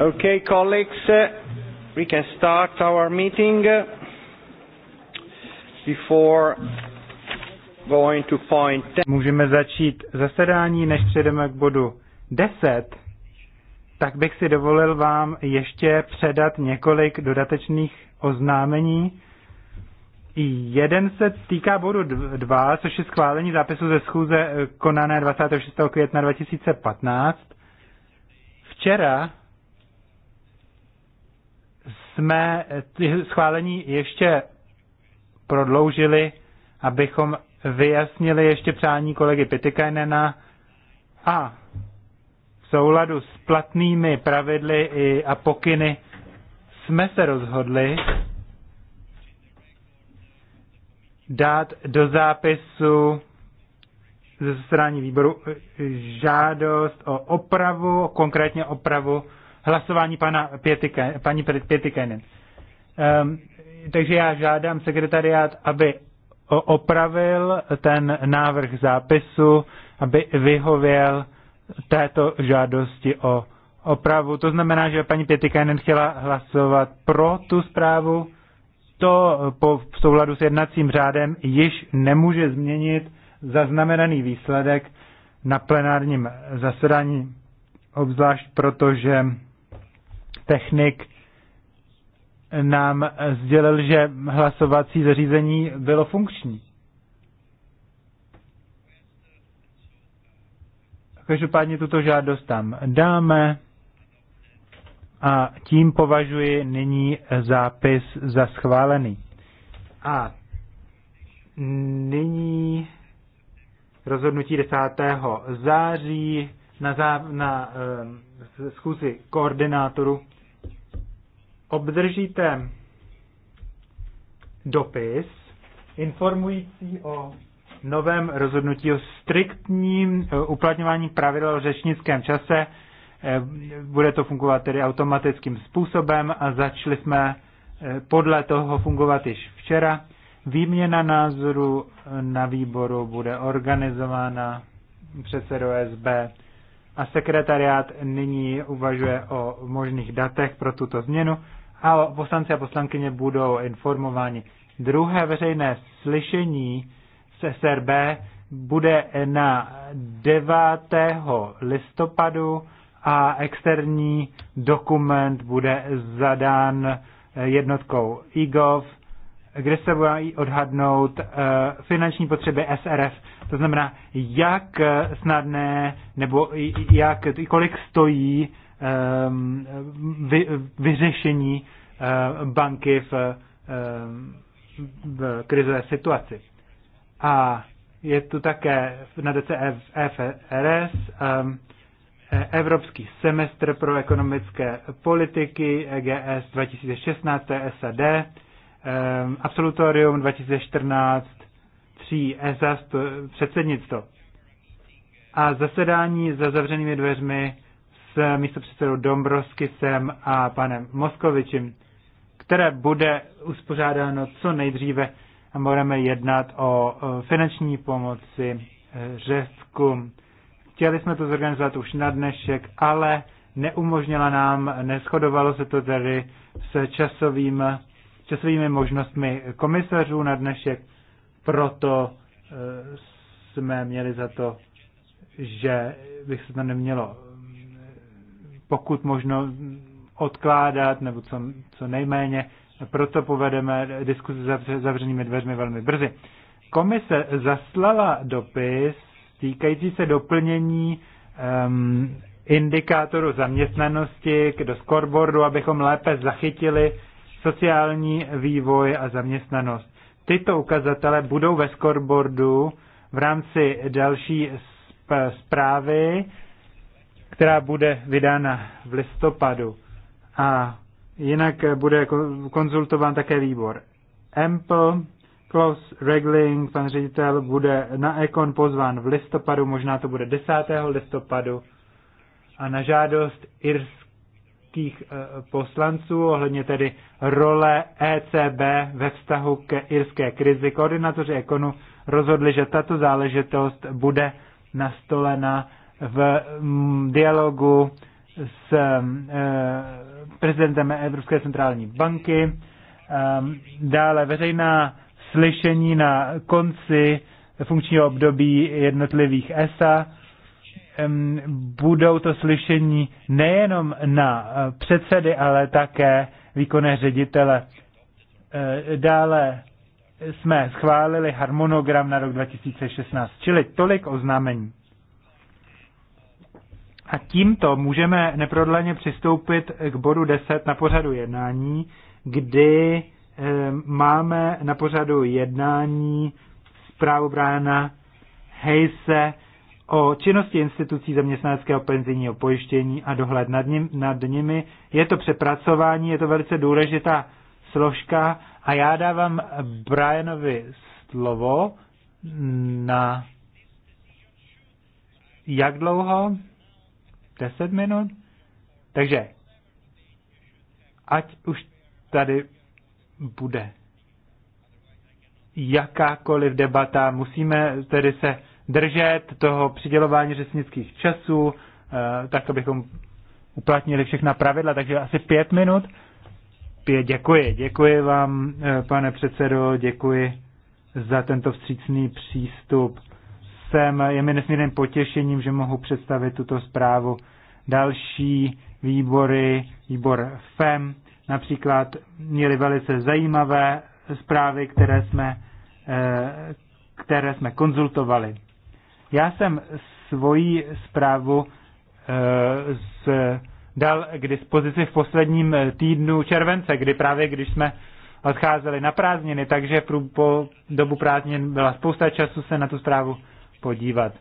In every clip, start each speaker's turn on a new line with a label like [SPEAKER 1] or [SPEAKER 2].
[SPEAKER 1] Okay, colleagues, uh, we can start our meeting. Before going to point Můžeme začít zasedání, než přejdeme k bodu 10. Tak bych si dovolil vám ještě předat několik dodatečných oznámení. Jeden se týká bodu 2, což je schválení zápisu ze schůze eh, konané 26. května 2015. Včera jsme schválení ještě prodloužili, abychom vyjasnili ještě přání kolegy Pitikainena a v souladu s platnými pravidly a pokyny jsme se rozhodli dát do zápisu ze zasedání výboru žádost o opravu, konkrétně opravu hlasování pana Pětike, paní Pětikenen. Um, ehm, takže já žádám sekretariát, aby opravil ten návrh zápisu, aby vyhověl této žádosti o opravu. To znamená, že paní Pětikainen chtěla hlasovat pro tu zprávu. To po, v souladu s jednacím řádem již nemůže změnit zaznamenaný výsledek na plenárním zasedání, obzvlášť protože technik nám sdělil, že hlasovací zařízení bylo funkční. Každopádně tuto žádost tam dáme a tím považuji nyní zápis za schválený. A nyní rozhodnutí 10. září na, zá, na eh, schůzi koordinátoru obdržíte dopis informující o novém rozhodnutí o striktním eh, uplatňování pravidel o řečnickém čase. Eh, bude to fungovat tedy automatickým způsobem a začali jsme eh, podle toho fungovat již včera. Výměna názoru na výboru bude organizována předsedou SB a sekretariát nyní uvažuje o možných datech pro tuto změnu a poslanci a poslankyně budou informováni. Druhé veřejné slyšení z SRB bude na 9. listopadu a externí dokument bude zadán jednotkou IGOV, kde se bude odhadnout eh, finanční potřeby SRF, to znamená, jak snadné nebo jak, kolik stojí Ehm, vy, vyřešení eh, banky v, ehm, v krizové situaci. A je tu také na DCFRS e ehm, Evropský semestr pro ekonomické politiky EGS 2016 SAD, Absolutorium 2014 3 ESA předsednictvo. A zasedání za zavřenými dveřmi s místopředsedou Dombrovskisem a panem Moskovičem, které bude uspořádáno co nejdříve a budeme jednat o finanční pomoci eh, Řecku. Chtěli jsme to zorganizovat už na dnešek, ale neumožnila nám, neschodovalo se to tedy s časovým, časovými možnostmi komisařů na dnešek, proto eh, jsme měli za to, že bych se to nemělo pokud možno odkládat, nebo co, co nejméně. Proto povedeme diskuzi s zavřenými dveřmi velmi brzy. Komise zaslala dopis týkající se doplnění um, indikátoru zaměstnanosti do scoreboardu, abychom lépe zachytili sociální vývoj a zaměstnanost. Tyto ukazatele budou ve scoreboardu v rámci další zprávy která bude vydána v listopadu. A jinak bude konzultován také výbor EMPL, Klaus Regling, pan ředitel, bude na Econ pozván v listopadu, možná to bude 10. listopadu, a na žádost irských eh, poslanců ohledně tedy role ECB ve vztahu k irské krizi. Koordinátoři Ekonu rozhodli, že tato záležitost bude nastolena v mm, dialogu s eh, prezidentem Evropské centrální banky, ehm, dále veřejná slyšení na konci funkčního období jednotlivých ESA. Ehm, budou to slyšení nejenom na eh, předsedy, ale také výkonné ředitele. Eh, dále jsme schválili harmonogram na rok 2016, čili tolik oznámení. A tímto můžeme neprodleně přistoupit k bodu 10 na pořadu jednání, kdy eh, máme na pořadu jednání zprávu Brána Hejse o činnosti institucí zaměstnaneckého penzijního pojištění a dohled nad, ním, nad nimi. Je to přepracování, je to velice důležitá složka a já dávám Brianovi slovo na jak dlouho? 10 minut. Takže, ať už tady bude jakákoliv debata, musíme tedy se držet toho přidělování řesnických časů, eh, tak abychom uplatnili všechna pravidla, takže asi pět minut. Pět, děkuji. Děkuji vám, eh, pane předsedo, děkuji za tento vstřícný přístup jsem, je mi nesmírným potěšením, že mohu představit tuto zprávu. Další výbory, výbor FEM, například měli velice zajímavé zprávy, které jsme, eh, které jsme konzultovali. Já jsem svoji zprávu eh, z, dal k dispozici v posledním týdnu července, kdy právě když jsme odcházeli na prázdniny, takže po dobu prázdnin byla spousta času se na tu zprávu podívat.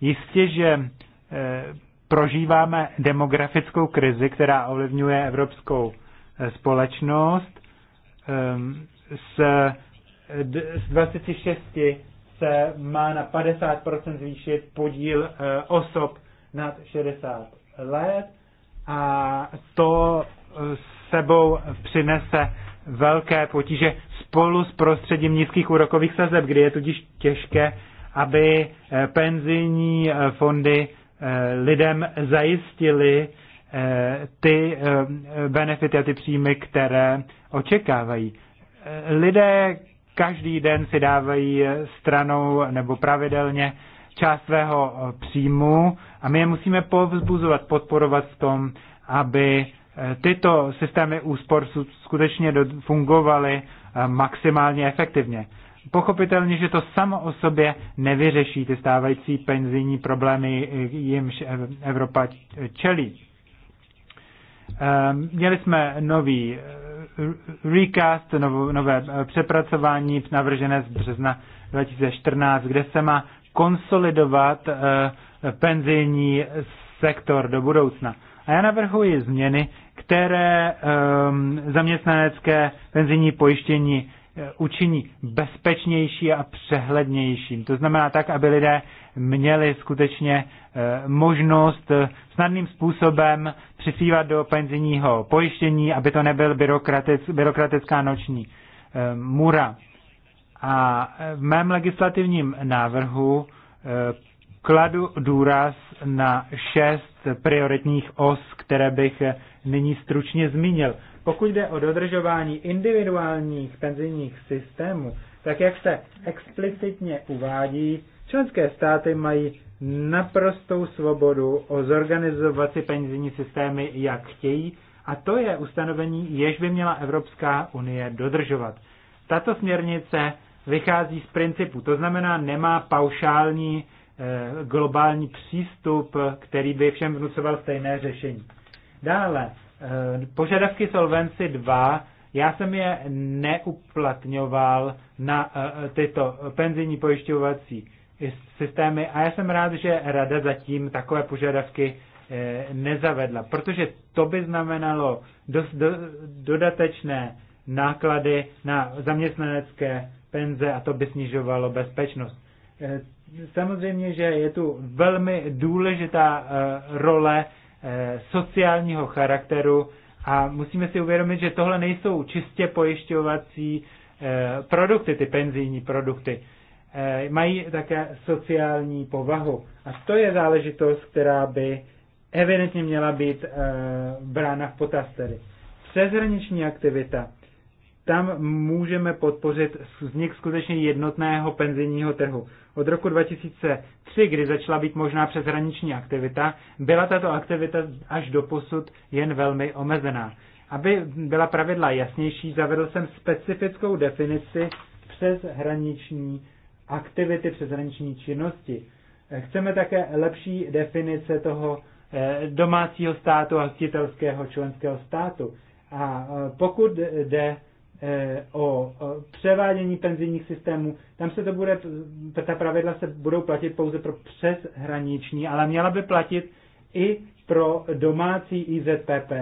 [SPEAKER 1] Jistě, že eh, prožíváme demografickou krizi, která ovlivňuje evropskou eh, společnost. Ehm, z, z 26 se má na 50% zvýšit podíl eh, osob nad 60 let a to sebou přinese velké potíže spolu s prostředím nízkých úrokových sazeb, kdy je tudíž těžké aby eh, penzijní eh, fondy eh, lidem zajistili ty benefity a ty příjmy, které očekávají. Lidé každý den si dávají stranou nebo pravidelně část svého příjmu a my je musíme povzbuzovat, podporovat v tom, aby tyto systémy úspor skutečně fungovaly maximálně efektivně. Pochopitelně, že to samo o sobě nevyřeší ty stávající penzijní problémy, jimž Evropa čelí. Ehm, měli jsme nový eh, recast, nové eh, přepracování navržené z března 2014, kde se má konsolidovat eh, penzijní sektor do budoucna. A já navrhuji změny, které ehm, zaměstnanecké penzijní pojištění Eh, učiní bezpečnější a přehlednějším. To znamená tak, aby lidé měli skutečně eh, možnost eh, snadným způsobem přispívat do penzijního pojištění, aby to nebyl byrokratic, byrokratická noční mura. A v mém legislativním návrhu kladu důraz na šest prioritních os, které bych nyní stručně zmínil. Pokud jde o dodržování individuálních penzijních systémů, tak jak se explicitně uvádí, členské státy mají naprostou svobodu o zorganizovat si penzijní systémy, jak chtějí, a to je ustanovení, jež by měla Evropská unie dodržovat. Tato směrnice vychází z principu, to znamená, nemá paušální eh, globální přístup, který by všem vnucoval stejné řešení. Dále, Eh, požadavky Solvency 2, já jsem je neuplatňoval na eh, eh, tyto penzijní pojišťovací systémy a já jsem rád, že rada zatím takové požadavky nezavedla, protože to by znamenalo dos, do, dodatečné náklady na zaměstnanecké penze a to by snižovalo bezpečnost. Samozřejmě, že je tu velmi důležitá role Eh, sociálního charakteru a musíme si uvědomit, že tohle nejsou čistě pojišťovací eh, produkty, ty penzijní produkty. Eh, mají také sociální povahu. A to je záležitost, která by evidentně měla být brána v potaz tedy. Přeshraniční aktivita tam můžeme podpořit vznik skutečně jednotného penzijního trhu. Od roku 2003, kdy začala být možná přeshraniční aktivita, byla tato aktivita až do posud jen velmi omezená. Aby byla pravidla jasnější, zavedl jsem specifickou definici přeshraniční aktivity, přeshraniční činnosti. Chceme také lepší definice toho eh, domácího státu a hostitelského členského státu. A eh, pokud jde Eh, o převádění penzijních systémů. Tam se to bude, ta pravidla se budou platit pouze pro přeshraniční, ale měla by platit i pro domácí IZPP,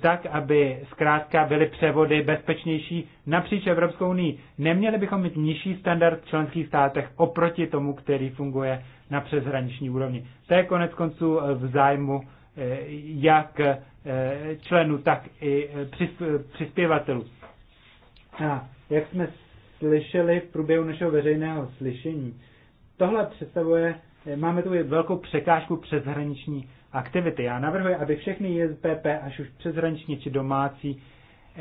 [SPEAKER 1] tak, aby zkrátka byly převody bezpečnější napříč Evropskou unii. Neměli bychom mít nižší standard v členských státech oproti tomu, který funguje na přeshraniční úrovni. To je konec konců eh, v zájmu eh, jak členů, tak i přispěvatelů. A jak jsme slyšeli v průběhu našeho veřejného slyšení, tohle představuje, máme tu velkou překážku přeshraniční aktivity. Já navrhuji, aby všechny JSPP, až už přeshraniční či domácí,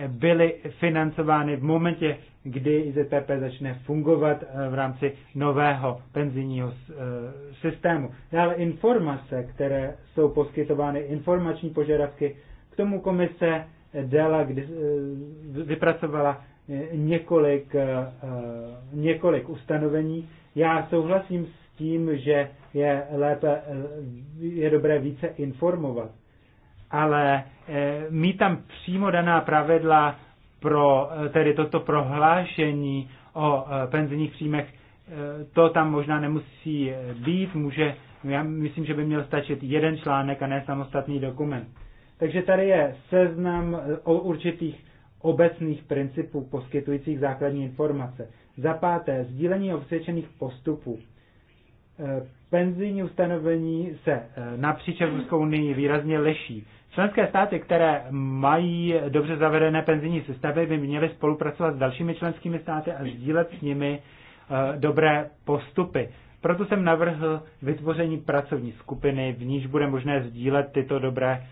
[SPEAKER 1] byly financovány v momentě, kdy IZPP začne fungovat eh, v rámci nového penzijního eh, systému. Dále informace, které jsou poskytovány, informační požadavky, k tomu komise dala, kdy eh, vypracovala několik, eh, několik ustanovení. Já souhlasím s tím, že je lépe, eh, je dobré více informovat, ale eh, mít tam přímo daná pravidla pro tedy toto prohlášení o penzijních příjmech, to tam možná nemusí být, může, já myslím, že by měl stačit jeden článek a ne samostatný dokument. Takže tady je seznam o určitých obecných principů poskytujících základní informace. Za páté, sdílení osvědčených postupů. E, penzijní ustanovení se e, napříč Evropskou unii výrazně liší. Členské státy, které mají dobře zavedené penzijní systémy, by měly spolupracovat s dalšími členskými státy a sdílet s nimi e, dobré postupy. Proto jsem navrhl vytvoření pracovní skupiny, v níž bude možné sdílet tyto dobré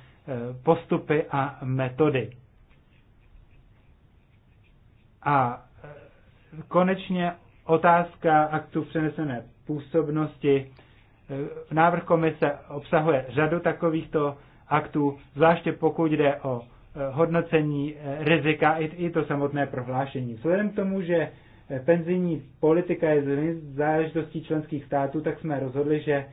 [SPEAKER 1] postupy a metody. A e, konečně otázka aktu přenesené působnosti. E, návrh komise obsahuje řadu takovýchto aktů, zvláště pokud jde o e, hodnocení rizika i to samotné prohlášení. Vzhledem k tomu, že penzijní politika je záležitostí členských států, tak jsme rozhodli, že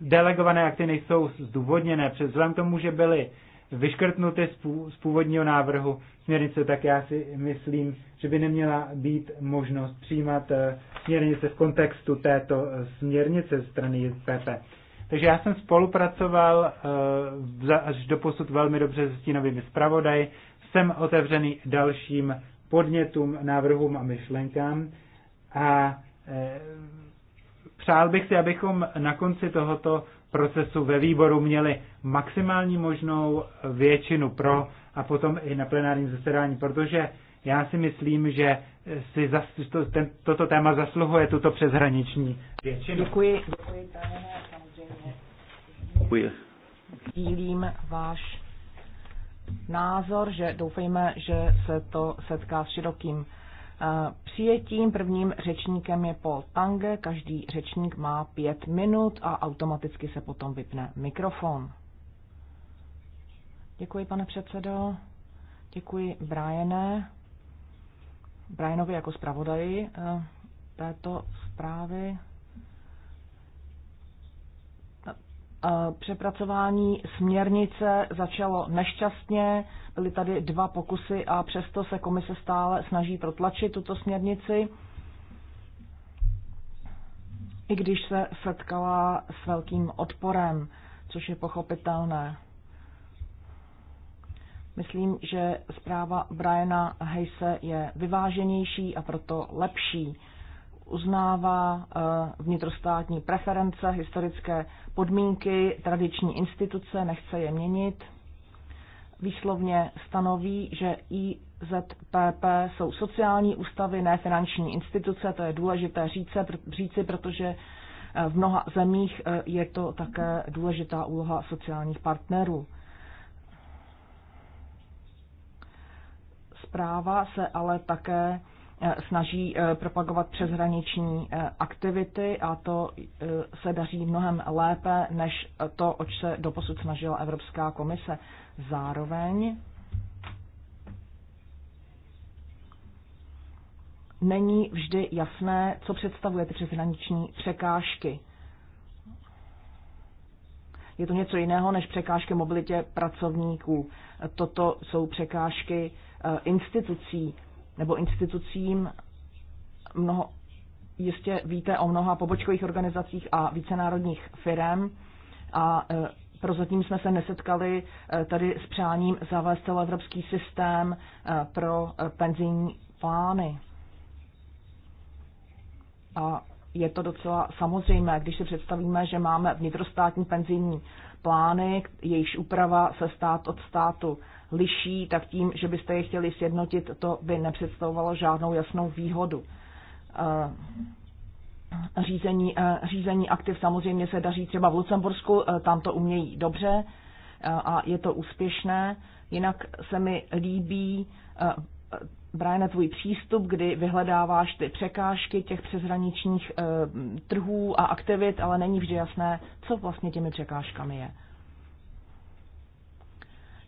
[SPEAKER 1] delegované akty nejsou zdůvodněné, vzhledem k tomu, že byly vyškrtnuty z původního návrhu směrnice, tak já si myslím, že by neměla být možnost přijímat eh, směrnice v kontextu této eh, směrnice ze strany JPP. Takže já jsem spolupracoval eh, až do posud velmi dobře se stínovými zpravodaji. Jsem otevřený dalším podnětům, návrhům a myšlenkám. A přál bych si, abychom na konci tohoto procesu ve výboru měli maximální možnou většinu pro a potom i na plenárním zasedání, protože já si myslím, že si zas, to, ten, toto téma zasluhuje tuto přeshraniční většinu.
[SPEAKER 2] Děkuji. Děkuji, Děkuji. Dílím váš názor, že doufejme, že se to setká s širokým přijetím. Prvním řečníkem je Paul Tange, každý řečník má pět minut a automaticky se potom vypne mikrofon. Děkuji, pane předsedo. Děkuji Briané. Brianovi jako zpravodaji eh, této zprávy. Přepracování směrnice začalo nešťastně, byly tady dva pokusy a přesto se komise stále snaží protlačit tuto směrnici, i když se setkala s velkým odporem, což je pochopitelné. Myslím, že zpráva Briana Hejse je vyváženější a proto lepší uznává eh, vnitrostátní preference, historické podmínky, tradiční instituce, nechce je měnit. Výslovně stanoví, že IZPP jsou sociální ústavy, ne finanční instituce, to je důležité říci, protože eh, v mnoha zemích eh, je to také důležitá úloha sociálních partnerů. Zpráva se ale také Eh, snaží eh, propagovat přeshraniční eh, aktivity a to se daří mnohem lépe než to, oč se doposud snažila Evropská komise. Zároveň není vždy jasné, co představuje ty přeshraniční překážky. Je to něco jiného než překážky mobilitě pracovníků. Toto jsou překážky institucí, nebo institucím. Mnoho, jistě víte o mnoha pobočkových organizacích a vícenárodních firm a e, prozatím jsme se nesetkali e, tady s přáním zavést celoevropský systém e, pro penzijní plány. A je to docela samozřejmé, když si představíme, že máme vnitrostátní penzijní plány, jejichž úprava se stát od státu liší, tak tím, že byste je chtěli sjednotit, to by nepředstavovalo žádnou jasnou výhodu. Eh, řízení, eh, řízení aktiv samozřejmě se daří třeba v Lucembursku, eh, tam to umějí dobře a je to úspěšné. Jinak se mi líbí Brian, tvůj přístup, kdy vyhledáváš ty překážky těch přeshraničních trhů a aktivit, ale není vždy jasné, co vlastně těmi překážkami je.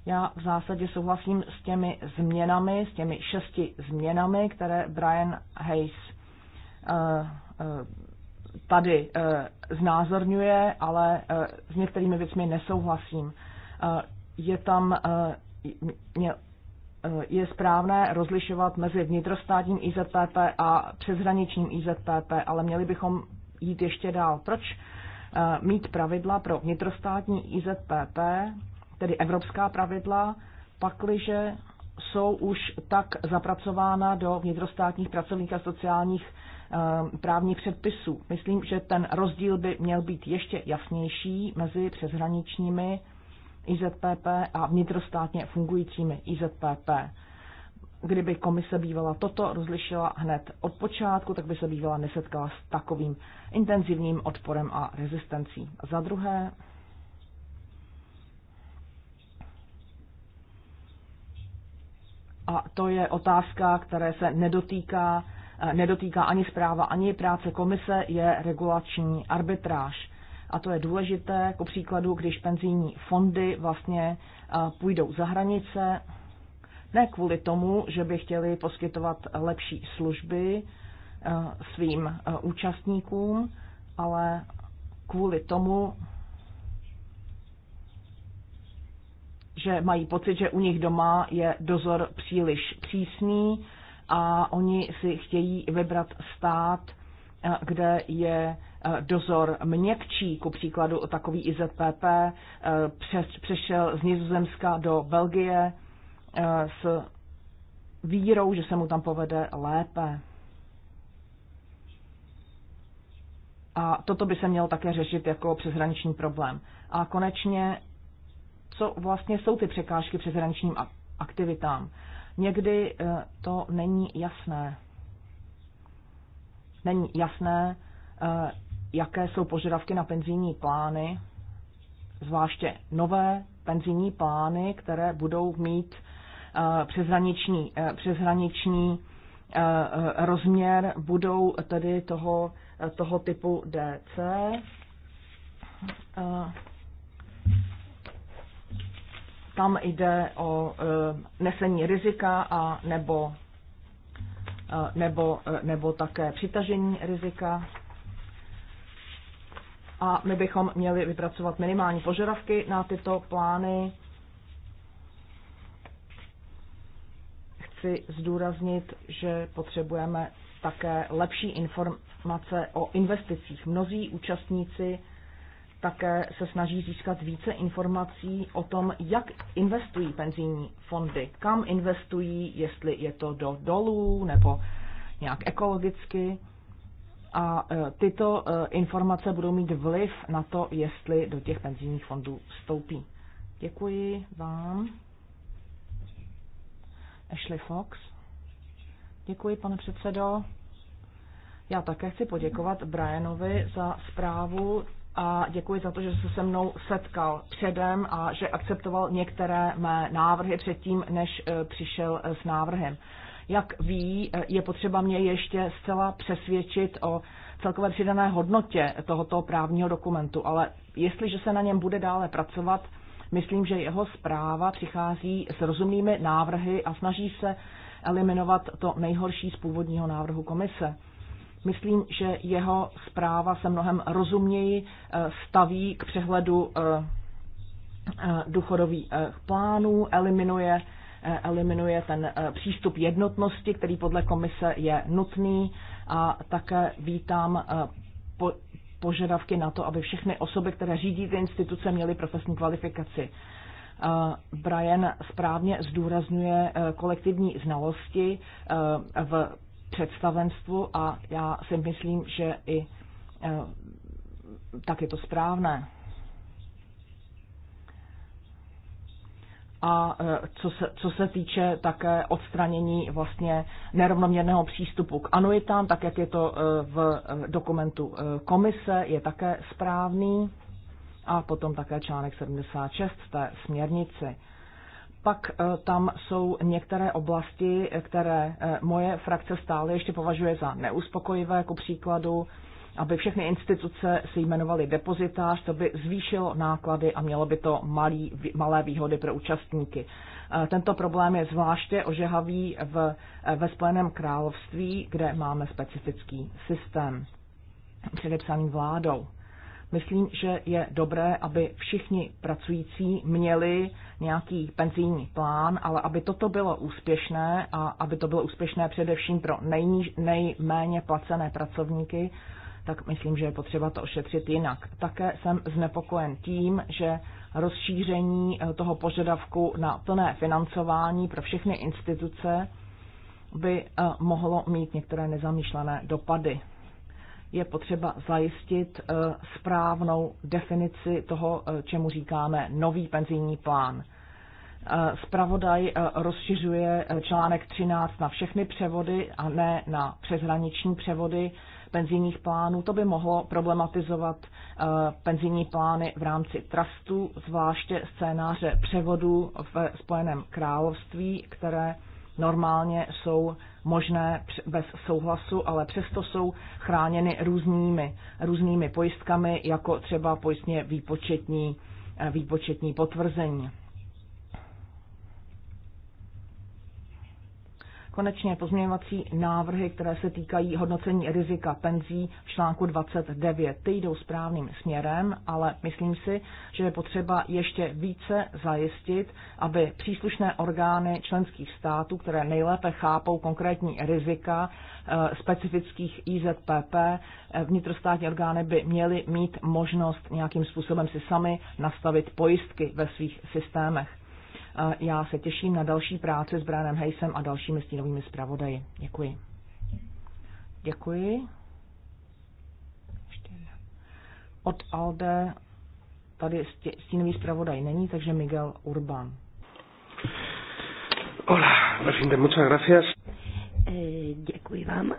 [SPEAKER 2] Já v zásadě souhlasím s těmi změnami, s těmi šesti změnami, které Brian Hayes eh, eh, tady eh, znázorňuje, ale s některými věcmi nesouhlasím. Je tam je správné rozlišovat mezi vnitrostátním IZPP a přeshraničním IZPP, ale měli bychom jít ještě dál. Proč mít pravidla pro vnitrostátní IZPP tedy evropská pravidla, pakliže jsou už tak zapracována do vnitrostátních pracovních a sociálních eh, právních předpisů. Myslím, že ten rozdíl by měl být ještě jasnější mezi přeshraničními IZPP a vnitrostátně fungujícími IZPP. Kdyby komise bývala toto rozlišila hned od počátku, tak by se bývala nesetkala s takovým intenzivním odporem a rezistencí. Za druhé, A to je otázka, které se nedotýká, eh, nedotýká ani zpráva, ani práce komise, je regulační arbitráž. A to je důležité, ku příkladu, když penzijní fondy vlastně eh, půjdou za hranice, ne kvůli tomu, že by chtěli poskytovat lepší služby eh, svým účastníkům, ale kvůli tomu, že mají pocit, že u nich doma je dozor příliš přísný a oni si chtějí vybrat stát, eh, kde je eh, dozor měkčí, ku příkladu takový IZPP, eh, přešel z Nizozemska do Belgie s vírou, že se mu tam povede lépe. A toto by se mělo také řešit jako přeshraniční problém. A konečně co vlastně jsou ty překážky přeshraničním aktivitám. Někdy eh, to není jasné. Není jasné, eh, jaké jsou požadavky na penzijní plány, zvláště nové penzijní plány, které budou mít eh, přeshraniční, přeshraniční rozměr, budou tedy toho, toho typu DC tam jde o eh, nesení rizika a nebo, eh, nebo, eh, nebo také přitažení rizika. A my bychom měli vypracovat minimální požadavky na tyto plány. Chci zdůraznit, že potřebujeme také lepší informace o investicích. Mnozí účastníci také se snaží získat více informací o tom, jak investují penzijní fondy, kam investují, jestli je to do dolů nebo nějak ekologicky. A e, tyto e, informace budou mít vliv na to, jestli do těch penzijních fondů vstoupí. Děkuji vám. Ashley Fox. Děkuji, pane předsedo. Já také chci poděkovat Brianovi za zprávu a děkuji za to, že se se mnou setkal předem a že akceptoval některé mé návrhy předtím, než e, přišel e, s návrhem. Jak ví, e, je potřeba mě ještě zcela přesvědčit o celkové přidané hodnotě tohoto právního dokumentu, ale jestliže se na něm bude dále pracovat, myslím, že jeho zpráva přichází s rozumnými návrhy a snaží se eliminovat to nejhorší z původního návrhu komise. Myslím, že jeho zpráva se mnohem rozumněji eh, staví k přehledu eh, eh, důchodových plánů, eliminuje, eliminuje ten přístup jednotnosti, který podle komise je nutný a také vítám po, požadavky na to, aby všechny osoby, které řídí ty instituce, měly profesní kvalifikaci. Brian správně zdůrazňuje kolektivní znalosti v představenstvu a já si myslím, že i eh, tak je to správné. A eh, co se, co se týče také odstranění vlastně nerovnoměrného přístupu k anuitám, tak jak je to eh, v dokumentu komise, je také správný. A potom také článek 76 té směrnici pak eh, tam jsou některé oblasti, které eh, moje frakce stále ještě považuje za neuspokojivé, jako příkladu, aby všechny instituce si jmenovaly depozitář, to by zvýšilo náklady a mělo by to malý, malé výhody pro účastníky. Eh, tento problém je zvláště ožehavý v, ve Spojeném království, kde máme specifický systém předepsaný vládou. Myslím, že je dobré, aby všichni pracující měli nějaký penzijní plán, ale aby toto bylo úspěšné a aby to bylo úspěšné především pro nejníž, nejméně placené pracovníky, tak myslím, že je potřeba to ošetřit jinak. Také jsem znepokojen tím, že rozšíření eh, toho požadavku na plné financování pro všechny instituce by eh, mohlo mít některé nezamýšlené dopady je potřeba zajistit eh, správnou definici toho, eh, čemu říkáme nový penzijní plán. Spravodaj eh, rozšiřuje článek 13 na všechny převody a ne na přeshraniční převody penzijních plánů. To by mohlo problematizovat penzijní plány v rámci trustu, zvláště scénáře převodu v Spojeném království, které normálně jsou možné bez souhlasu, ale přesto jsou chráněny různými, různými pojistkami, jako třeba pojistně výpočetní, eh, výpočetní potvrzení. Konečně pozměňovací návrhy, které se týkají hodnocení rizika penzí v článku 29, ty jdou správným směrem, ale myslím si, že je potřeba ještě více zajistit, aby příslušné orgány členských států, které nejlépe chápou konkrétní rizika eh, specifických IZPP, eh, vnitrostátní orgány by měly mít možnost nějakým způsobem si sami nastavit pojistky ve svých systémech. Já se těším na další práci s Bránem Hejsem a dalšími stínovými zpravodaji. Děkuji. Děkuji. Od Alde tady stínový zpravodaj není, takže Miguel Urban.
[SPEAKER 3] Hola, presidente, muchas gracias.
[SPEAKER 2] Eh, děkuji vám.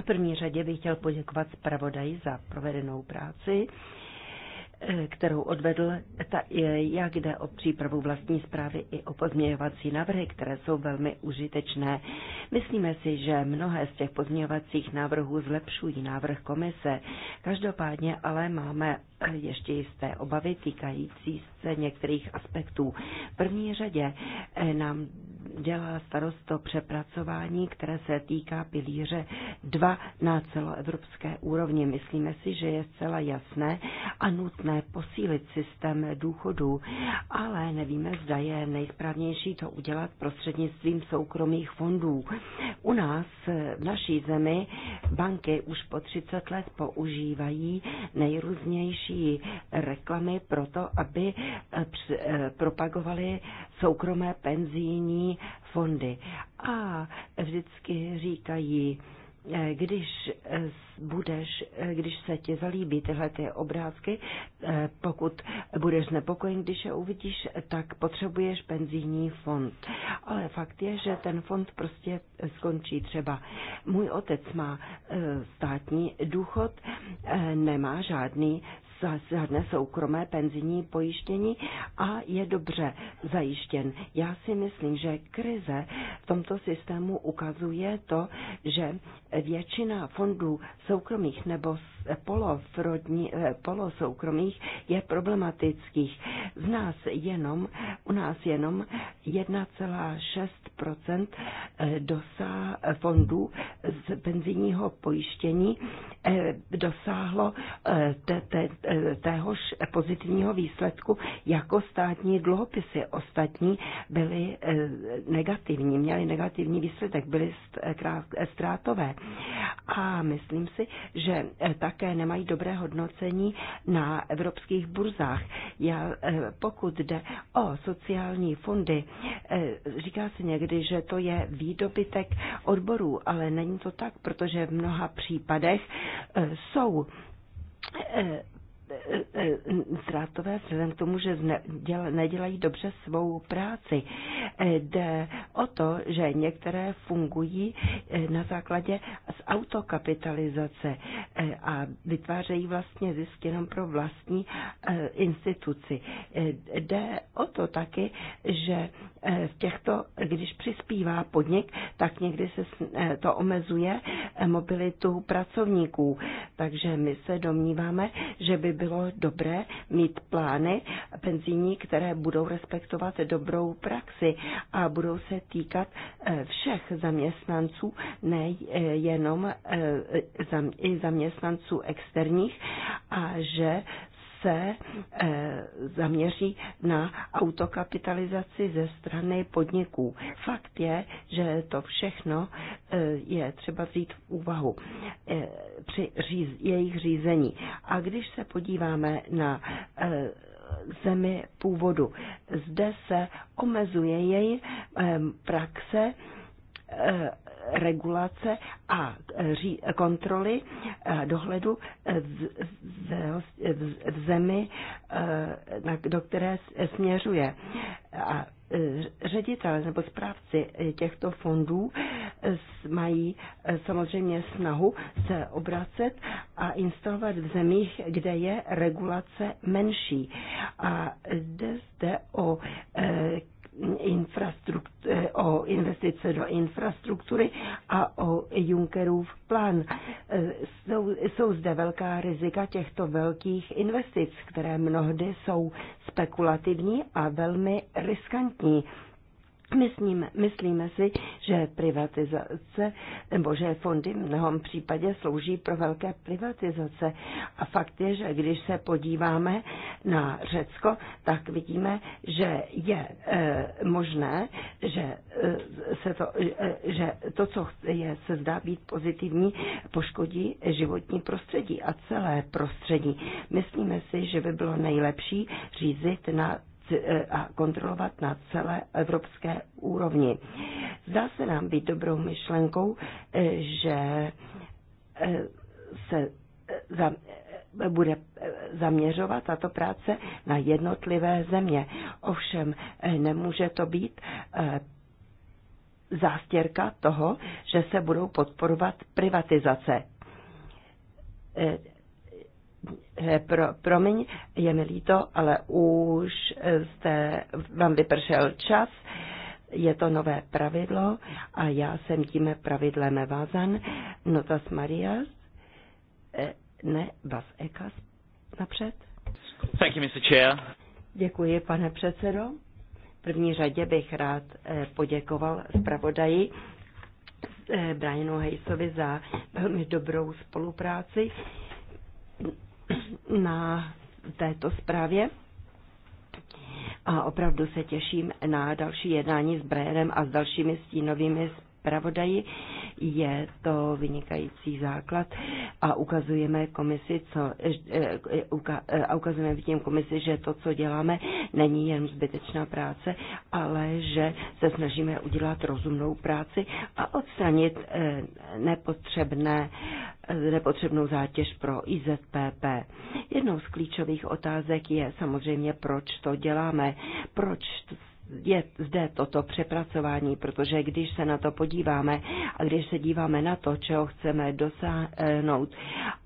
[SPEAKER 2] V první řadě
[SPEAKER 3] bych chtěl poděkovat zpravodaji za provedenou práci kterou odvedl, ta, jak jde o přípravu vlastní zprávy i o pozměňovací návrhy, které jsou velmi užitečné. Myslíme si, že mnohé z těch pozměňovacích návrhů zlepšují návrh komise. Každopádně ale máme ještě jisté obavy týkající se některých aspektů. V první řadě eh, nám dělá starost to přepracování, které se týká pilíře 2 na celoevropské úrovni. Myslíme si, že je zcela jasné a nutné posílit systém důchodů, ale nevíme, zda je nejsprávnější to udělat prostřednictvím soukromých fondů. U nás eh, v naší zemi banky už po 30 let používají nejrůznější další reklamy pro to, aby eh, eh, propagovali soukromé penzijní fondy. A vždycky říkají, eh, když budeš, když se ti zalíbí tyhle ty obrázky, pokud budeš znepokojen, když je uvidíš, tak potřebuješ penzijní fond. Ale fakt je, že ten fond prostě skončí třeba. Můj otec má státní důchod, nemá žádný zahrne soukromé penzijní pojištění a je dobře zajištěn. Já si myslím, že krize v tomto systému ukazuje to, že většina fondů soukromých nebo polofrodní, eh, polosoukromých je problematických. Z nás jenom, u nás jenom 1,6% eh, dosá eh, fondů z penzijního pojištění dosáhlo téhož pozitivního výsledku jako státní dluhopisy. Ostatní byly negativní, měly negativní výsledek, byly ztrátové. A myslím si, že tak také nemají dobré hodnocení na evropských burzách. Já, eh, pokud jde o sociální fondy, eh, říká se někdy, že to je výdobytek odborů, ale není to tak, protože v mnoha případech eh, jsou E, ztrátové vzhledem k tomu, že nedělají dobře svou práci. E, jde o to, že některé fungují e, na základě z autokapitalizace a vytvářejí vlastně zisk jenom pro vlastní instituci. Jde o to taky, že v těchto, když přispívá podnik, tak někdy se to omezuje mobilitu pracovníků. Takže my se domníváme, že by bylo do dobré mít plány penzijní, které budou respektovat dobrou praxi a budou se týkat eh, všech zaměstnanců, eh, jenom eh, i zaměstnanců externích a že se eh, zaměří na autokapitalizaci ze strany podniků. Fakt je, že to všechno eh, je třeba vzít v úvahu eh, při jejich řízení. A když se podíváme na zemi původu, zde se omezuje její praxe regulace a e, kontroly e, dohledu e, v zemi, do které směřuje. A ředitele nebo správci těchto fondů mají samozřejmě snahu se obracet a instalovat v zemích, kde je regulace menší. A jde zde o Eh, o investice do infrastruktury a o Junckerův plán. Eh, jsou, jsou zde velká rizika těchto velkých investic, které mnohdy jsou spekulativní a velmi riskantní Myslíme, myslíme si, že privatizace nebo že fondy v mnohom případě slouží pro velké privatizace. A fakt je, že když se podíváme na Řecko, tak vidíme, že je e, možné, že, e, se to, e, že to, co je, se zdá být pozitivní, poškodí životní prostředí a celé prostředí. Myslíme si, že by bylo nejlepší řízit na E, a kontrolovat na celé evropské úrovni. Zdá se nám být dobrou myšlenkou, e, že e, se za, bude zaměřovat tato práce na jednotlivé země. Ovšem nemůže to být zástěrka toho, že se budou podporovat privatizace. Eh, pro, promiň, je mi líto, ale už jste, vám vypršel čas, je to nové pravidlo a já jsem tím pravidlem vázan. Notas Marias, eh, ne, vás Ekas, napřed.
[SPEAKER 1] Thank you, Mr. Chair.
[SPEAKER 3] Děkuji, pane předsedo. V první řadě bych rád eh, poděkoval zpravodaji Brianu Hejsovi za velmi dobrou spolupráci na této zprávě a opravdu se těším na další jednání s Brérem a s dalšími stínovými zpravodaji. Je to vynikající základ a ukazujeme komisi, co, eh, eh, eh, a ukazujeme v tím komisi, že to, co děláme, není jen zbytečná práce, ale že se snažíme udělat rozumnou práci a odstranit nepotřebné, nepotřebnou zátěž pro IZPP. Jednou z klíčových otázek je samozřejmě, proč to děláme, proč je zde toto přepracování, protože když se na to podíváme a když se díváme na to, čeho chceme dosáhnout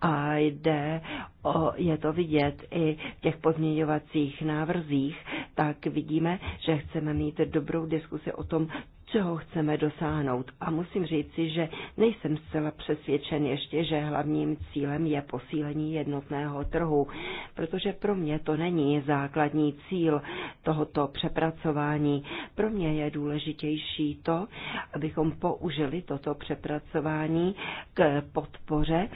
[SPEAKER 3] a jde o, je to vidět i v těch pozměňovacích návrzích, tak vidíme, že chceme mít dobrou diskusi o tom, čeho chceme dosáhnout. A musím říci, že nejsem zcela přesvědčen ještě, že hlavním cílem je posílení jednotného trhu, protože pro mě to není základní cíl tohoto přepracování. Pro mě je důležitější to, abychom použili toto přepracování k podpoře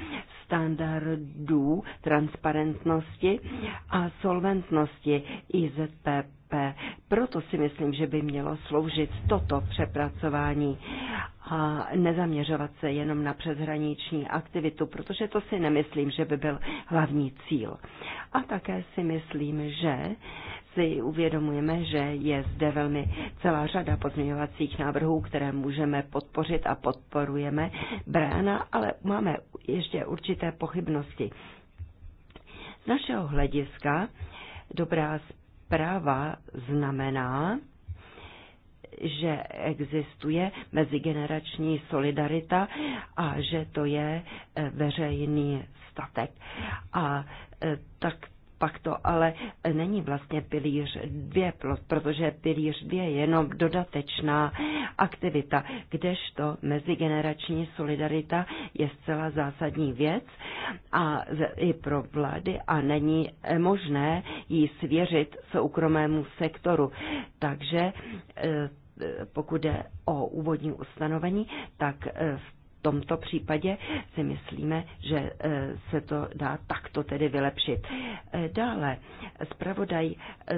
[SPEAKER 3] standardů transparentnosti a solventnosti IZP lépe. Proto si myslím, že by mělo sloužit toto přepracování a nezaměřovat se jenom na přeshraniční aktivitu, protože to si nemyslím, že by byl hlavní cíl. A také si myslím, že si uvědomujeme, že je zde velmi celá řada pozměňovacích návrhů, které můžeme podpořit a podporujeme Brána, ale máme ještě určité pochybnosti. Z našeho hlediska dobrá práva znamená, že existuje mezigenerační solidarita a že to je eh, veřejný statek. A eh, tak pak to ale není vlastně pilíř 2, protože pilíř 2 je jenom dodatečná aktivita, kdežto mezigenerační solidarita je zcela zásadní věc a i pro vlády a není možné ji svěřit soukromému sektoru. Takže eh, pokud jde o úvodní ustanovení, tak eh, v tomto případě si myslíme, že eh, se to dá takto tedy vylepšit. Eh, dále, zpravodaj, eh,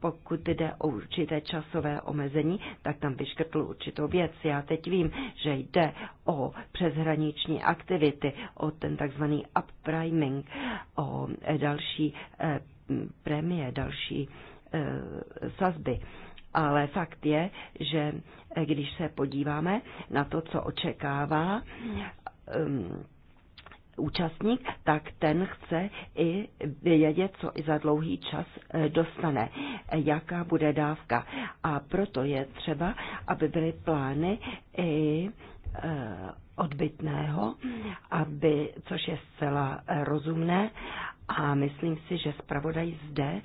[SPEAKER 3] pokud jde o určité časové omezení, tak tam vyškrtl určitou věc. Já teď vím, že jde o přeshraniční aktivity, o ten takzvaný uppriming, o další premie, další sazby ale fakt je, že eh, když se podíváme na to, co očekává um, účastník, tak ten chce i vědět, co i za dlouhý čas eh, dostane, eh, jaká bude dávka. A proto je třeba, aby byly plány i odbytného, aby, což je zcela rozumné, a myslím si, že zpravodaj zde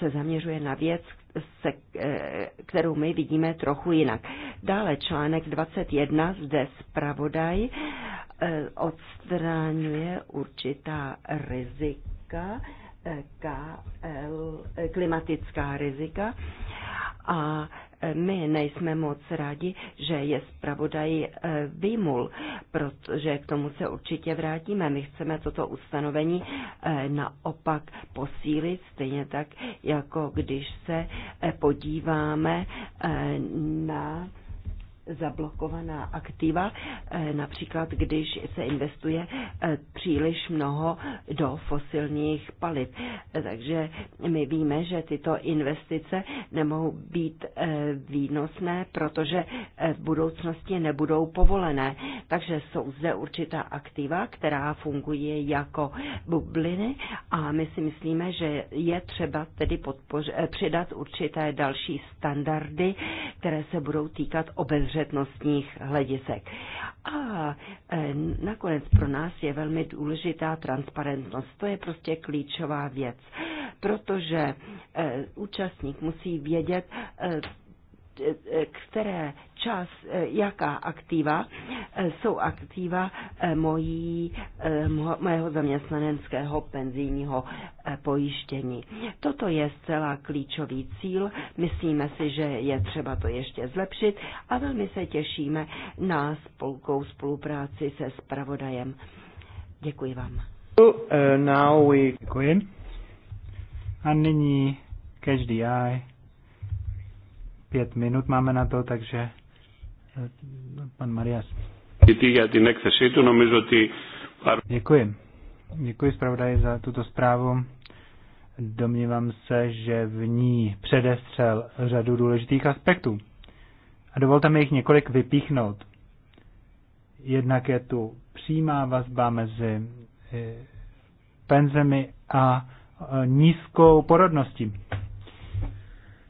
[SPEAKER 3] se zaměřuje na věc, se, eh, kterou my vidíme trochu jinak. Dále článek 21, zde zpravodaj eh, odstraňuje určitá rizika, eh, klimatická rizika a my nejsme moc rádi, že je zpravodaj eh, vymul, protože k tomu se určitě vrátíme. My chceme toto ustanovení eh, naopak posílit, stejně tak, jako když se eh, podíváme na zablokovaná aktiva, eh, například když se investuje eh, příliš mnoho do fosilních paliv. Eh, takže my víme, že tyto investice nemohou být výnosné, protože v budoucnosti nebudou povolené. Takže jsou zde určitá aktiva, která funguje jako bubliny a my si myslíme, že je třeba tedy podpoř- přidat určité další standardy, které se budou týkat obezřetnosti přednostních hledisek. A e, nakonec pro nás je velmi důležitá transparentnost. To je prostě klíčová věc, protože e, účastník musí vědět, e, které čas, jaká aktiva jsou aktiva eh, mojí, eh, mého zaměstnaneckého penzijního eh, pojištění. Toto je zcela klíčový cíl, myslíme si, že je třeba to ještě zlepšit a velmi se těšíme na spolkou spolupráci se spravodajem. Děkuji vám.
[SPEAKER 1] Děkuji. A nyní každý eye. Pět minut máme na to, takže eh, pan Marias. Děkuji. Děkuji zpravodaji za tuto zprávu. Domnívám se, že v ní předestřel řadu důležitých aspektů. A dovolte mi jich několik vypíchnout. Jednak je tu přímá vazba mezi eh, penzemi a eh, nízkou porodností.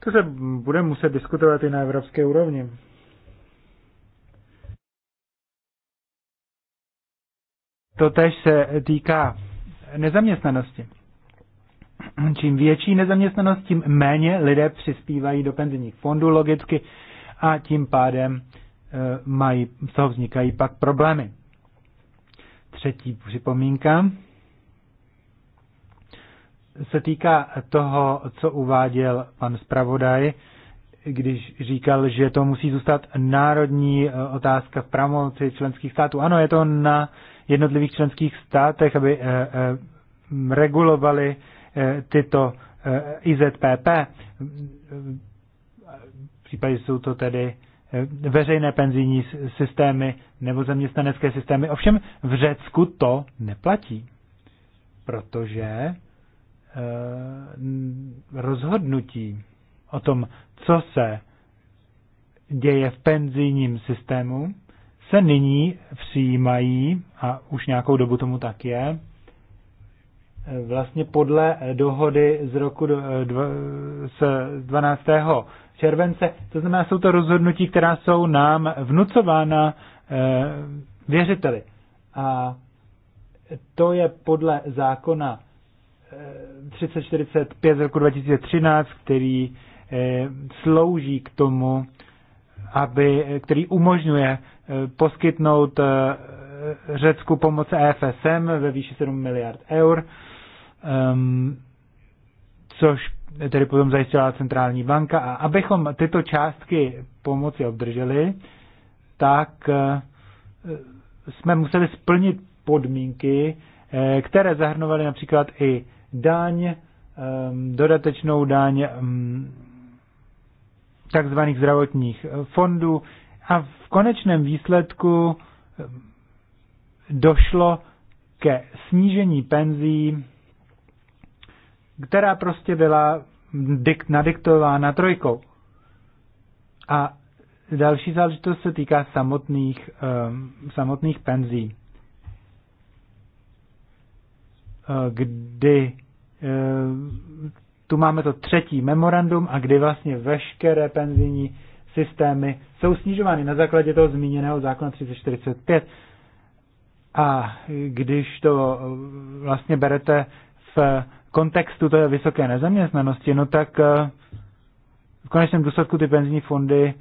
[SPEAKER 1] To se bude muset diskutovat i na evropské úrovni. To tež se týká nezaměstnanosti. Čím větší nezaměstnanost, tím méně lidé přispívají do penzijních fondů logicky a tím pádem eh, mají, z toho vznikají pak problémy. Třetí připomínka se týká toho, co uváděl pan zpravodaj, když říkal, že to musí zůstat národní eh, otázka v pravomoci členských států. Ano, je to na jednotlivých členských státech, aby eh, eh, regulovali tyto IZPP. V případě jsou to tedy veřejné penzijní systémy nebo zaměstnanecké systémy. Ovšem v Řecku to neplatí, protože Eh, rozhodnutí o tom, co se děje v penzijním systému, se nyní přijímají, a už nějakou dobu tomu tak je, eh, vlastně podle dohody z roku eh, z 12. července. To znamená, jsou to rozhodnutí, která jsou nám vnucována věřiteli. A to je podle zákona 3045 z roku 2013, který eh, slouží k tomu, aby, eh, který umožňuje eh, poskytnout Řecku pomoc EFSM ve výši 7 miliard eur, ehm, což tedy potom zajistila centrální banka. A abychom tyto částky pomoci obdrželi, tak jsme museli splnit podmínky, které zahrnovaly například i daň, ehm, dodatečnou daň ehm, takzvaných zdravotních eh, fondů a v konečném výsledku ehm, došlo ke snížení penzí, která prostě byla nadiktována trojkou. A další záležitost se týká samotných, samotných penzí kdy eh, tu máme to třetí memorandum a kdy vlastně veškeré penzijní systémy jsou snižovány na základě toho zmíněného zákona 345. A když to eh, vlastně berete v kontextu té vysoké nezaměstnanosti, no tak eh, v konečném důsledku ty penzijní fondy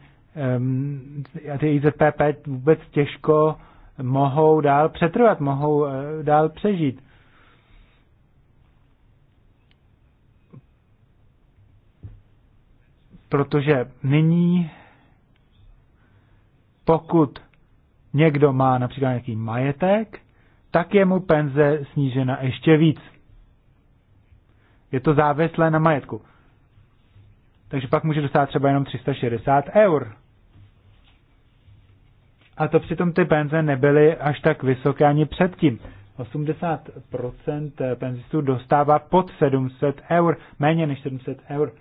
[SPEAKER 1] a ty IZPP vůbec těžko mohou dál přetrvat, mohou dál přežít. protože nyní, pokud někdo má například nějaký majetek, tak je mu penze snížena ještě víc. Je to závislé na majetku. Takže pak může dostat třeba jenom 360 eur. A to přitom ty penze nebyly až tak vysoké ani předtím. 80% penzistů dostává pod 700 eur, méně než 700 eur.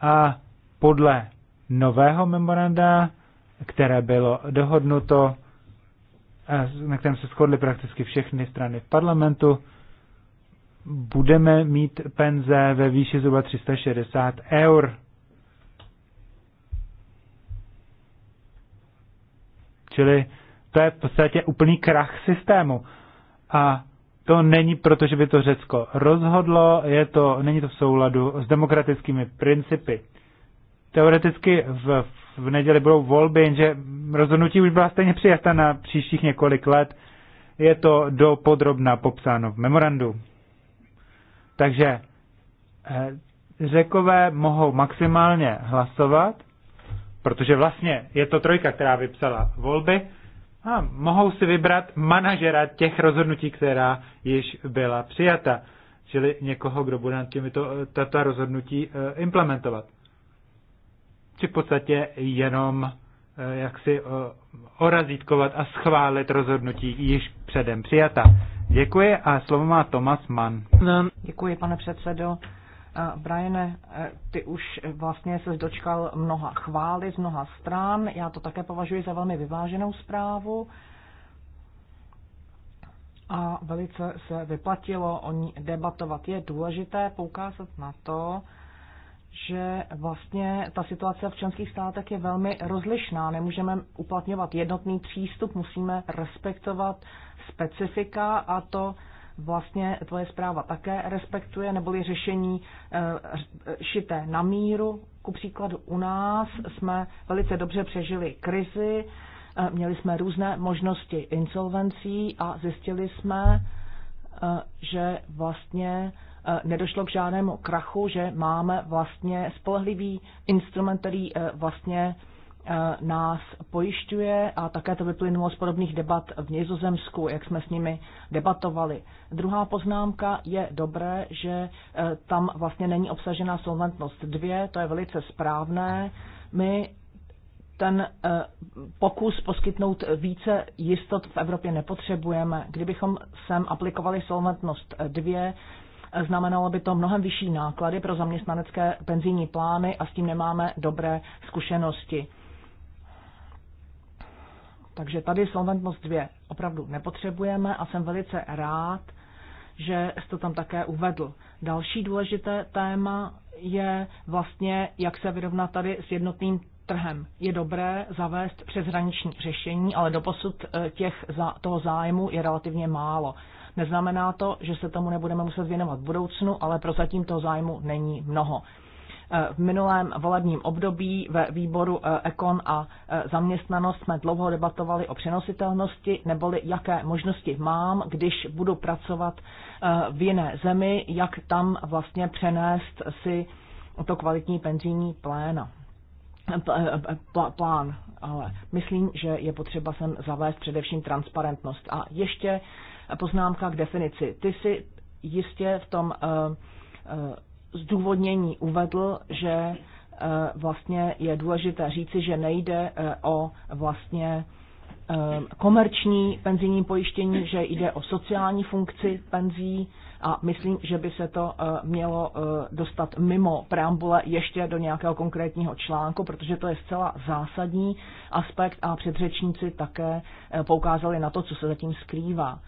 [SPEAKER 1] A podle nového memoranda, které bylo dohodnuto, eh, na kterém se shodly prakticky všechny strany v parlamentu, budeme mít penze ve výši zhruba 360 eur. Čili to je v podstatě úplný krach systému. A to není proto, že by to Řecko rozhodlo, je to, není to v souladu s demokratickými principy teoreticky v, v neděli budou volby, jenže rozhodnutí už byla stejně přijata na příštích několik let. Je to do podrobna popsáno v memorandu. Takže eh, řekové mohou maximálně hlasovat, protože vlastně je to trojka, která vypsala volby, a mohou si vybrat manažera těch rozhodnutí, která již byla přijata, čili někoho, kdo bude nad těmito eh, tato rozhodnutí eh, implementovat či v podstatě jenom eh, jak si eh, orazítkovat a schválit rozhodnutí již předem přijata. Děkuji a slovo má Tomas Mann.
[SPEAKER 2] Děkuji, pane předsedo. Eh, Briane, ty už vlastně se dočkal mnoha chvály z mnoha stran. Já to také považuji za velmi vyváženou zprávu. A velice se vyplatilo o ní debatovat. Je důležité poukázat na to, že vlastně ta situace v členských státech je velmi rozlišná. Nemůžeme uplatňovat jednotný přístup, musíme respektovat specifika a to vlastně tvoje zpráva také respektuje, neboli řešení eh, šité na míru. Ku příkladu u nás jsme velice dobře přežili krizi, eh, měli jsme různé možnosti insolvencí a zjistili jsme, eh, že vlastně Eh, nedošlo k žádnému krachu, že máme vlastně spolehlivý instrument, který eh, vlastně eh, nás pojišťuje a také to vyplynulo z podobných debat v Nizozemsku, jak jsme s nimi debatovali. Druhá poznámka je dobré, že tam vlastně není obsažená solventnost dvě, to je velice správné. My ten pokus poskytnout více jistot v Evropě nepotřebujeme. Kdybychom sem aplikovali solventnost dvě znamenalo by to mnohem vyšší náklady pro zaměstnanecké penzijní plány a s tím nemáme dobré zkušenosti. Takže tady solventnost 2 opravdu nepotřebujeme a jsem velice rád, že jste to tam také uvedl. Další důležité téma je vlastně, jak se vyrovnat tady s jednotným trhem. Je dobré zavést přeshraniční řešení, ale doposud eh, těch za, toho zájmu je relativně málo. Neznamená to, že se tomu nebudeme muset věnovat v budoucnu, ale prozatím toho zájmu není mnoho. E, v minulém volebním období ve výboru Ekon a e, zaměstnanost jsme dlouho debatovali o přenositelnosti, neboli jaké možnosti mám, když budu pracovat e, v jiné zemi, jak tam vlastně přenést si to kvalitní penzijní pléna. Plán, ale myslím, že je potřeba sem zavést především transparentnost. A ještě poznámka k definici. Ty si jistě v tom eh, eh, zdůvodnění uvedl, že eh, vlastně je důležité říci, že nejde o vlastně komerční penzijní pojištění, že jde o sociální funkci penzí a myslím, že by se to mělo dostat mimo preambule ještě do nějakého konkrétního článku, protože to je zcela zásadní aspekt a předřečníci také poukázali na to, co se zatím skrývá.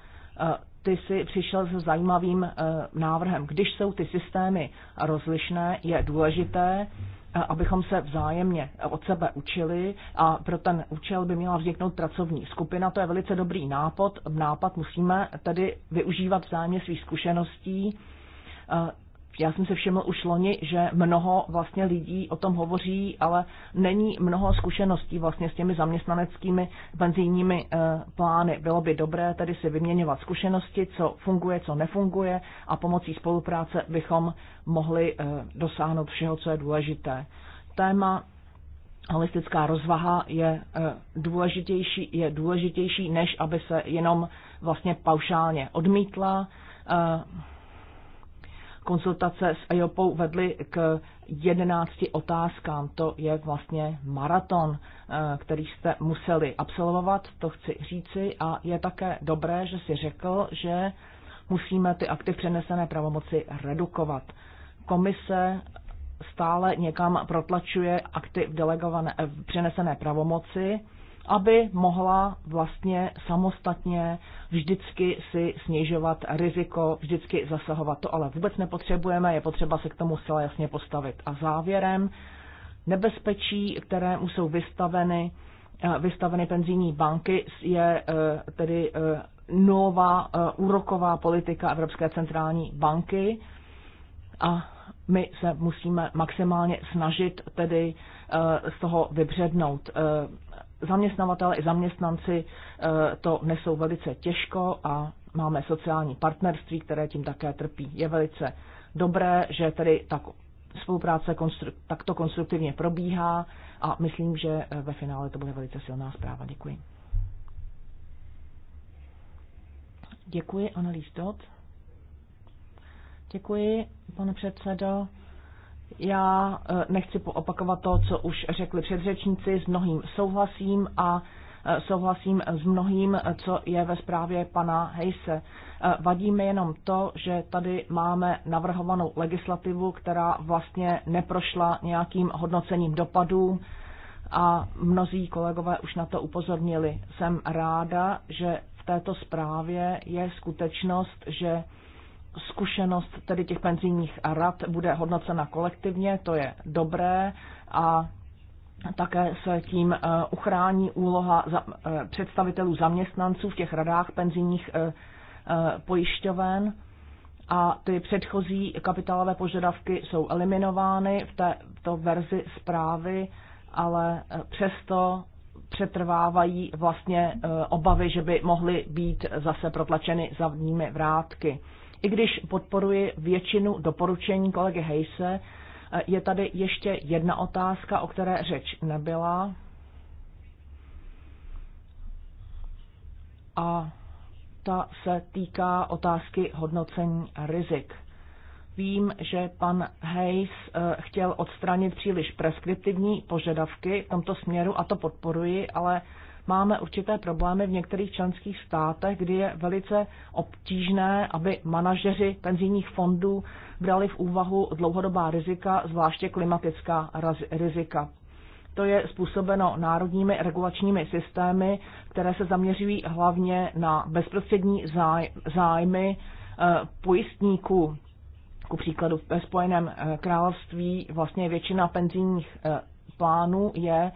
[SPEAKER 2] Eh, ty si přišel s zajímavým eh, návrhem. Když jsou ty systémy rozlišné, je důležité, eh, abychom se vzájemně od sebe učili a pro ten účel by měla vzniknout pracovní skupina. To je velice dobrý nápad. Nápad musíme tedy využívat vzájemně svých zkušeností já jsem se všiml už loni, že mnoho vlastně lidí o tom hovoří, ale není mnoho zkušeností vlastně s těmi zaměstnaneckými penzijními eh, plány. Bylo by dobré tedy si vyměňovat zkušenosti, co funguje, co nefunguje a pomocí spolupráce bychom mohli eh, dosáhnout všeho, co je důležité. Téma holistická rozvaha je eh, důležitější, je důležitější, než aby se jenom vlastně paušálně odmítla konzultace s EIOPou vedly k 11 otázkám. To je vlastně maraton, eh, který jste museli absolvovat, to chci říci. A je také dobré, že si řekl, že musíme ty aktiv přenesené pravomoci redukovat. Komise stále někam protlačuje akty v, delegované, v přenesené pravomoci aby mohla vlastně samostatně vždycky si snižovat riziko, vždycky zasahovat. To ale vůbec nepotřebujeme, je potřeba se k tomu zcela jasně postavit. A závěrem, nebezpečí, kterému jsou vystaveny, eh, vystaveny penzijní banky, je eh, tedy eh, nová úroková politika Evropské centrální banky a my se musíme maximálně snažit tedy z toho vybřednout zaměstnavatele i zaměstnanci eh, to nesou velice těžko a máme sociální partnerství, které tím také trpí. Je velice dobré, že tedy tak spolupráce konstru- takto konstruktivně probíhá a myslím, že eh, ve finále to bude velice silná zpráva. Děkuji. Děkuji, Annelies Dot. Děkuji, pane předsedo. Já eh, nechci opakovat to, co už řekli předřečníci, s mnohým souhlasím a eh, souhlasím s mnohým, eh, co je ve zprávě pana Hejse. Vadí mi jenom to, že tady máme navrhovanou legislativu, která vlastně neprošla nějakým hodnocením dopadů a mnozí kolegové už na to upozornili. Jsem ráda, že v této zprávě je skutečnost, že zkušenost tedy těch penzijních rad bude hodnocena kolektivně, to je dobré a také se tím eh, uchrání úloha eh, představitelů zaměstnanců v těch radách penzijních eh, pojišťoven a ty předchozí kapitálové požadavky jsou eliminovány v této verzi zprávy, ale přesto přetrvávají vlastně obavy, že by mohly být zase protlačeny zadními vrátky. I když podporuji většinu doporučení kolegy Hejse, je tady ještě jedna otázka, o které řeč nebyla. A ta se týká otázky hodnocení rizik. Vím, že pan Hayes eh, chtěl odstranit příliš preskriptivní požadavky v tomto směru a to podporuji, ale máme určité problémy v některých členských státech, kdy je velice obtížné, aby manažeři penzijních fondů brali v úvahu dlouhodobá rizika, zvláště klimatická rizika. To je způsobeno národními regulačními systémy, které se zaměřují hlavně na bezprostřední zájmy eh, pojistníků. Ku příkladu ve Spojeném eh, království vlastně většina penzijních eh, plánů je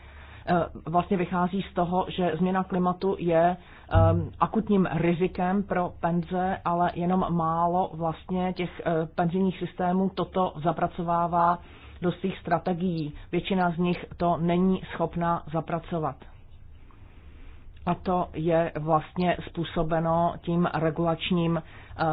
[SPEAKER 2] Eh, vlastně vychází z toho, že změna klimatu je ehm, akutním rizikem pro penze, ale jenom málo vlastně těch eh, penzijních systémů toto zapracovává do svých strategií. Většina z nich to není schopna zapracovat. A to je vlastně způsobeno tím regulačním eh,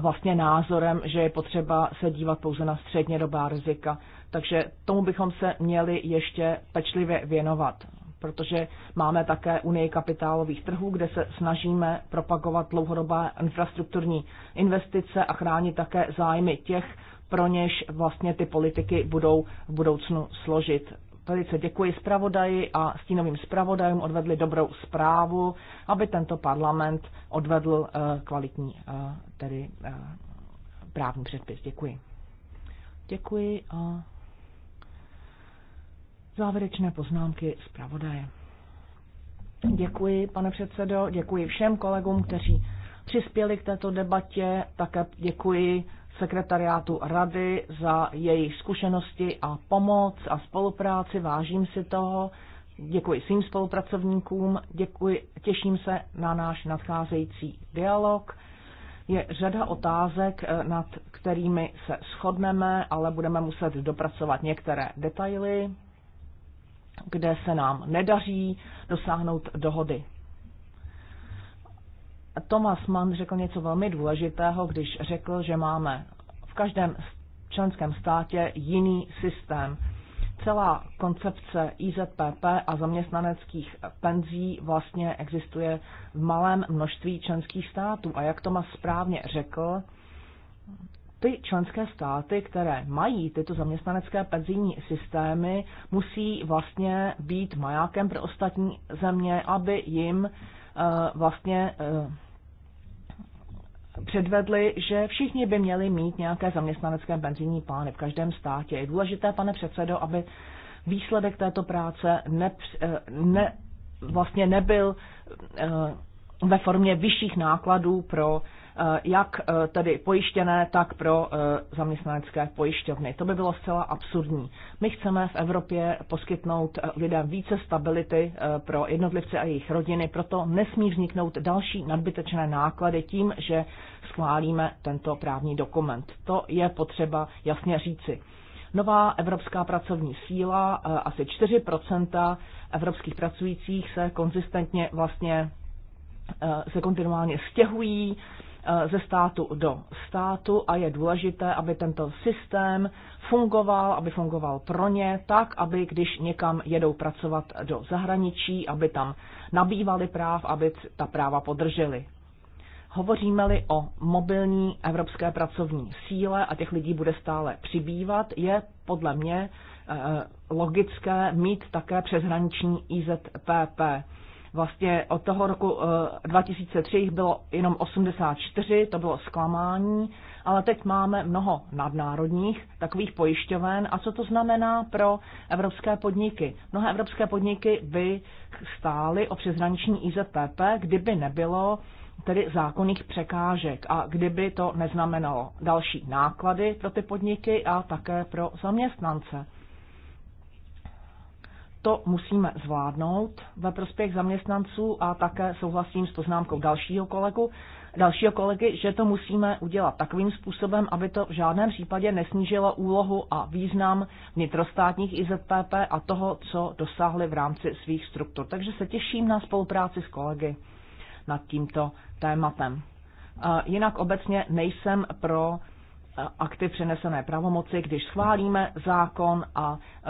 [SPEAKER 2] vlastně názorem, že je potřeba se dívat pouze na dobá rizika. Takže tomu bychom se měli ještě pečlivě věnovat, protože máme také Unii kapitálových trhů, kde se snažíme propagovat dlouhodobé infrastrukturní investice a chránit také zájmy těch, pro něž vlastně ty politiky budou v budoucnu složit. Velice děkuji zpravodaji a stínovým zpravodajům odvedli dobrou zprávu, aby tento parlament odvedl eh, kvalitní eh, tedy eh, právní předpis. Děkuji. Děkuji a závěrečné poznámky zpravodaje. Děkuji, pane předsedo, děkuji všem kolegům, kteří přispěli k této debatě, také děkuji sekretariátu rady za jejich zkušenosti a pomoc a spolupráci. Vážím si toho. Děkuji svým spolupracovníkům, děkuji, těším se na náš nadcházející dialog. Je řada otázek, eh, nad kterými se shodneme, ale budeme muset dopracovat některé detaily, kde se nám nedaří dosáhnout dohody Thomas Mann řekl něco velmi důležitého, když řekl, že máme v každém členském státě jiný systém. Celá koncepce IZPP a zaměstnaneckých penzí vlastně existuje v malém množství členských států. A jak Tomas správně řekl, ty členské státy, které mají tyto zaměstnanecké penzijní systémy, musí vlastně být majákem pro ostatní země, aby jim eh, vlastně eh, předvedli, že všichni by měli mít nějaké zaměstnanecké penzijní plány v každém státě. Je důležité, pane předsedo, aby výsledek této práce ne, eh, ne, vlastně nebyl eh, ve formě vyšších nákladů pro Eh, jak eh, tedy pojištěné, tak pro eh, zaměstnanecké pojišťovny. To by bylo zcela absurdní. My chceme v Evropě poskytnout lidem více stability pro jednotlivce a jejich rodiny, proto nesmí vzniknout další nadbytečné náklady tím, že schválíme tento právní dokument. To je potřeba jasně říci. Nová evropská pracovní síla, asi 4 evropských pracujících se konzistentně vlastně se kontinuálně stěhují, Eh, ze státu do státu a je důležité, aby tento systém fungoval, aby fungoval pro ně tak, aby když někam jedou pracovat do zahraničí, aby tam nabývali práv, aby ta práva podrželi. Hovoříme-li o mobilní evropské pracovní síle a těch lidí bude stále přibývat, je podle mě eh, logické mít také přeshraniční IZPP Vlastně od toho roku 2003 eh, jich bylo jenom 84, to bylo zklamání, ale teď máme mnoho nadnárodních takových pojišťoven. A co to znamená pro evropské podniky? Mnohé evropské podniky by stály o přeshraniční IZPP, kdyby nebylo tedy zákonných překážek a kdyby to neznamenalo další náklady pro ty podniky a také pro zaměstnance. To musíme zvládnout ve prospěch zaměstnanců a také souhlasím s poznámkou dalšího kolegu, dalšího kolegy, že to musíme udělat takovým způsobem, aby to v žádném případě nesnížilo úlohu a význam vnitrostátních IZPP a toho, co dosáhli v rámci svých struktur. Takže se těším na spolupráci s kolegy nad tímto tématem. Jinak obecně nejsem pro e, akty přenesené pravomoci, když schválíme zákon a e,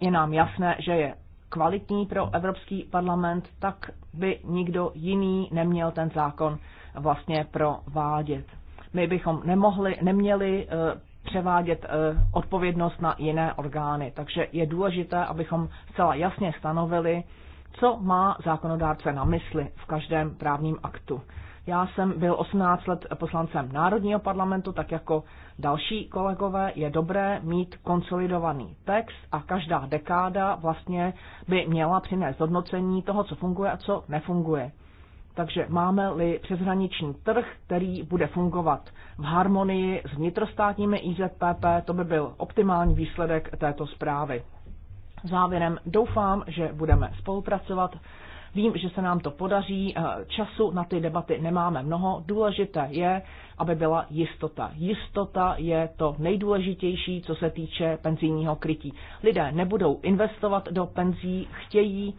[SPEAKER 2] je nám jasné, že je kvalitní pro Evropský parlament, tak by nikdo jiný neměl ten zákon vlastně provádět. My bychom nemohli, neměli eh, převádět eh, odpovědnost na jiné orgány. Takže je důležité, abychom zcela jasně stanovili, co má zákonodárce na mysli v každém právním aktu. Já jsem byl 18 let poslancem Národního parlamentu, tak jako další kolegové, je dobré mít konsolidovaný text a každá dekáda vlastně by měla přinést hodnocení toho, co funguje a co nefunguje. Takže máme-li přeshraniční trh, který bude fungovat v harmonii s vnitrostátními IZPP, to by byl optimální výsledek této zprávy. Závěrem doufám, že budeme spolupracovat Vím, že se nám to podaří, eh, času na ty debaty nemáme mnoho. Důležité je, aby byla jistota. Jistota je to nejdůležitější, co se týče penzijního krytí. Lidé nebudou investovat do penzí, chtějí,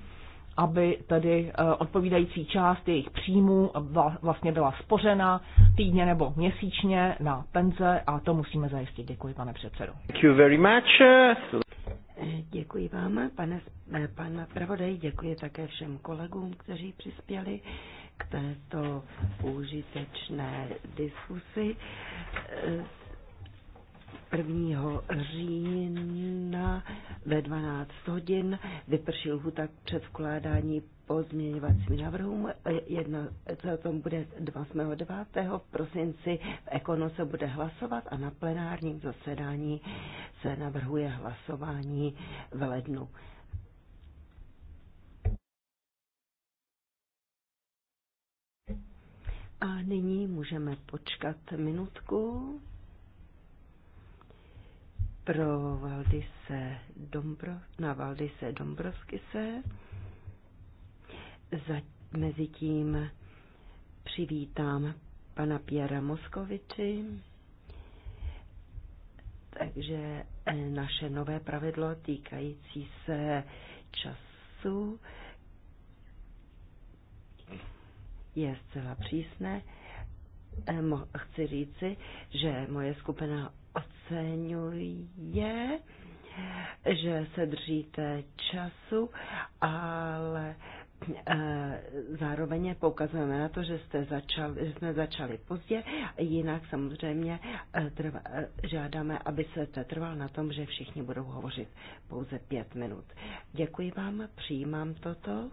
[SPEAKER 2] aby tedy eh, odpovídající část jejich příjmů vlastně byla spořena týdně nebo měsíčně na penze a to musíme zajistit. Děkuji, pane předsedo.
[SPEAKER 1] Thank you very much.
[SPEAKER 2] Eh, děkuji vám, pane, eh, pane pravodej, děkuji také všem kolegům,
[SPEAKER 3] kteří přispěli k této užitečné diskusi. 1. Eh, října ve 12 hodin vypršil lhuta před vkládání pozměňovacím návrhům. Jedno, co tom bude 29. v prosinci v Ekonu se bude hlasovat a na plenárním zasedání se navrhuje hlasování v lednu. A nyní můžeme počkat minutku pro Valdise Dombro, na Valdise Dombrovskise. Za, mezi tím přivítám pana Pěra Moskoviči. Takže eh, naše nové pravidlo týkající se času je zcela přísné. Eh, chci říci, že moje skupina oceňuje, že se držíte času, ale zároveň poukazujeme na to, že, jste začal, že jsme začali pozdě, jinak samozřejmě e, trva, e, žádáme, aby se trval na tom, že všichni budou hovořit pouze pět minut. Děkuji vám, přijímám toto.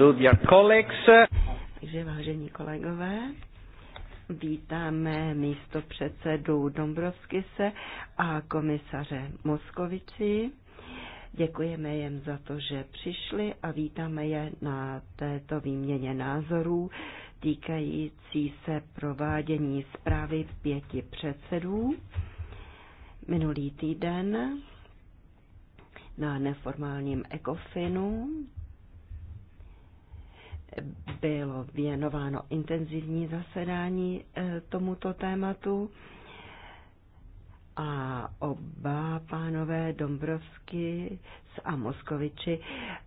[SPEAKER 3] Uh, Takže vážení kolegové, vítáme místo předsedu Dombrovskise a komisaře Moskovici. Děkujeme jim za to, že přišli a vítáme je na této výměně názorů týkající se provádění zprávy pěti předsedů. Minulý týden na neformálním ECOFINu bylo věnováno intenzivní zasedání e, tomuto tématu a oba pánové Dombrovsky a Moskoviči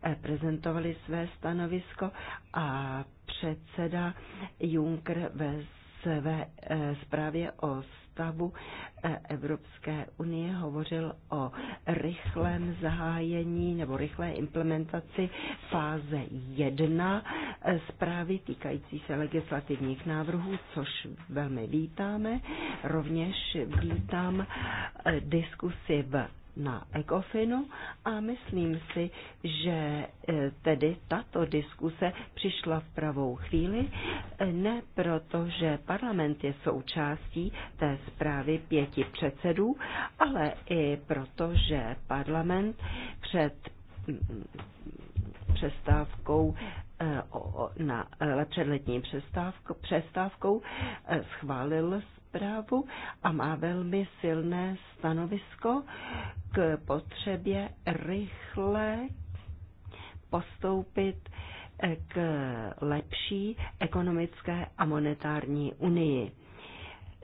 [SPEAKER 3] e, prezentovali své stanovisko a předseda Juncker ve své e, zprávě o stavu eh, Evropské unie hovořil o rychlém zahájení nebo rychlé implementaci fáze 1 eh, zprávy týkající se legislativních návrhů, což velmi vítáme. Rovněž vítám eh, diskusi v na ECOFINu a myslím si, že e, tedy tato diskuse přišla v pravou chvíli, e, ne proto, že parlament je součástí té zprávy pěti předsedů, ale i proto, že parlament před mm, přestávkou e, na, před letní přestávkou, přestávkou schválil právu a má velmi silné stanovisko k potřebě rychle postoupit eh, k lepší ekonomické a monetární unii.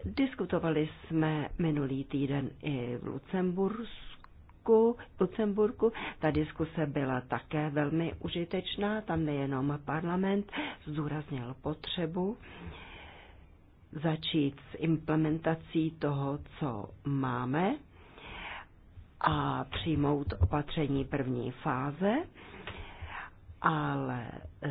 [SPEAKER 3] Diskutovali jsme minulý týden i v Lucembursku. Lucemburku. Ta diskuse byla také velmi užitečná. Tam nejenom parlament zdůraznil potřebu eh, začít s implementací toho, co máme a přijmout opatření první fáze, ale e,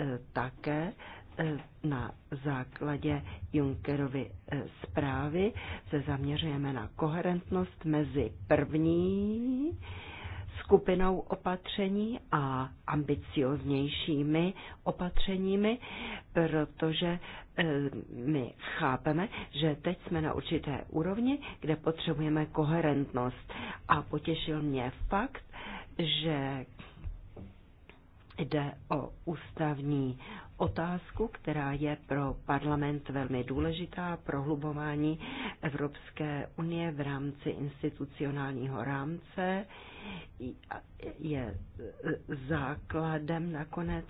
[SPEAKER 3] e, také e, na základě Junckerovy e, zprávy se zaměřujeme na koherentnost mezi první skupinou opatření a ambicioznějšími opatřeními, protože eh, my chápeme, že teď jsme na určité úrovni, kde potřebujeme koherentnost. A potěšil mě fakt, že jde o ústavní otázku, která je pro parlament velmi důležitá, prohlubování Evropské unie v rámci institucionálního rámce je základem nakonec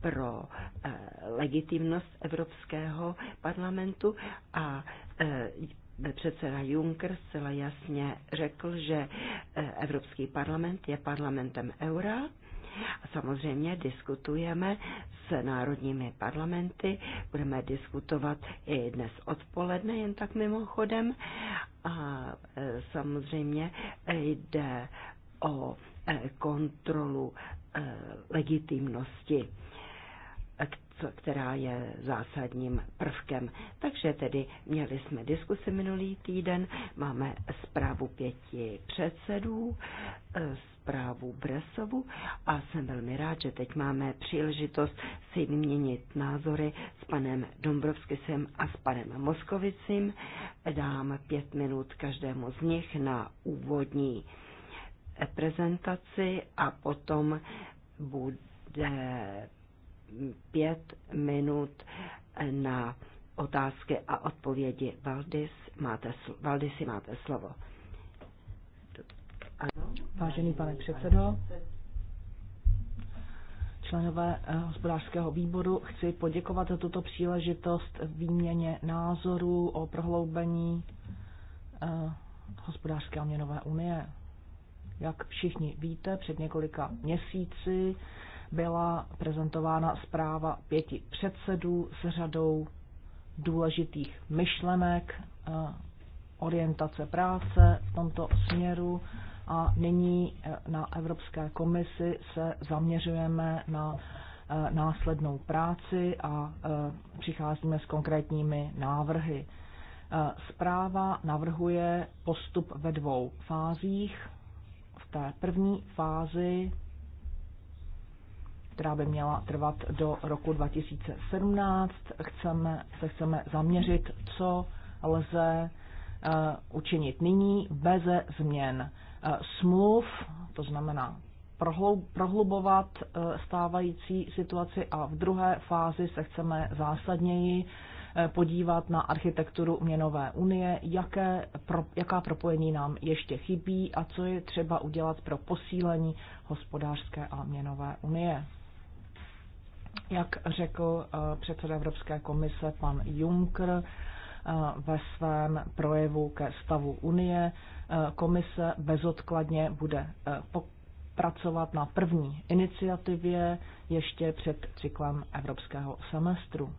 [SPEAKER 3] pro eh, legitimnost Evropského parlamentu a eh, předseda Juncker zcela jasně řekl, že eh, Evropský parlament je parlamentem eura a samozřejmě diskutujeme s národními parlamenty, budeme diskutovat i dnes odpoledne, jen tak mimochodem. A e, samozřejmě jde o e, kontrolu e, legitimnosti která je zásadním prvkem. Takže tedy měli jsme diskusi minulý týden, máme zprávu pěti předsedů, zprávu Bresovu a jsem velmi rád, že teď máme příležitost si vyměnit názory s panem Dombrovskisem a s panem Moskovicím. Dám pět minut každému z nich na úvodní prezentaci a potom bude pět minut na otázky a odpovědi. Valdis, máte, Valdisi, máte slovo.
[SPEAKER 2] Vážený pane předsedo, členové eh, hospodářského výboru, chci poděkovat za tuto příležitost výměně názorů o prohloubení eh, hospodářské a měnové unie. Jak všichni víte, před několika měsíci byla prezentována zpráva pěti předsedů s řadou důležitých myšlenek, eh, orientace práce v tomto směru a nyní eh, na Evropské komisi se zaměřujeme na eh, následnou práci a eh, přicházíme s konkrétními návrhy. Zpráva navrhuje postup ve dvou fázích. V té první fázi, která by měla trvat do roku 2017, chceme, se chceme zaměřit, co lze učinit nyní beze změn Eh, smluv, to znamená prohlubovat eh, stávající situaci a v druhé fázi se chceme zásadněji eh, podívat na architekturu měnové unie, jaké, pro, jaká propojení nám ještě chybí a co je třeba udělat pro posílení hospodářské a měnové unie. Jak řekl předseda Evropské komise pan Juncker ve svém projevu ke stavu unie, Eh, komise bezodkladně bude eh, pracovat na první iniciativě ještě před cyklem evropského semestru.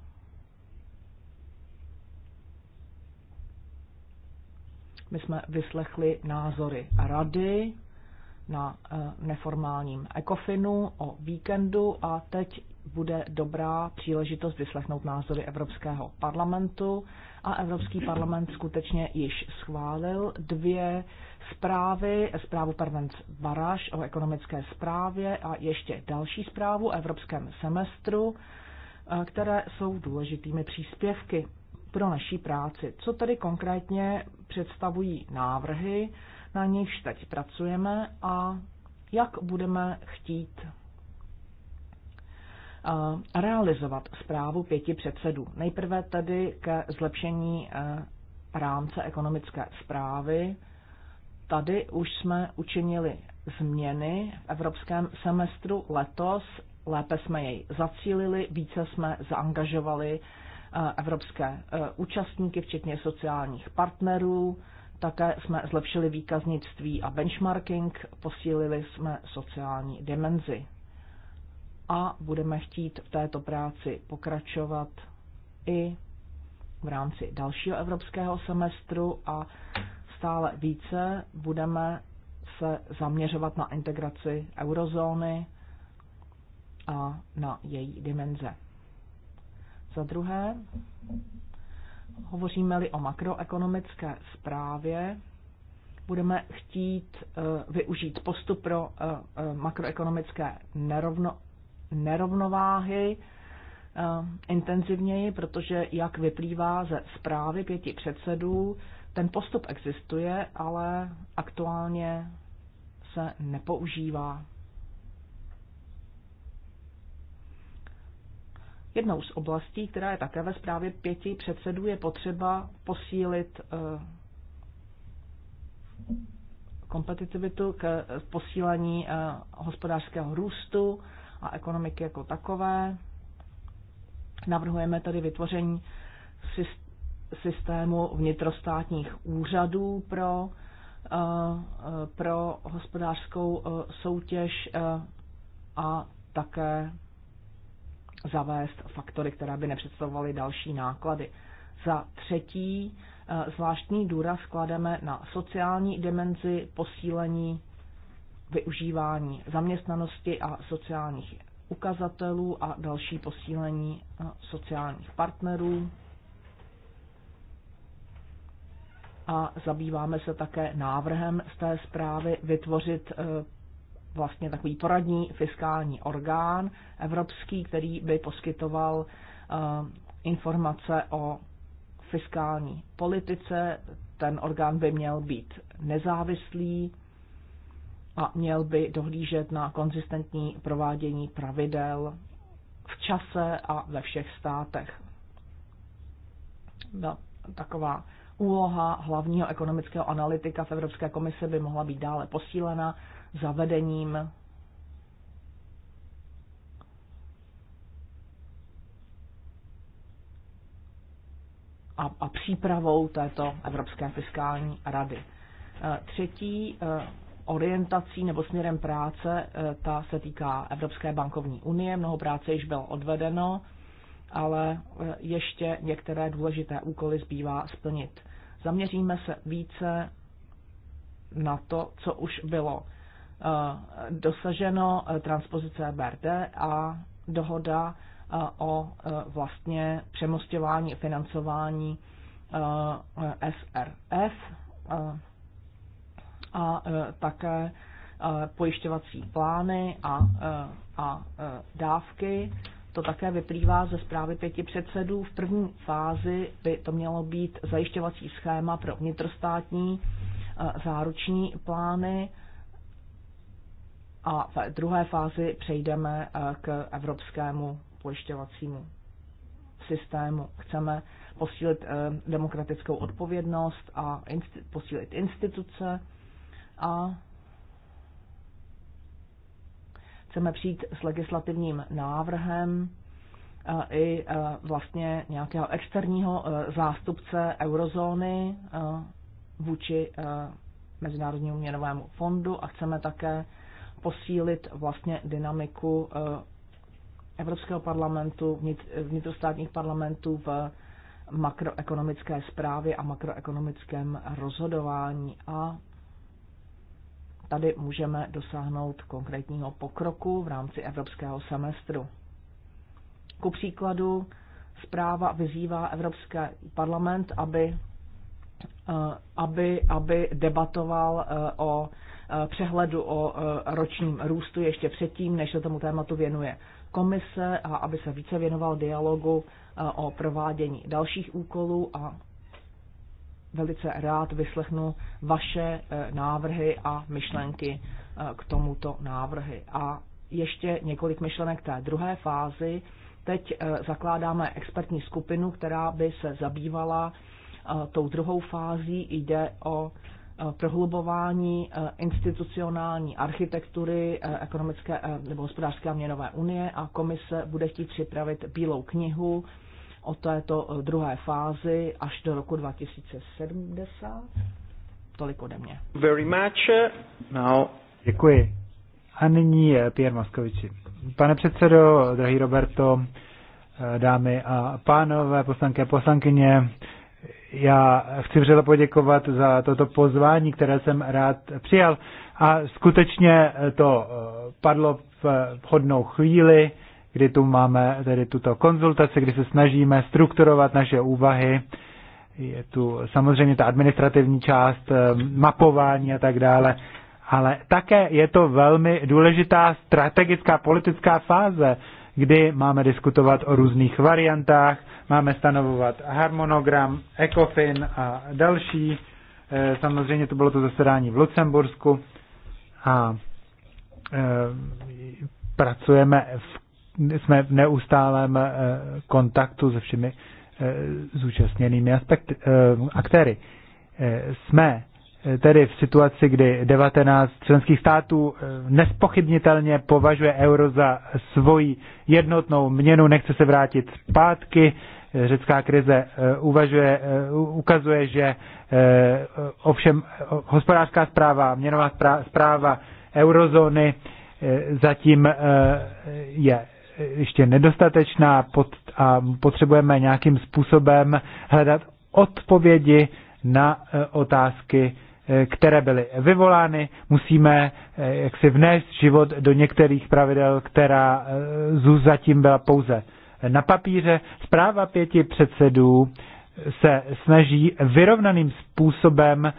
[SPEAKER 2] My jsme vyslechli názory rady na eh, neformálním ECOFINu o víkendu a teď bude dobrá příležitost vyslechnout názory Evropského parlamentu a Evropský parlament skutečně již schválil dvě zprávy, zprávu Pervenc Baráš o ekonomické zprávě a ještě další zprávu o evropském semestru, eh, které jsou důležitými příspěvky pro naší práci. Co tedy konkrétně představují návrhy, na nichž teď pracujeme a jak budeme chtít Eh, realizovat zprávu pěti předsedů. Nejprve tedy ke zlepšení eh, rámce ekonomické zprávy. Tady už jsme učinili změny v evropském semestru letos. Lépe jsme jej zacílili, více jsme zaangažovali eh, evropské účastníky, včetně sociálních partnerů. Také jsme zlepšili výkaznictví a benchmarking, posílili jsme sociální dimenzi a budeme chtít v této práci pokračovat i v rámci dalšího evropského semestru a stále více budeme se zaměřovat na integraci eurozóny a na její dimenze. Za druhé, hovoříme-li o makroekonomické zprávě, budeme chtít eh, využít postup pro eh, eh, makroekonomické nerovno, nerovnováhy eh, intenzivněji, protože jak vyplývá ze zprávy pěti předsedů, ten postup existuje, ale aktuálně se nepoužívá. Jednou z oblastí, která je také ve zprávě pěti předsedů, je potřeba posílit eh, kompetitivitu k posílení eh, hospodářského růstu, a ekonomiky jako takové. Navrhujeme tady vytvoření systému vnitrostátních úřadů pro, eh, pro hospodářskou eh, soutěž eh, a také zavést faktory, které by nepředstavovaly další náklady. Za třetí, zvláštní důraz klademe na sociální dimenzi posílení využívání zaměstnanosti a sociálních ukazatelů a další posílení eh, sociálních partnerů. A zabýváme se také návrhem z té zprávy vytvořit eh, vlastně takový poradní fiskální orgán evropský, který by poskytoval eh, informace o fiskální politice. Ten orgán by měl být nezávislý, a měl by dohlížet na konzistentní provádění pravidel v čase a ve všech státech. No, taková úloha hlavního ekonomického analytika v Evropské komisi by mohla být dále posílena zavedením a, a přípravou této Evropské fiskální rady. E, třetí e, orientací nebo směrem práce, eh, ta se týká Evropské bankovní unie, mnoho práce již bylo odvedeno, ale eh, ještě některé důležité úkoly zbývá splnit. Zaměříme se více na to, co už bylo eh, dosaženo transpozice BRD a dohoda o vlastně přemostěvání financování SRF a e, také e, pojišťovací plány a, e, a dávky. To také vyplývá ze zprávy pěti předsedů. V první fázi by to mělo být zajišťovací schéma pro vnitrostátní záruční plány a v druhé fázi přejdeme k evropskému pojišťovacímu systému. Chceme posílit demokratickou odpovědnost a posílit instituce a chceme přijít s legislativním návrhem i vlastně nějakého externího e, zástupce eurozóny e, vůči e, Mezinárodnímu měnovému fondu a chceme také posílit vlastně dynamiku Evropského parlamentu, vnitrostátních parlamentů v makroekonomické zprávě a makroekonomickém rozhodování a tady můžeme dosáhnout konkrétního pokroku v rámci evropského semestru. Ku příkladu, zpráva vyzývá Evropský parlament, aby, eh, aby, aby debatoval eh, o eh, přehledu o ročním růstu ještě předtím, než se tomu tématu věnuje komise a aby se více věnoval dialogu o provádění dalších úkolů a velice rád vyslechnu vaše eh, návrhy a myšlenky eh, k tomuto návrhy. A ještě několik myšlenek té druhé fázi. Teď eh, zakládáme expertní skupinu, která by se zabývala tou druhou fází. Jde o prohlubování institucionální architektury ekonomické nebo hospodářské a měnové unie a komise bude chtít připravit bílou knihu o této eh, druhé fázi až do roku 2070. Tolik ode mě. Very much.
[SPEAKER 1] No. Děkuji. A nyní Pierre Maskovici. Pane předsedo, drahý Roberto, eh, dámy a pánové, poslanky a poslankyně, já chci vřele poděkovat za toto pozvání, které jsem rád přijal. A skutečně to eh, padlo v hodnou chvíli kdy tu máme tedy tuto konzultaci, kdy se snažíme strukturovat naše úvahy. Je tu samozřejmě ta administrativní část, eh, mapování a tak dále, ale také je to velmi důležitá strategická politická fáze, kdy máme diskutovat o různých variantách, máme stanovovat harmonogram, ECOFIN a další. Eh, samozřejmě to bylo to zasedání v Lucembursku a eh, pracujeme v jsme v neustálém eh, kontaktu se všemi eh, zúčastněnými aspekty, eh, aktéry. Jsme tedy v situaci, kdy 19 členských států nespochybnitelně považuje euro za svoji jednotnou měnu, nechce se vrátit zpátky. Řecká krize uvažuje, ukazuje, že ovšem hospodářská zpráva, měnová zpráva eurozóny zatím je ještě nedostatečná a potřebujeme nějakým způsobem hledat odpovědi na e, otázky, e, které byly vyvolány. Musíme e, jaksi vnést život do některých pravidel, která zatím byla pouze na papíře. Zpráva pěti předsedů se snaží vyrovnaným způsobem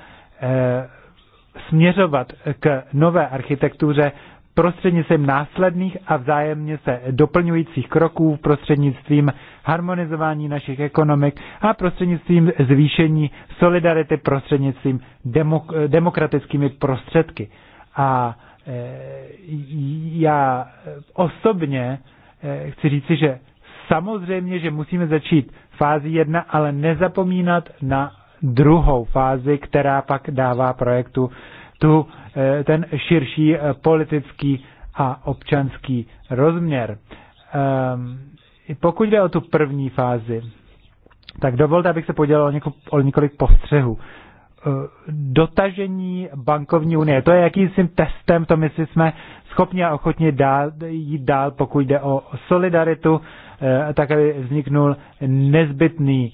[SPEAKER 1] směřovat k nové architektuře prostřednictvím následných a vzájemně se doplňujících kroků, prostřednictvím harmonizování našich ekonomik a prostřednictvím zvýšení solidarity prostřednictvím demok- demokratickými prostředky. A e, já osobně e, chci říci, že samozřejmě, že musíme začít fázi jedna, ale nezapomínat na druhou fázi, která pak dává projektu tu, eh, ten širší eh, politický a občanský rozměr. Ehm, pokud jde o tu první fázi, tak dovolte, abych se podělil o několik postřehů. Eh, dotažení bankovní unie, to je jakýsi testem, to my si jsme schopni a ochotni dál, jít dál, pokud jde o solidaritu, tak aby vzniknul nezbytný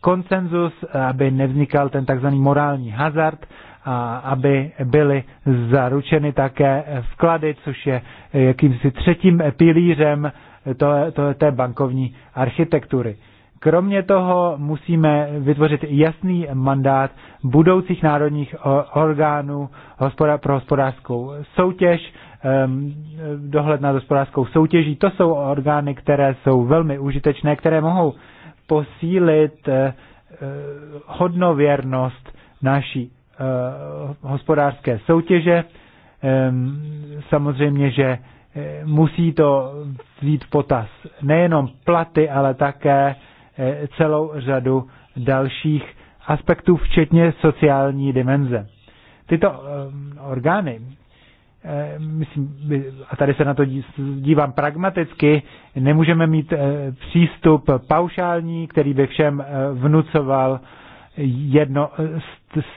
[SPEAKER 1] konsenzus, aby nevznikal ten takzvaný morální hazard a aby byly zaručeny také vklady, což je jakýmsi třetím pilířem to, to, té bankovní architektury. Kromě toho musíme vytvořit jasný mandát budoucích národních orgánů pro hospodářskou soutěž, dohled nad hospodářskou soutěží. To jsou orgány, které jsou velmi užitečné, které mohou posílit eh, eh, hodnověrnost naší Eh, hospodářské soutěže. Samozřejmě, že eh, musí to vzít v potaz nejenom platy, ale také eh, celou řadu dalších aspektů, včetně sociální dimenze. Tyto orgány, myslím, a tady se na to dívám pragmaticky, nemůžeme mít přístup paušální, který by všem vnucoval jedno,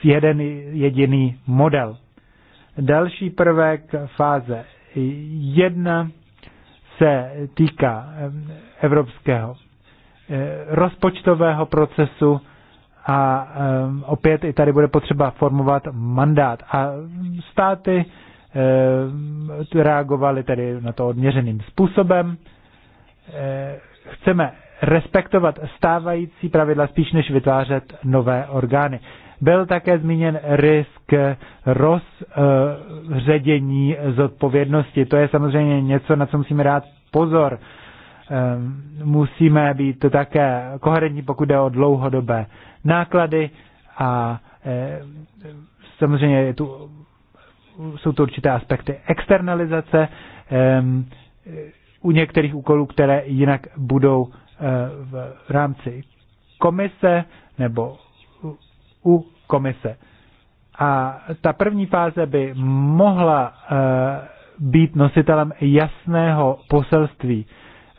[SPEAKER 1] jeden jediný model. Další prvek fáze 1 se týká evropského eh, rozpočtového procesu a opět i tady bude potřeba formovat mandát. A státy reagovaly tedy na to odměřeným způsobem. Eh, chceme respektovat stávající pravidla spíš než vytvářet nové orgány. Byl také zmíněn risk rozředění zodpovědnosti. To je samozřejmě něco, na co musíme dát pozor. Ehm, musíme být také koherentní, pokud jde o dlouhodobé náklady a e, samozřejmě je tu, jsou tu určité aspekty externalizace ehm, u některých úkolů, které jinak budou Eh, v rámci komise nebo u komise. A ta první fáze by mohla eh, být nositelem jasného poselství.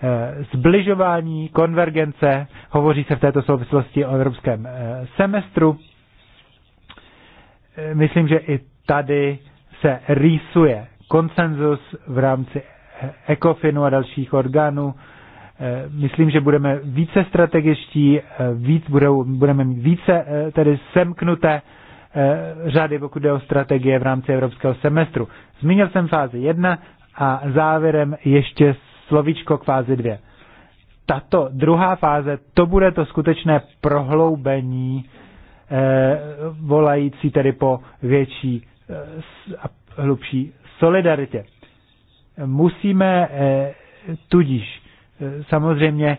[SPEAKER 1] Eh, zbližování, konvergence, hovoří se v této souvislosti o evropském semestru. Myslím, že i tady se rýsuje konsenzus v rámci ECOFINu a dalších orgánů Eh, myslím, že budeme více strategičtí, eh, víc, budou, budeme mít více eh, tedy semknuté řady, pokud jde o strategie v rámci evropského semestru. Zmínil jsem fázi 1 a závěrem ještě slovíčko k fázi 2. Tato druhá fáze, to bude to skutečné prohloubení volající tedy po větší a hlubší solidaritě. Musíme tudíž samozřejmě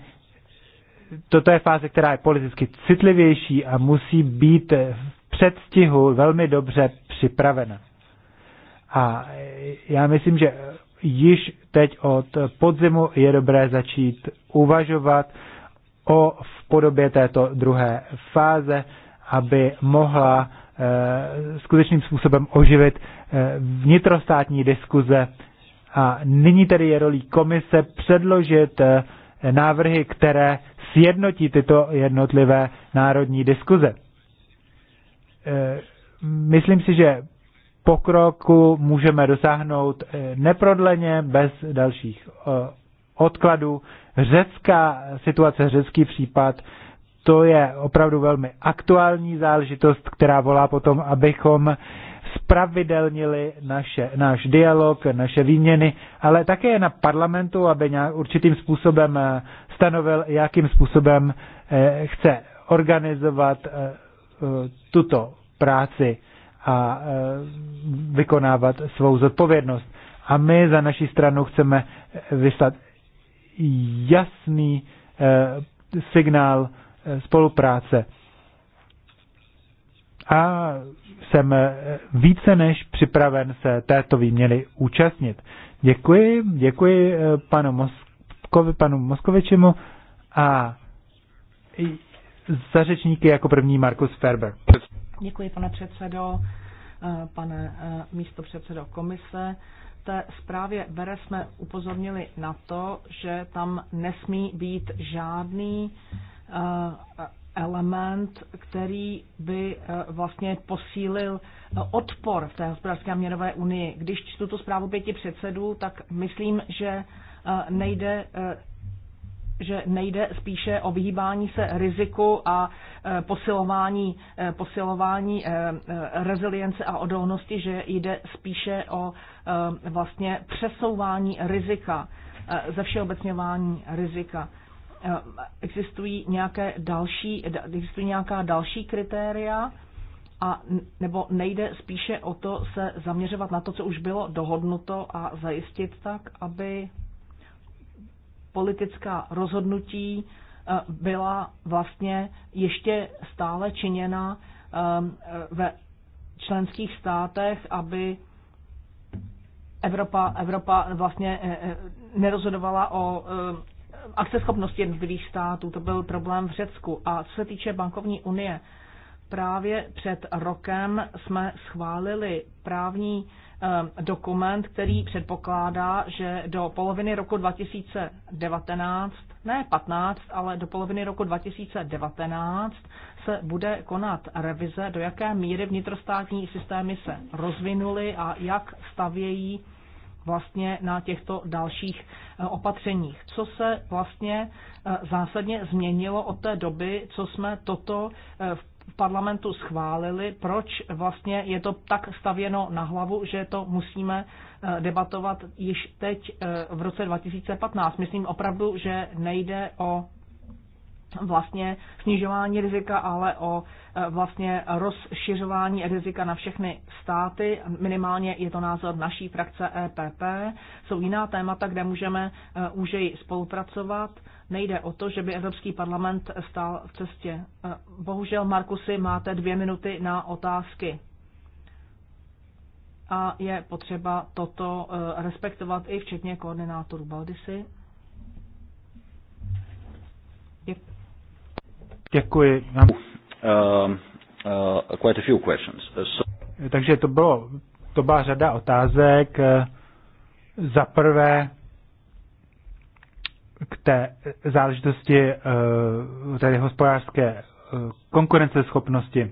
[SPEAKER 1] toto je fáze, která je politicky citlivější a musí být v předstihu velmi dobře připravena. A já myslím, že již teď od podzimu je dobré začít uvažovat o v podobě této druhé fáze, aby mohla eh, skutečným způsobem oživit eh, vnitrostátní diskuze a nyní tedy je rolí komise předložit eh, návrhy, které sjednotí tyto jednotlivé národní diskuze. Eh, myslím si, že pokroku můžeme dosáhnout eh, neprodleně, bez dalších odkladů. Řecká situace, řecký případ, to je opravdu velmi aktuální záležitost, která volá potom, abychom spravidelnili naše, náš dialog, naše výměny, ale také na parlamentu, aby nějak určitým způsobem eh, stanovil, jakým způsobem eh, chce organizovat eh, tuto práci a vykonávat svou zodpovědnost. A my za naší stranu chceme vyslat jasný signál spolupráce. A jsem více než připraven se této výměny účastnit. Děkuji, děkuji eh, panu, Moskovi, panu Moskovičemu a za řečníky jako první Markus Ferber.
[SPEAKER 2] Děkuji, pane předsedo, eh, pane eh, místo předsedo komise. Té zprávě Bere jsme upozornili na to, že tam nesmí být žádný element, který by eh, vlastně posílil eh, odpor v té hospodářské a měnové unii. Když čtu tu zprávu pěti předsedů, tak myslím, že eh, nejde že nejde spíše o vyhýbání se riziku a posilování, posilování rezilience a odolnosti, že jde spíše o vlastně přesouvání rizika, zevšeobecňování rizika. Eh, existují, nějaké další, existují nějaká další kritéria, a nebo nejde spíše o to se zaměřovat na to, co už bylo dohodnuto a zajistit tak, aby politická rozhodnutí eh, byla vlastně ještě stále činěna eh, ve členských státech, aby Evropa, Evropa vlastně nerozhodovala o akceschopnosti jednotlivých států. To byl problém v Řecku. A co se týče bankovní unie, právě před rokem jsme schválili právní eh, dokument, který předpokládá, že do poloviny roku 2019, ne 15, ale do poloviny roku 2019 se bude konat revize, do jaké míry vnitrostátní systémy se rozvinuly a jak stavějí vlastně na těchto dalších eh, opatřeních. Co se vlastně eh, zásadně změnilo od té doby, co jsme toto eh, v parlamentu schválili, proč vlastně je to tak stavěno na hlavu, že to musíme debatovat již teď v roce 2015. Myslím opravdu, že nejde o vlastně snižování rizika, ale o e, vlastně rozšiřování rizika na všechny státy. Minimálně je to názor naší frakce EPP. Jsou jiná témata, kde můžeme e, úžeji spolupracovat. Nejde o to, že by Evropský parlament stál v cestě. E, bohužel, Markusy, máte dvě minuty na otázky. A je potřeba toto respektovat i včetně koordinátorů Baldisy.
[SPEAKER 1] Děkuji. Um, uh,
[SPEAKER 2] uh,
[SPEAKER 1] quite a few questions. Uh, so... Takže to bylo, to byla řada otázek. Uh, za prvé k té záležitosti uh, tedy hospodářské konkurenceschopnosti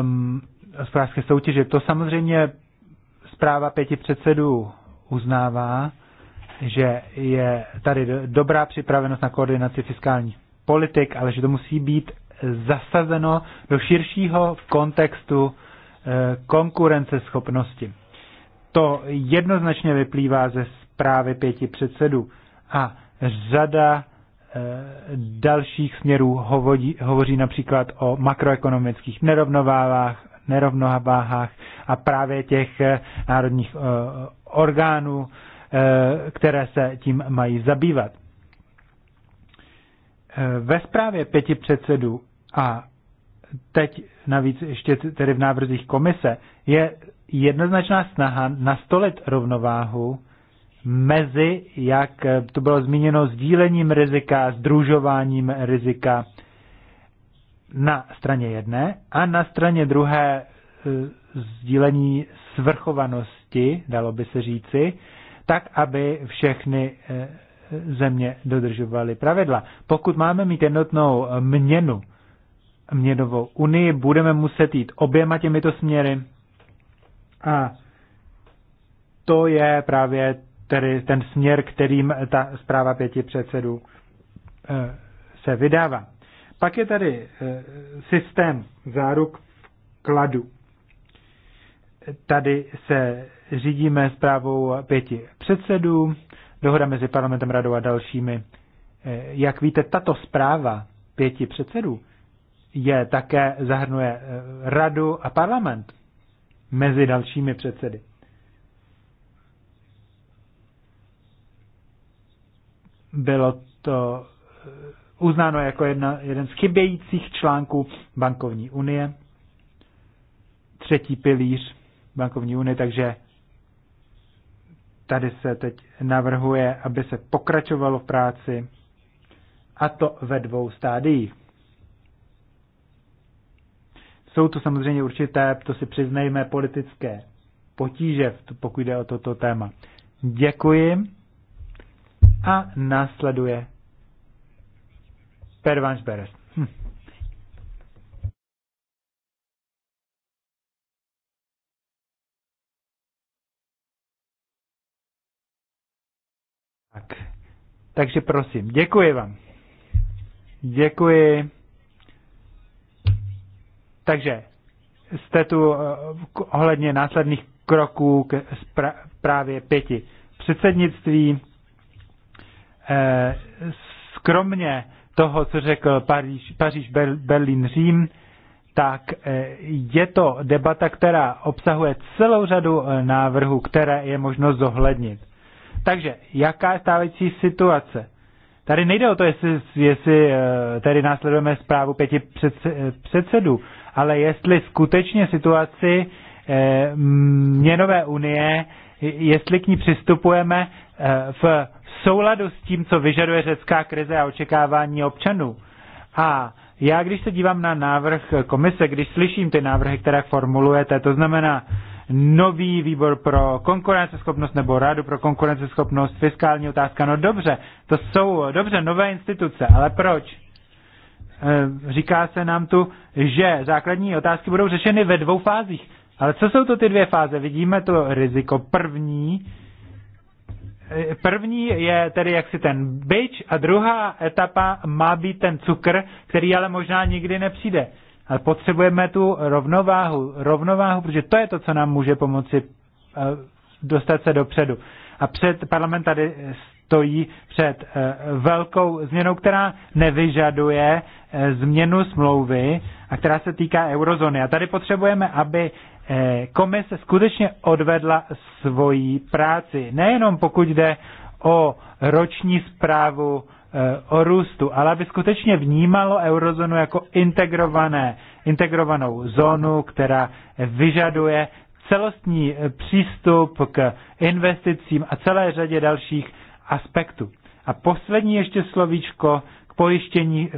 [SPEAKER 1] um, hospodářské soutěže. To samozřejmě zpráva pěti předsedů uznává že je tady dobrá připravenost na koordinaci fiskálních politik, ale že to musí být zasazeno do širšího kontextu eh, konkurenceschopnosti. To jednoznačně vyplývá ze zprávy pěti předsedů a řada eh, dalších směrů hovoří, hovoří například o makroekonomických nerovnováhách, nerovnováhách a právě těch eh, národních orgánů Eh, které se tím mají zabývat. Eh, ve zprávě pěti předsedů a teď navíc ještě tedy v návrzích komise je jednoznačná snaha nastolit rovnováhu mezi, jak to bylo zmíněno, sdílením rizika, združováním rizika na straně jedné a na straně druhé eh, sdílení svrchovanosti, dalo by se říci, tak aby všechny eh, země dodržovaly pravidla. Pokud máme mít jednotnou eh, měnu, měnovou unii, budeme muset jít oběma těmito směry a to je právě tedy ten směr, kterým ta zpráva pěti předsedů eh, se vydává. Pak je tady systém záruk vkladu. Tady se řídíme zprávou pěti předsedů, dohoda mezi parlamentem, radou a dalšími. Eh, jak víte, tato zpráva pěti předsedů je také zahrnuje eh, radu a parlament mezi dalšími předsedy. Bylo to eh, uznáno jako jedna, jeden z chybějících článků bankovní unie, třetí pilíř bankovní unie, takže Tady se teď navrhuje, aby se pokračovalo v práci, a to ve dvou stádiích. Jsou to samozřejmě určité, to si přiznejme, politické potíže, pokud jde o toto téma. Děkuji a následuje Pervanš Beres. Takže prosím, děkuji vám. Děkuji. Takže jste tu eh, ohledně následných kroků k právě pěti předsednictví. Eh, skromně toho, co řekl Paříž, Paříž Berlín, Řím, tak eh, je to debata, která obsahuje celou řadu návrhů, které je možno zohlednit. Takže, jaká je stávající situace? Tady nejde o to, jestli, jestli eh, tady následujeme zprávu pěti eh, předsedů, ale jestli skutečně situaci eh, měnové unie, jestli k ní přistupujeme v souladu s tím, co vyžaduje řecká krize a očekávání občanů. A já, když se dívám na návrh komise, když slyším ty návrhy, které formulujete, to znamená nový výbor pro konkurenceschopnost nebo rádu pro konkurenceschopnost, fiskální otázka. No dobře, to jsou dobře nové instituce, ale proč? E, říká se nám tu, že základní otázky budou řešeny ve dvou fázích. Ale co jsou to ty dvě fáze? Vidíme to riziko první. E, první je tedy jaksi ten byč a druhá etapa má být ten cukr, který ale možná nikdy nepřijde. Ale potřebujeme tu rovnováhu, rovnováhu, protože to je to, co nám může pomoci eh, dostat se dopředu. A před parlament tady stojí před eh, velkou změnou, která nevyžaduje eh, změnu smlouvy a která se týká eurozóny. A tady potřebujeme, aby komise skutečně odvedla svoji práci. Nejenom pokud jde o roční zprávu Eh, o růstu, ale aby skutečně vnímalo eurozónu jako integrované, integrovanou zónu, která vyžaduje celostní eh, přístup k investicím a celé řadě dalších aspektů. A poslední ještě slovíčko k pojištění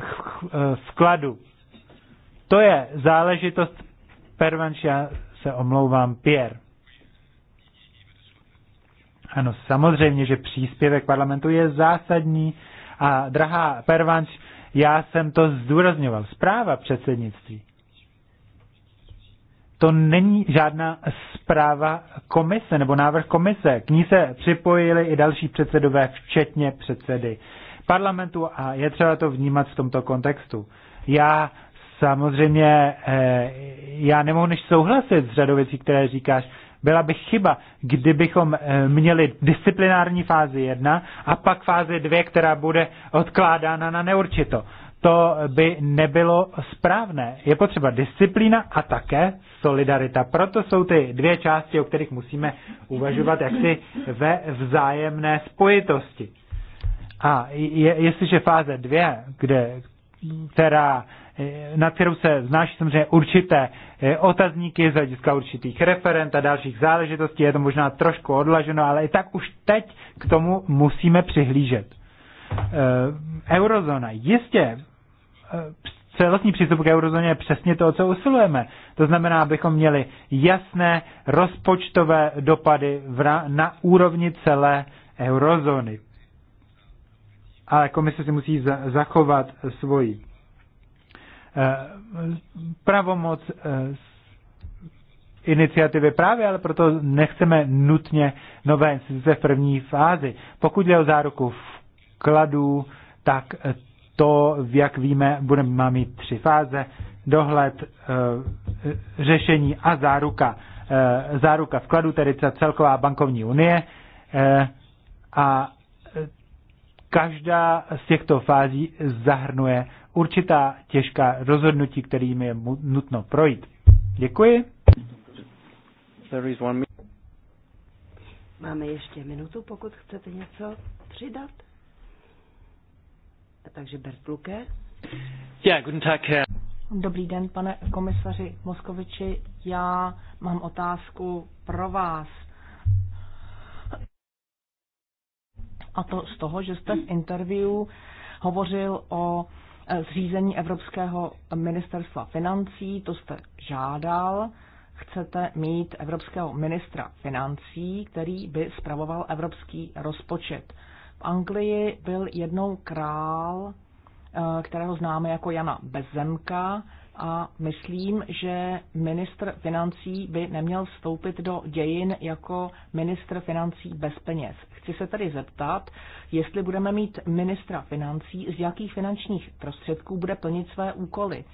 [SPEAKER 1] vkladu. Eh, to je záležitost, pervanč, já se omlouvám, Pierre. Ano, samozřejmě, že příspěvek parlamentu je zásadní a drahá Pervanč, já jsem to zdůrazňoval. Zpráva předsednictví. To není žádná zpráva komise nebo návrh komise. K ní se připojili i další předsedové, včetně předsedy parlamentu a je třeba to vnímat v tomto kontextu. Já samozřejmě, eh, já nemohu než souhlasit s řadou věcí, které říkáš, byla by chyba, kdybychom eh, měli disciplinární fázi 1 a pak fázi 2, která bude odkládána na neurčito. To by nebylo správné. Je potřeba disciplína a také solidarita. Proto jsou ty dvě části, o kterých musíme uvažovat jaksi ve vzájemné spojitosti. A je, jestliže fáze 2, kde, která nad kterou se znáší samozřejmě určité eh, otazníky z hlediska určitých referent a dalších záležitostí. Je to možná trošku odlaženo, ale i tak už teď k tomu musíme přihlížet. Eh, eurozóna. Jistě eh, celostní přístup k eurozóně je přesně to, o co usilujeme. To znamená, abychom měli jasné rozpočtové dopady na úrovni celé eurozóny. Ale komise si musí zachovat svoji Eh, pravomoc eh, iniciativy právě, ale proto nechceme nutně nové instituce v první fázi. Pokud jde o záruku vkladů, tak eh, to, jak víme, budeme má mít tři fáze. Dohled, řešení a záruka. Záruka vkladu, tedy ta celková bankovní unie. A každá z těchto fází zahrnuje určitá těžká rozhodnutí, kterými je nutno projít. Děkuji.
[SPEAKER 3] Máme ještě minutu, pokud chcete něco přidat. Takže Bert Luke. Yeah, guten Tag, Herr.
[SPEAKER 2] Dobrý den, pane komisaři Moskoviči. Já mám otázku pro vás. A to z toho, že jste v interview hovořil o zřízení Evropského ministerstva financí, to jste žádal, chcete mít Evropského ministra financí, který by spravoval evropský rozpočet. V Anglii byl jednou král, eh, kterého známe jako Jana Bezemka, a myslím, že ministr financí by neměl vstoupit do dějin jako ministr financí bez peněz. Chci se tedy zeptat, jestli budeme mít ministra financí, z jakých finančních prostředků bude plnit své úkoly.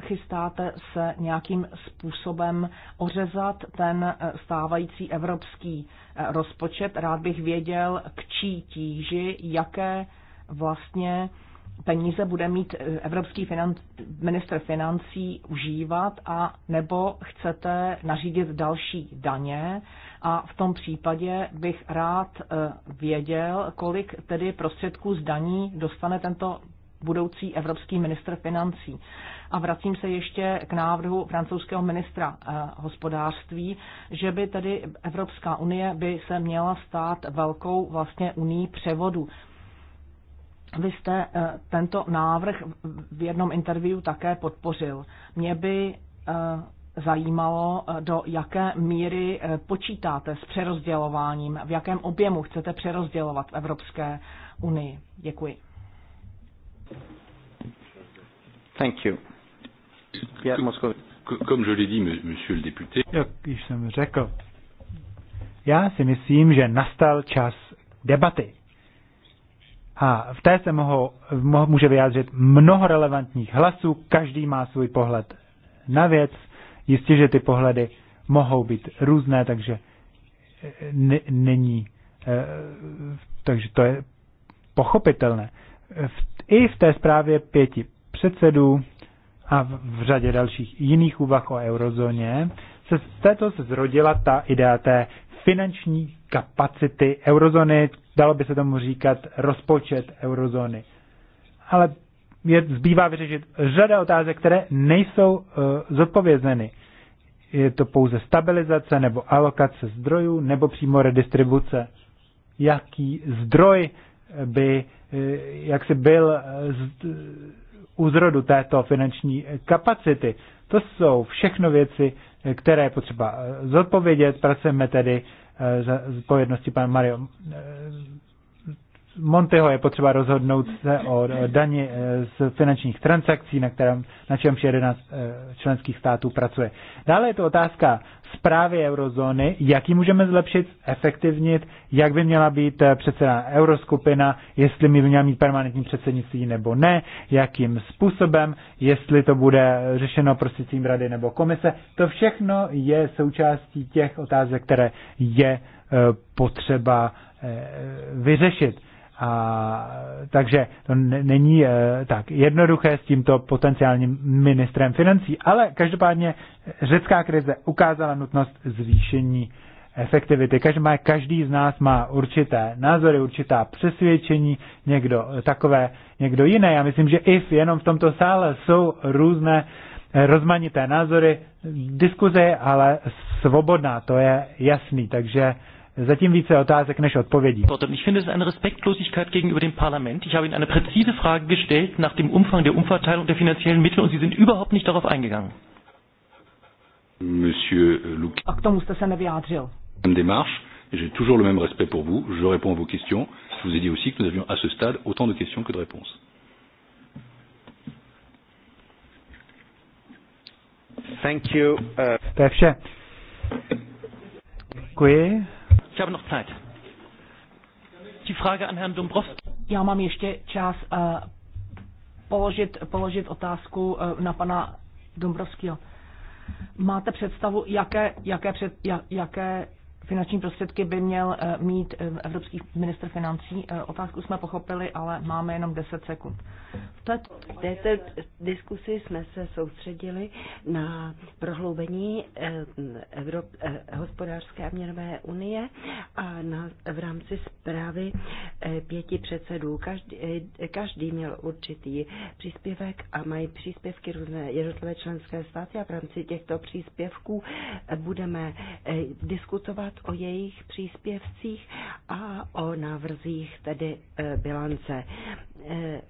[SPEAKER 2] Chystáte se nějakým způsobem ořezat ten stávající evropský eh, rozpočet? Rád bych věděl, k čí tíži, jaké vlastně peníze bude mít eh, Evropský financ, minister financí užívat a nebo chcete nařídit další daně a v tom případě bych rád eh, věděl, kolik tedy prostředků z daní dostane tento budoucí evropský ministr financí. A vracím se ještě k návrhu francouzského ministra eh, hospodářství, že by tedy Evropská unie by se měla stát velkou vlastně unii převodu. Vy jste eh, tento návrh v jednom interview také podpořil. Mě by eh, zajímalo, eh, do jaké míry počítáte s přerozdělováním, v jakém objemu chcete přerozdělovat v Evropské unii. Děkuji.
[SPEAKER 3] Thank you. Jak
[SPEAKER 1] již jsem řekl, já si myslím, že nastal čas debaty. A v té se mohou, může vyjádřit mnoho relevantních hlasů, každý má svůj pohled na věc. Jistě, že ty pohledy mohou být různé, takže eh, není. Eh, takže to je pochopitelné. I v té zprávě pěti předsedů a v řadě dalších jiných úvah o eurozóně se z této se zrodila ta idea té finanční kapacity eurozóny, Dalo by se tomu říkat rozpočet eurozóny. Ale je, zbývá vyřešit řada otázek, které nejsou uh, zodpovězeny. Je to pouze stabilizace nebo alokace zdrojů nebo přímo redistribuce. Jaký zdroj by uh, jak si byl uh, u zrodu této finanční kapacity? To jsou všechno věci, které je potřeba zodpovědět. Pracujeme tedy Eh, za pojednosti pan Mario eh, Monteho je potřeba rozhodnout se o daně eh, z finančních transakcí, na, kterém, na čemž 11 eh, členských států pracuje. Dále je to otázka zprávy eurozóny, jak ji můžeme zlepšit, efektivnit, jak by měla být eh, předseda euroskupina, jestli by měla mít permanentní předsednictví nebo ne, jakým způsobem, jestli to bude řešeno prostřednictvím rady nebo komise. To všechno je součástí těch otázek, které je potřeba vyřešit. A, takže to není e, tak jednoduché s tímto potenciálním ministrem financí, ale každopádně řecká krize ukázala nutnost zvýšení efektivity. Každý, má, každý z nás má určité názory, určitá přesvědčení, někdo takové, někdo jiné. Já myslím, že i v jenom v tomto sále jsou různé eh, rozmanité názory, diskuze, ale svobodná, to je jasný. Takže zatím více otázek než odpovědí. Ich finde es eine Respektlosigkeit gegenüber dem Parlament. Ich habe Ihnen eine präzise Frage gestellt nach dem Umfang der Umverteilung der finanziellen Mittel und Sie sind überhaupt
[SPEAKER 2] nicht darauf eingegangen. Monsieur Luc. A k tomu jste se nevyjádřil.
[SPEAKER 3] Démarche, j'ai toujours le même respect pour vous, je réponds à vos questions. Je vous ai dit aussi que nous avions à
[SPEAKER 1] ce stade autant de questions que de réponses. Thank you. Uh... To je
[SPEAKER 2] Děkuji. Ich habe noch Zeit. Die
[SPEAKER 1] Frage an Herrn Dombrovskis.
[SPEAKER 2] Ja, mám ještě čas uh, položit, položit otázku uh, na pana Dombrovského. Máte představu, jaké, jaké, před, jaké finanční prostředky by měl eh, mít eh, Evropský minister financí. Eh, otázku jsme pochopili, ale máme jenom 10 sekund.
[SPEAKER 3] V této, v této diskusi jsme se soustředili na prohloubení Evrop, hospodářské a měnové unie a na, v rámci zprávy pěti předsedů. Každý, každý měl určitý příspěvek a mají příspěvky různé jednotlivé členské státy a v rámci těchto příspěvků budeme diskutovat o jejich příspěvcích a o návrzích tedy e, bilance. E,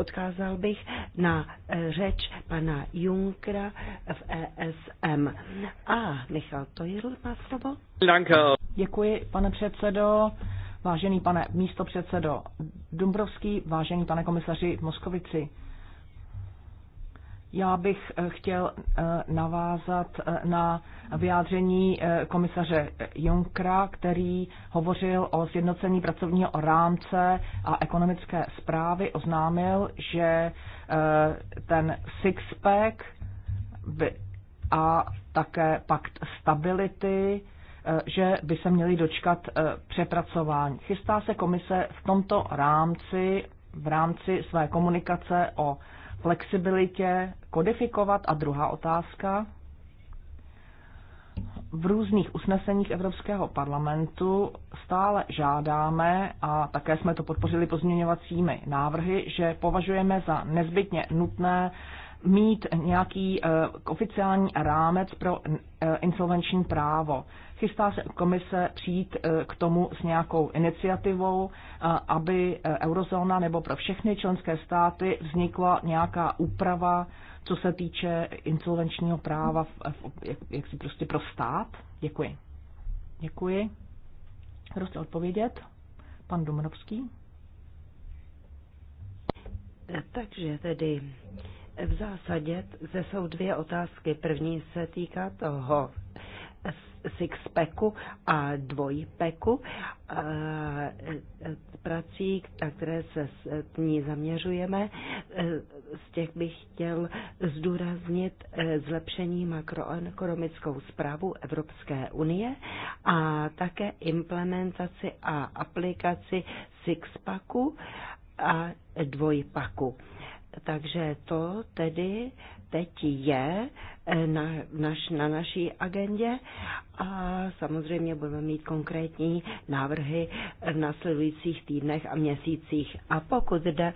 [SPEAKER 3] odkázal bych na e, řeč pana
[SPEAKER 2] Junkra v ESM. A Michal Tojil má slovo. Děkuji, pane předsedo. Vážený pane místopředsedo Dumbrovský, vážený pane komisaři Moskovici. Já bych eh, chtěl eh, navázat eh, na vyjádření komisaře Junkra, který hovořil o sjednocení pracovního rámce a ekonomické zprávy. Oznámil, že ten six-pack a také pakt stability že by se měli dočkat přepracování. Chystá se komise v tomto rámci, v rámci své komunikace o flexibilitě kodifikovat? A druhá otázka. V různých usneseních Evropského parlamentu stále žádáme, a také jsme to podpořili pozměňovacími návrhy, že považujeme za nezbytně nutné mít nějaký eh, oficiální rámec pro eh, insolvenční právo. Chystá se komise přijít e, k tomu s nějakou iniciativou, e, aby e, eurozóna nebo pro všechny členské státy vznikla nějaká úprava, co se týče insolvenčního práva, jak, jak si prostě pro stát? Děkuji. Děkuji. Kdo chce odpovědět? Pan Domrovský. Takže tedy v zásadě
[SPEAKER 3] zde jsou dvě otázky. První se týká toho, packu a dvojpeku eh, prací, na které se s ní zaměřujeme. Eh, z těch bych chtěl zdůraznit eh, zlepšení makroekonomickou zprávu Evropské unie a také implementaci a aplikaci packu a dvojpaku. Takže to tedy teď je eh, na, naš, na naší agendě a samozřejmě budeme mít konkrétní návrhy v následujících týdnech a měsících. A pokud jde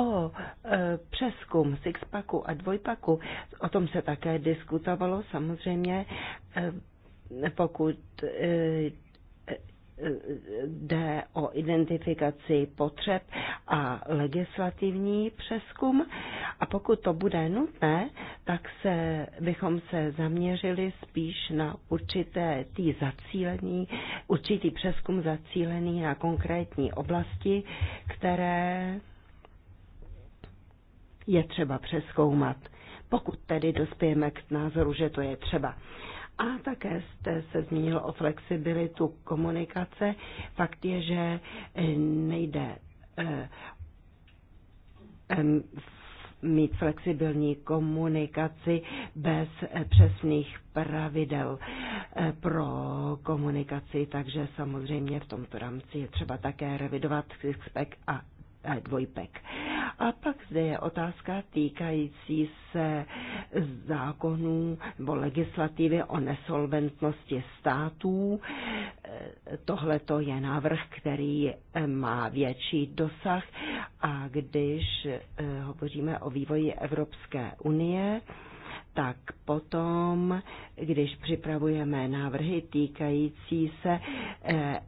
[SPEAKER 3] o e, přeskum sixpacku a dvojpaku, o tom se také diskutovalo samozřejmě, e, pokud e, jde o identifikaci potřeb a legislativní přeskum. A pokud to bude nutné, tak se, bychom se zaměřili spíš na určité tý zacílení, určitý přeskum zacílený na konkrétní oblasti, které je třeba přeskoumat, pokud tedy dospějeme k názoru, že to je třeba. A také jste se zmínil o flexibilitu komunikace. Fakt je, že eh, nejde eh, mít flexibilní komunikaci bez eh, přesných pravidel pro komunikaci, takže samozřejmě v tomto rámci je třeba také revidovat a dvojpek. A pak zde je otázka týkající se zákonů nebo legislativy o nesolventnosti států. Tohle to je návrh, který má větší dosah a když eh, hovoříme o vývoji Evropské unie, tak potom, když připravujeme návrhy týkající se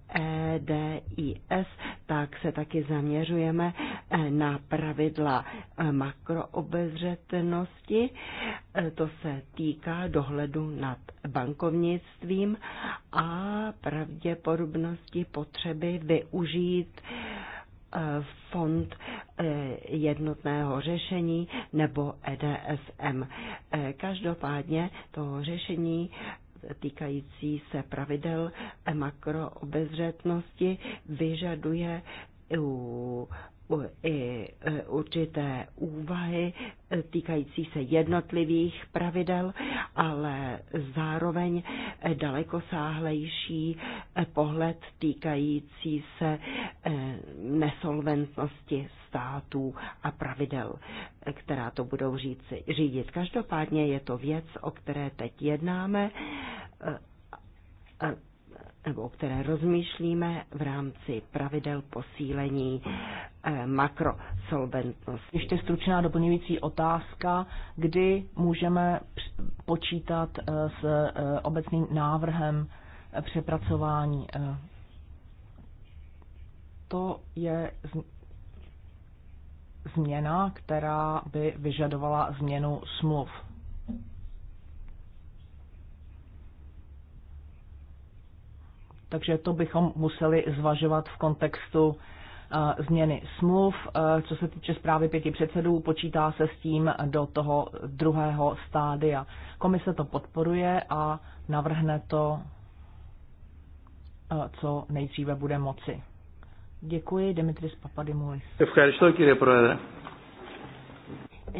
[SPEAKER 3] EDIS, eh, e tak se taky zaměřujeme eh, na pravidla eh, makroobezřetnosti. To se týká dohledu nad bankovnictvím a pravděpodobnosti potřeby využít Eh, fond eh, jednotného řešení nebo EDSM. Eh, každopádně to řešení týkající se pravidel makroobezřetnosti vyžaduje u E, určité úvahy e, týkající se jednotlivých pravidel, ale zároveň e, daleko sáhlejší pohled týkající se nesolventnosti států a pravidel, která to budou říci, řídit. Každopádně je to věc, o které teď jednáme nebo o které rozmýšlíme v rámci pravidel posílení eh,
[SPEAKER 2] makrosolventnosti. Ještě stručná doplňující otázka, kdy můžeme počítat eh, s eh, obecným návrhem přepracování. To je změna, která by vyžadovala změnu smluv Takže to bychom museli zvažovat v kontextu eh, změny smluv. Eh, co se týče zprávy pěti předsedů, počítá se s tím do toho druhého stádia. Komise to podporuje a navrhne to, eh, co nejdříve bude moci. Děkuji, Dimitris Papadimulis.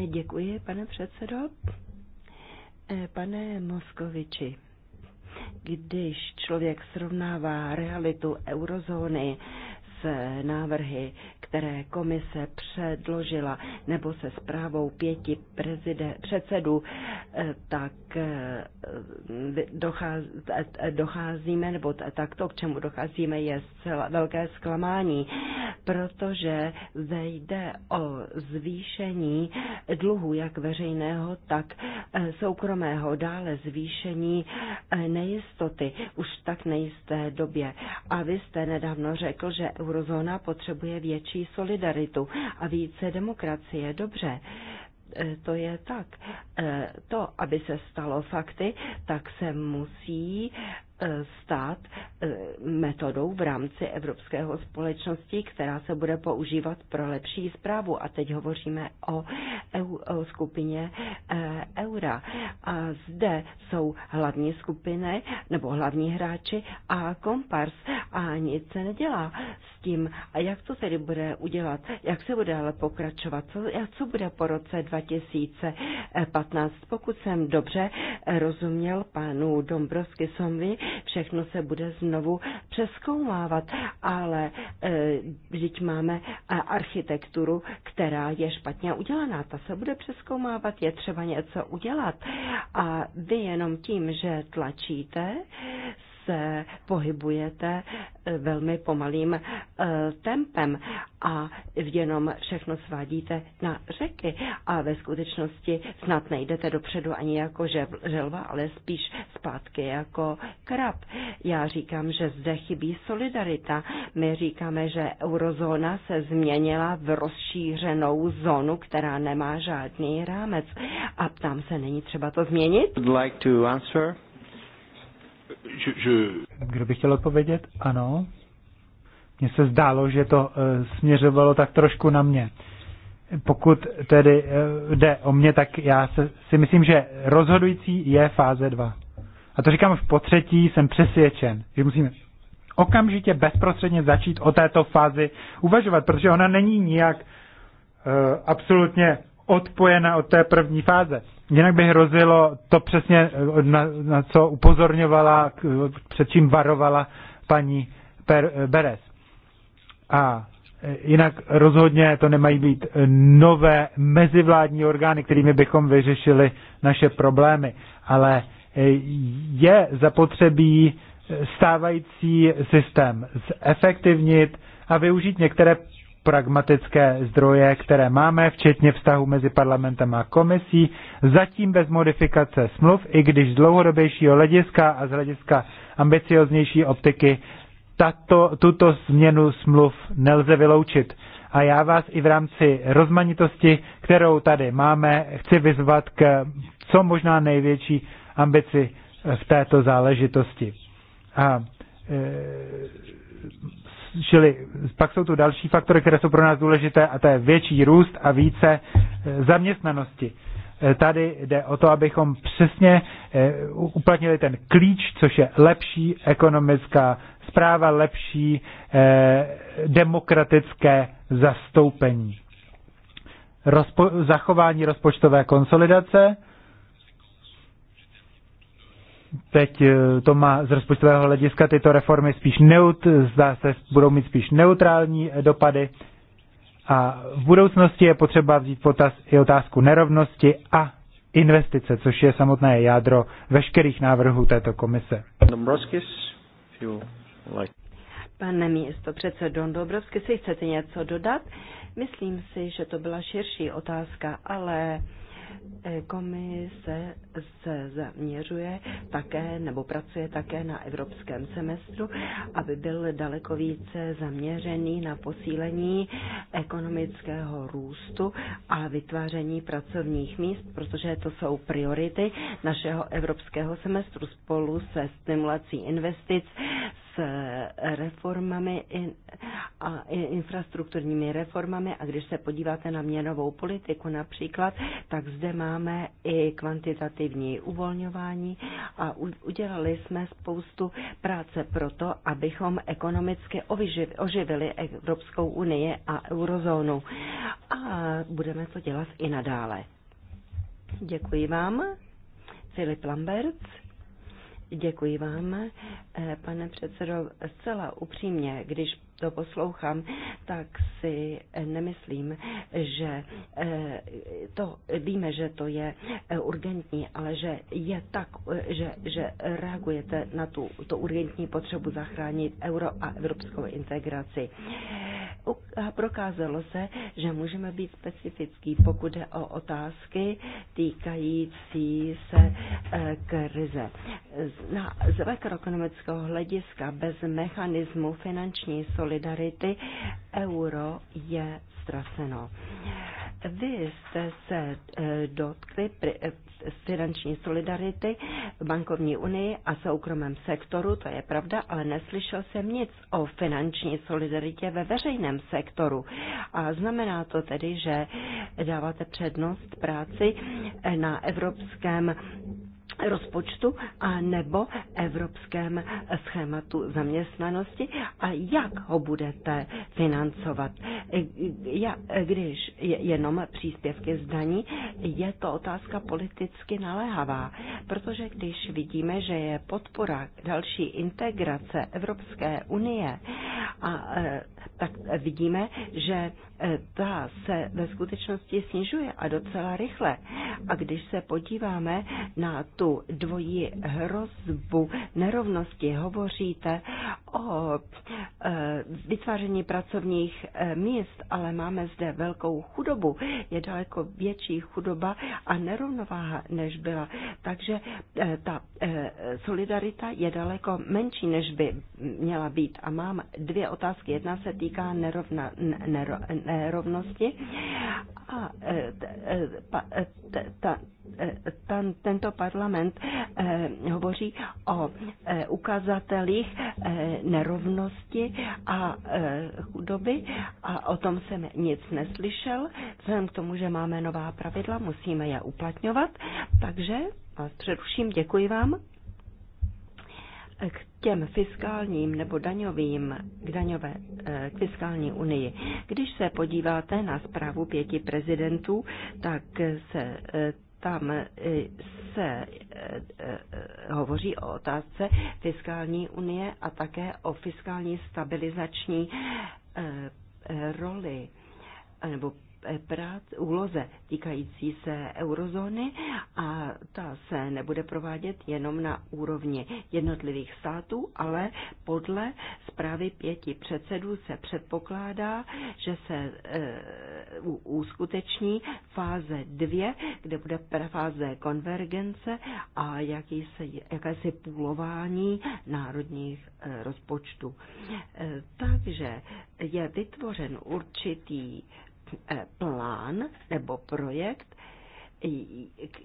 [SPEAKER 2] Děkuji, pane předsedo.
[SPEAKER 3] Pane Moskoviči, když člověk srovnává realitu eurozóny s návrhy které komise předložila, nebo se zprávou pěti prezide, předsedů, eh, tak eh, eh, docházíme, nebo tak to, k čemu docházíme, je zcela velké zklamání, protože zde jde o zvýšení dluhu jak veřejného, tak soukromého, dále zvýšení nejistoty už tak nejisté době. A vy jste nedávno řekl, že eurozóna potřebuje větší větší solidaritu a více demokracie. Dobře, e, to je tak. E, to, aby se stalo fakty, tak se musí stát eh, metodou v rámci Evropského společnosti, která se bude používat pro lepší zprávu. A teď hovoříme o, o skupině eh, eura. A zde jsou hlavní skupiny nebo hlavní hráči a kompars a nic se nedělá s tím. A jak to tedy bude udělat? Jak se bude ale pokračovat? Co, co bude po roce 2015? Pokud jsem dobře rozuměl panu Dombrovsky Somvi, všechno se bude znovu přeskoumávat, ale e, vždyť máme e, architekturu, která je špatně udělaná, ta se bude přeskoumávat, je třeba něco udělat. A vy jenom tím, že tlačíte, se pohybujete eh, velmi pomalým eh, tempem a jenom všechno svádíte na řeky a ve skutečnosti snad nejdete dopředu ani jako želva, ale spíš zpátky jako krab. Já říkám, že zde chybí solidarita. My říkáme, že eurozóna se změnila v rozšířenou zónu, která nemá žádný rámec. A ptám se, není třeba to změnit?
[SPEAKER 1] Like to answer. Kdo by chtěl odpovědět? Ano. Mně se zdálo, že to eh, směřovalo tak trošku na mě. Pokud tedy eh, jde o mě, tak já se, si myslím, že rozhodující je fáze 2. A to říkám v potřetí, jsem přesvědčen, že musíme okamžitě bezprostředně začít o této fázi uvažovat, protože ona není nijak e, absolutně odpojena od té první fáze. Jinak by hrozilo to přesně, eh, na, na co upozorňovala, před čím varovala paní per, eh, Beres. A eh, jinak rozhodně to nemají být nové mezivládní orgány, kterými bychom vyřešili naše problémy, ale je zapotřebí stávající systém zefektivnit a využít některé pragmatické zdroje, které máme, včetně vztahu mezi parlamentem a komisí, zatím bez modifikace smluv, i když z dlouhodobějšího hlediska a z hlediska ambicioznější optiky tato, tuto změnu smluv nelze vyloučit. A já vás i v rámci rozmanitosti, kterou tady máme, chci vyzvat k co možná největší ambici v této záležitosti. A e, Čili pak jsou tu další faktory, které jsou pro nás důležité, a to je větší růst a více eh, zaměstnanosti. Eh, tady jde o to, abychom přesně eh, uplatnili ten klíč, což je lepší ekonomická zpráva, lepší demokratické zastoupení. Rozpo- zachování rozpočtové konsolidace, teď eh, to má z rozpočtového hlediska tyto reformy spíš neut, zdá se, budou mít spíš neutrální eh, dopady. A v budoucnosti je potřeba vzít potaz i otázku nerovnosti a investice, což je samotné jádro veškerých návrhů této komise.
[SPEAKER 3] Pane místo předsedo Dombrovsky, si chcete něco dodat? Myslím si, že to byla širší otázka, ale E, komise se zaměřuje také nebo pracuje také na evropském semestru, aby byl daleko více zaměřený na posílení ekonomického růstu a vytváření pracovních míst, protože to jsou priority našeho evropského semestru spolu se stimulací investic, reformami a infrastrukturními reformami a když se podíváte na měnovou politiku například, tak zde máme i kvantitativní uvolňování a udělali jsme spoustu práce pro to, abychom ekonomicky oživili Evropskou unii a eurozónu. A budeme to dělat i nadále. Děkuji vám. Filip Lamberts. Děkuji vám, eh, pane předsedo. Zcela upřímně, když to poslouchám, tak si eh, nemyslím, že eh, to víme, že to je eh, urgentní, ale že je tak, že, že reagujete na tu, to urgentní potřebu zachránit euro a evropskou integraci. Prokázalo se, že můžeme být specifický, pokud jde o otázky týkající se krize. Z, na, z ekonomického hlediska bez mechanismu finanční solidarity solidarity euro je ztraceno. Vy jste se eh, dotkli eh, finanční solidarity bankovní unii a soukromém sektoru, to je pravda, ale neslyšel jsem nic o finanční solidaritě ve veřejném sektoru. A znamená to tedy, že dáváte přednost práci eh, na evropském rozpočtu a nebo evropském schématu zaměstnanosti a jak ho budete financovat. Já, když jenom příspěvky zdaní, je to otázka politicky naléhavá, protože když vidíme, že je podpora další integrace Evropské unie, a, e, tak vidíme, že Eh, ta se ve skutečnosti snižuje a docela rychle. A když se podíváme na tu dvojí hrozbu nerovnosti, hovoříte o eh, vytváření pracovních eh, míst, ale máme zde velkou chudobu. Je daleko větší chudoba a nerovnováha, než byla. Takže ta solidarita je daleko menší, než by měla být. A mám dvě otázky. Jedna se týká nerovna, nero, Eh, rovnosti. A eh, eh, tento parlament hovoří o ukazatelích nerovnosti a chudoby a o tom jsem nic neslyšel. Vzhledem k tomu, že máme nová pravidla, musíme je uplatňovat. Takže vás přeruším, děkuji vám k těm fiskálním nebo daňovým, k daňové, k eh, fiskální unii. Když se podíváte na zprávu pěti prezidentů, tak se eh, tam eh, se hovoří o otázce fiskální unie a také o fiskální stabilizační roli nebo Eh, prác, úloze týkající se eurozóny a ta se nebude provádět jenom na úrovni jednotlivých států, ale podle zprávy pěti předsedů se předpokládá, že se e, uskuteční fáze dvě, kde bude fáze konvergence a jaký se, jakési půlování národních e, rozpočtů. E, takže je vytvořen určitý E, plán nebo projekt,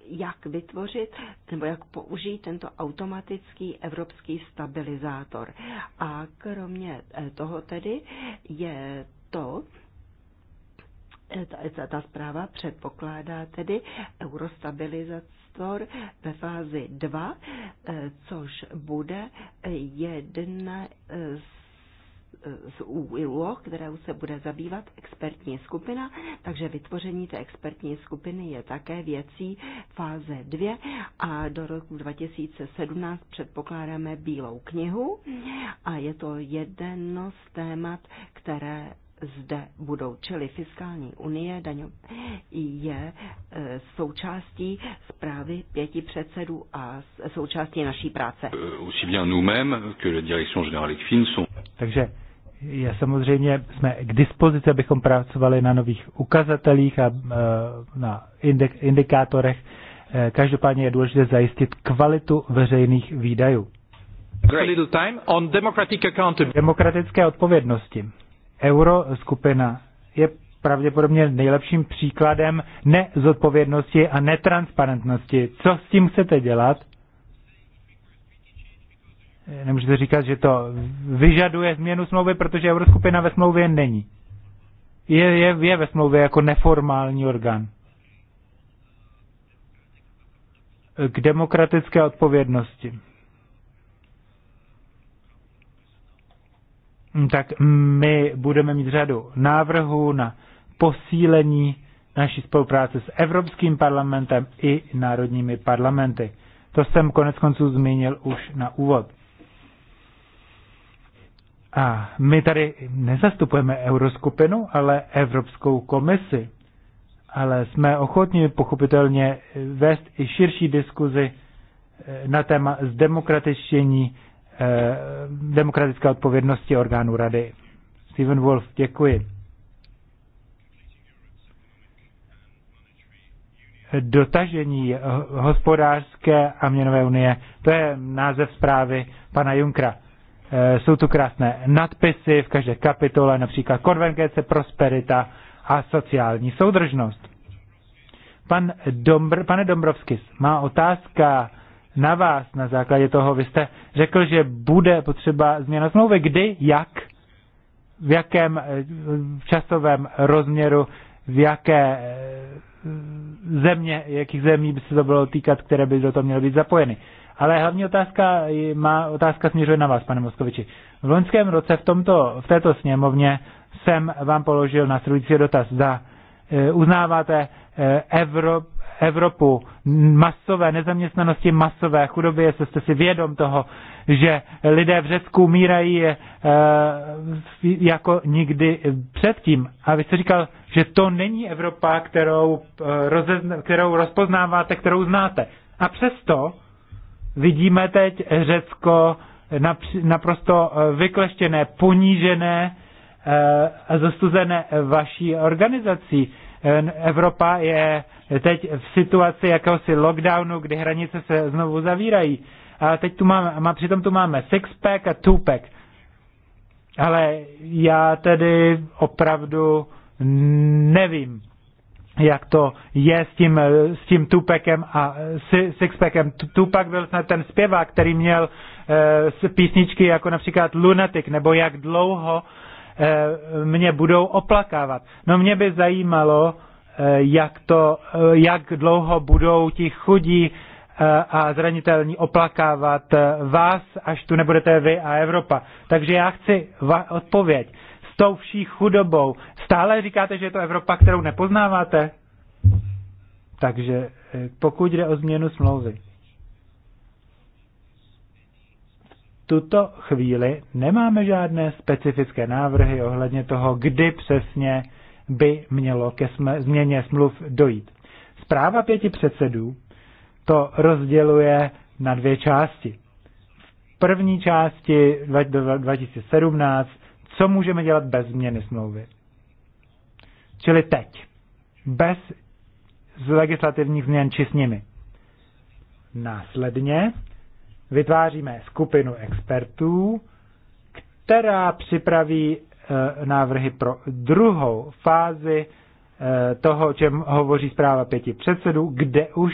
[SPEAKER 3] jak vytvořit nebo jak použít tento automatický evropský stabilizátor. A kromě e, toho tedy je to, e, ta, ta zpráva předpokládá tedy eurostabilizátor ve fázi 2, což bude jedna z z úloh, kterou se bude zabývat expertní skupina, takže vytvoření té expertní skupiny je také věcí fáze 2 a do roku 2017 předpokládáme bílou knihu a je to jedno z témat, které zde budou, čili fiskální unie daňo, je e, součástí zprávy pěti předsedů a součástí naší práce. E,
[SPEAKER 1] takže je samozřejmě, jsme k dispozici, abychom pracovali na nových ukazatelích a e, na indikátorech. E, každopádně je důležité zajistit kvalitu veřejných výdajů. Demokratické odpovědnosti. Euro skupina je pravděpodobně nejlepším příkladem nezodpovědnosti a netransparentnosti. Co s tím chcete dělat? nemůžete říkat, že to vyžaduje změnu smlouvy, protože Euroskupina ve smlouvě není. Je, je, je ve smlouvě jako neformální orgán. K demokratické odpovědnosti. Tak my budeme mít řadu návrhů na posílení naší spolupráce s Evropským parlamentem i národními parlamenty. To jsem konec konců zmínil už na úvod. A my tady nezastupujeme euroskupinu, ale Evropskou komisi. Ale jsme ochotní pochopitelně vést i širší diskuzi eh, na téma zdemokratičtění eh, demokratické odpovědnosti orgánů rady. Stephen Wolf, děkuji. Dotažení hospodářské a měnové unie, to je název zprávy pana Junkra. Eh, jsou tu krásné nadpisy v každé kapitole, například konvergence, prosperita a sociální soudržnost. Pan Dombr, pane Dombrovskis, má otázka na vás na základě toho. Vy jste řekl, že bude potřeba změna smlouvy. Kdy, jak, v jakém eh, časovém rozměru, v jaké eh, země, jakých zemí by se to bylo týkat, které by do toho měly být zapojeny. Ale hlavní otázka, má otázka směřuje na vás, pane Moskoviči. V loňském roce v, tomto, v této sněmovně jsem vám položil následující dotaz. Zda e, uznáváte e, Evrop, Evropu masové nezaměstnanosti, masové chudoby, jestli jste si vědom toho, že lidé v Řecku umírají e, jako nikdy předtím. A vy jste říkal, že to není Evropa, kterou, rozezna, kterou rozpoznáváte, kterou znáte. A přesto Vidíme teď Řecko naprosto eh, vykleštěné, ponížené eh, a zastuzené vaší organizací. Eh, Evropa je teď v situaci jakéhosi lockdownu, kdy hranice se znovu zavírají. A teď tu máme, a přitom tu máme six-pack a two-pack. Ale já tedy opravdu nevím jak to je s tím, s tím Tupekem a Sixpackem. Tupak byl snad ten zpěvák, který měl uh, písničky jako například Lunatic, nebo jak dlouho uh, mě budou oplakávat. No mě by zajímalo, uh, jak, to, uh, jak dlouho budou ti chudí a zranitelní oplakávat vás, až tu nebudete vy a Evropa. Takže já chci odpověď tou vší chudobou. Stále říkáte, že je to Evropa, kterou nepoznáváte? Takže eh, pokud jde o změnu smlouvy, tuto chvíli nemáme žádné specifické návrhy ohledně toho, kdy přesně by mělo ke změně smluv dojít. Zpráva pěti předsedů to rozděluje na dvě části. V první části 2017 co můžeme dělat bez změny smlouvy. Čili teď. Bez z legislativních změn či s nimi. Následně vytváříme skupinu expertů, která připraví eh, návrhy pro druhou fázi eh, toho, o čem hovoří zpráva pěti předsedů, kde už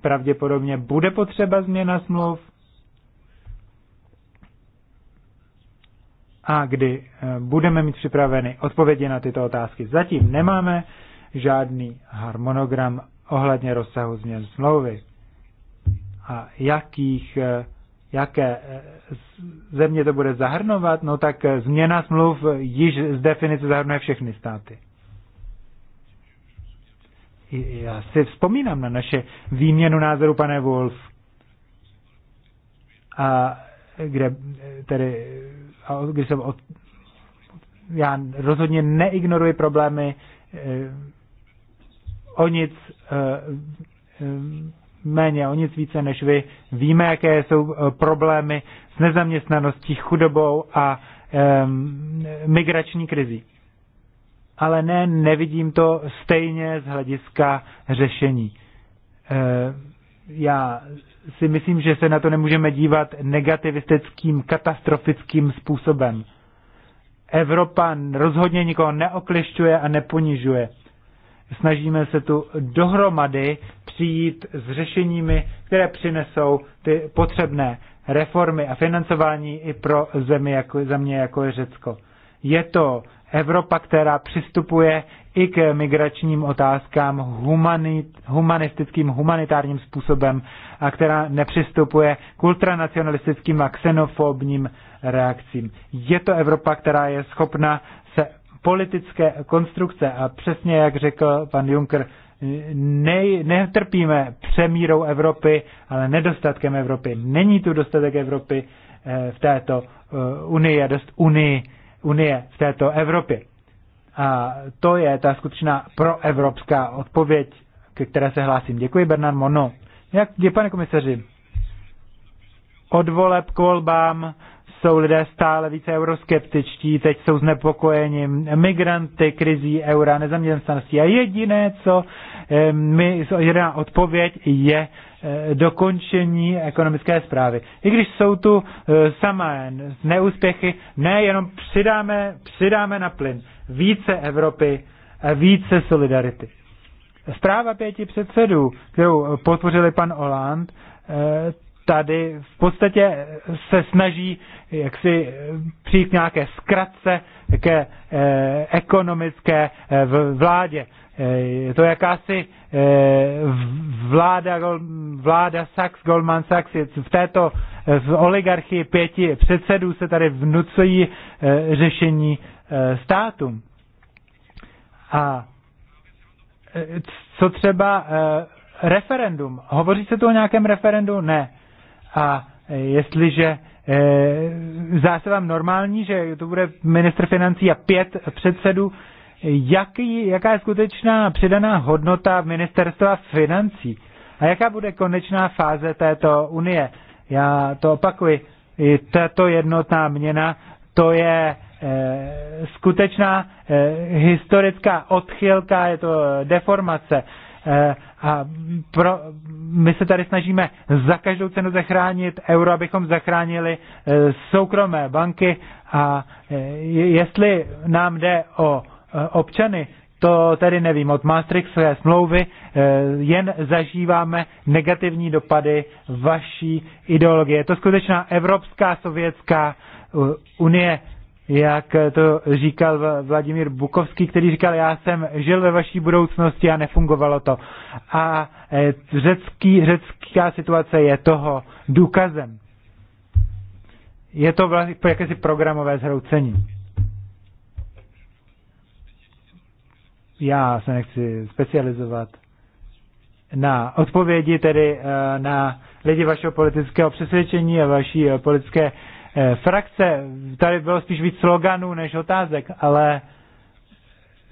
[SPEAKER 1] pravděpodobně bude potřeba změna smluv a kdy eh, budeme mít připraveny odpovědi na tyto otázky. Zatím nemáme žádný harmonogram ohledně rozsahu změn smlouvy a jakých, eh, jaké eh, země to bude zahrnovat, no tak změna smluv již z definice zahrnuje všechny státy. Já si vzpomínám na naše výměnu názoru, pane Wolf, a kde tedy když jsem od, já rozhodně neignoruji problémy, eh, o nic eh, eh, méně, o nic více než vy. Víme, jaké jsou problémy s nezaměstnaností, chudobou a migrační krizí. Ale ne, nevidím to stejně z hlediska řešení. Já si myslím, že se na to nemůžeme dívat negativistickým, katastrofickým způsobem. Evropa rozhodně nikoho neoklišťuje a neponižuje. Snažíme se tu dohromady přijít s řešeními, které přinesou ty potřebné reformy a financování i pro země jako, země jako je Řecko. Je to Evropa, která přistupuje i k migračním otázkám humanit, humanistickým, humanitárním způsobem, a která nepřistupuje k ultranacionalistickým a xenofobním reakcím. Je to Evropa, která je schopna se politické konstrukce a přesně jak řekl pan Juncker, nej, netrpíme přemírou Evropy, ale nedostatkem Evropy. Není tu dostatek Evropy eh, v této eh, unii dost unii, unie v této Evropě. A to je ta skutečná proevropská odpověď, ke které se hlásím. Děkuji, Bernard Mono. Jak, je, pane komisaři, od voleb k volbám jsou lidé stále více euroskeptičtí, teď jsou znepokojeni migranty, krizí eura, nezaměstnaností. A jediné, co eh, mi, jediná odpověď je eh, dokončení ekonomické zprávy. I když jsou tu eh, samé neúspěchy, ne, jenom přidáme, přidáme na plyn více Evropy, více solidarity. Zpráva pěti předsedů, kterou podpořili pan Oland, tady v podstatě se snaží jak si eh, přijít nějaké zkratce ke eh, ekonomické eh, vládě. Je to jakási vláda, vláda Sachs, Goldman Sachs, v této v oligarchii pěti předsedů se tady vnucují řešení státu A co třeba referendum? Hovoří se tu o nějakém referendu? Ne. A jestliže eh, zdá se vám normální, že to bude ministr financí a pět předsedů, jaký, jaká je skutečná přidaná hodnota ministerstva financí a jaká bude konečná fáze této unie. Já to opakuji, tato jednotná měna, to je eh, skutečná eh, historická odchylka, je to deformace. Eh, a pro, my se tady snažíme za každou cenu zachránit euro, abychom zachránili eh, soukromé banky a eh, jestli nám jde o občany, to tedy nevím. Od Maastrichtské smlouvy jen zažíváme negativní dopady vaší ideologie. Je to skutečná Evropská sovětská unie jak eh, to říkal Vladimír Bukovský, který říkal, já jsem žil ve vaší budoucnosti a nefungovalo to. A eh, řecký, řecká situace je toho důkazem. Je to vlastně jakési programové zhroucení. Já se nechci specializovat na odpovědi, tedy eh, na lidi vašeho politického přesvědčení a vaší politické Eh, frakce. Tady bylo spíš víc sloganů než otázek, ale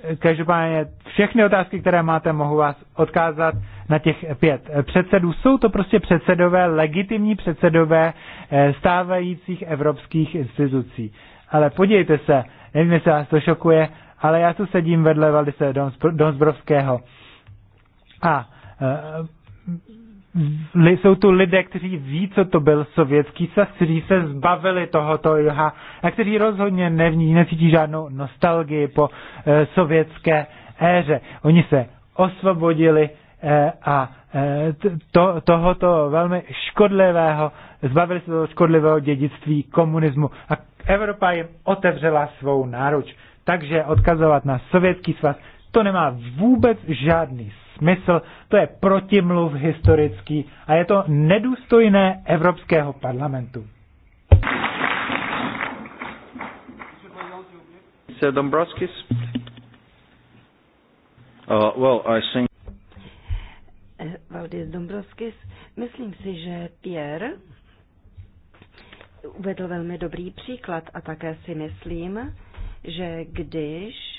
[SPEAKER 1] eh, každopádně všechny otázky, které máte, mohu vás odkázat na těch pět eh, předsedů. Jsou to prostě předsedové, legitimní předsedové stávajících evropských institucí. Ale podívejte se, nevím, jestli vás to šokuje, ale já tu sedím vedle Valise Donsbrovského. A jsou tu lidé, kteří ví, co to byl sovětský svaz, kteří se zbavili tohoto juha a kteří rozhodně nevní, necítí žádnou nostalgii po e, sovětské éře. Oni se osvobodili e, a e, to, tohoto velmi škodlivého, zbavili se toho škodlivého dědictví komunismu a Evropa jim otevřela svou náruč. Takže odkazovat na sovětský svaz, to nemá vůbec žádný smysl, to je protimluv historický a je to nedůstojné Evropského parlamentu. Uh, well, I think...
[SPEAKER 3] Valdis Dombrovskis, myslím si, že Pierre uvedl velmi dobrý příklad a také si myslím, že když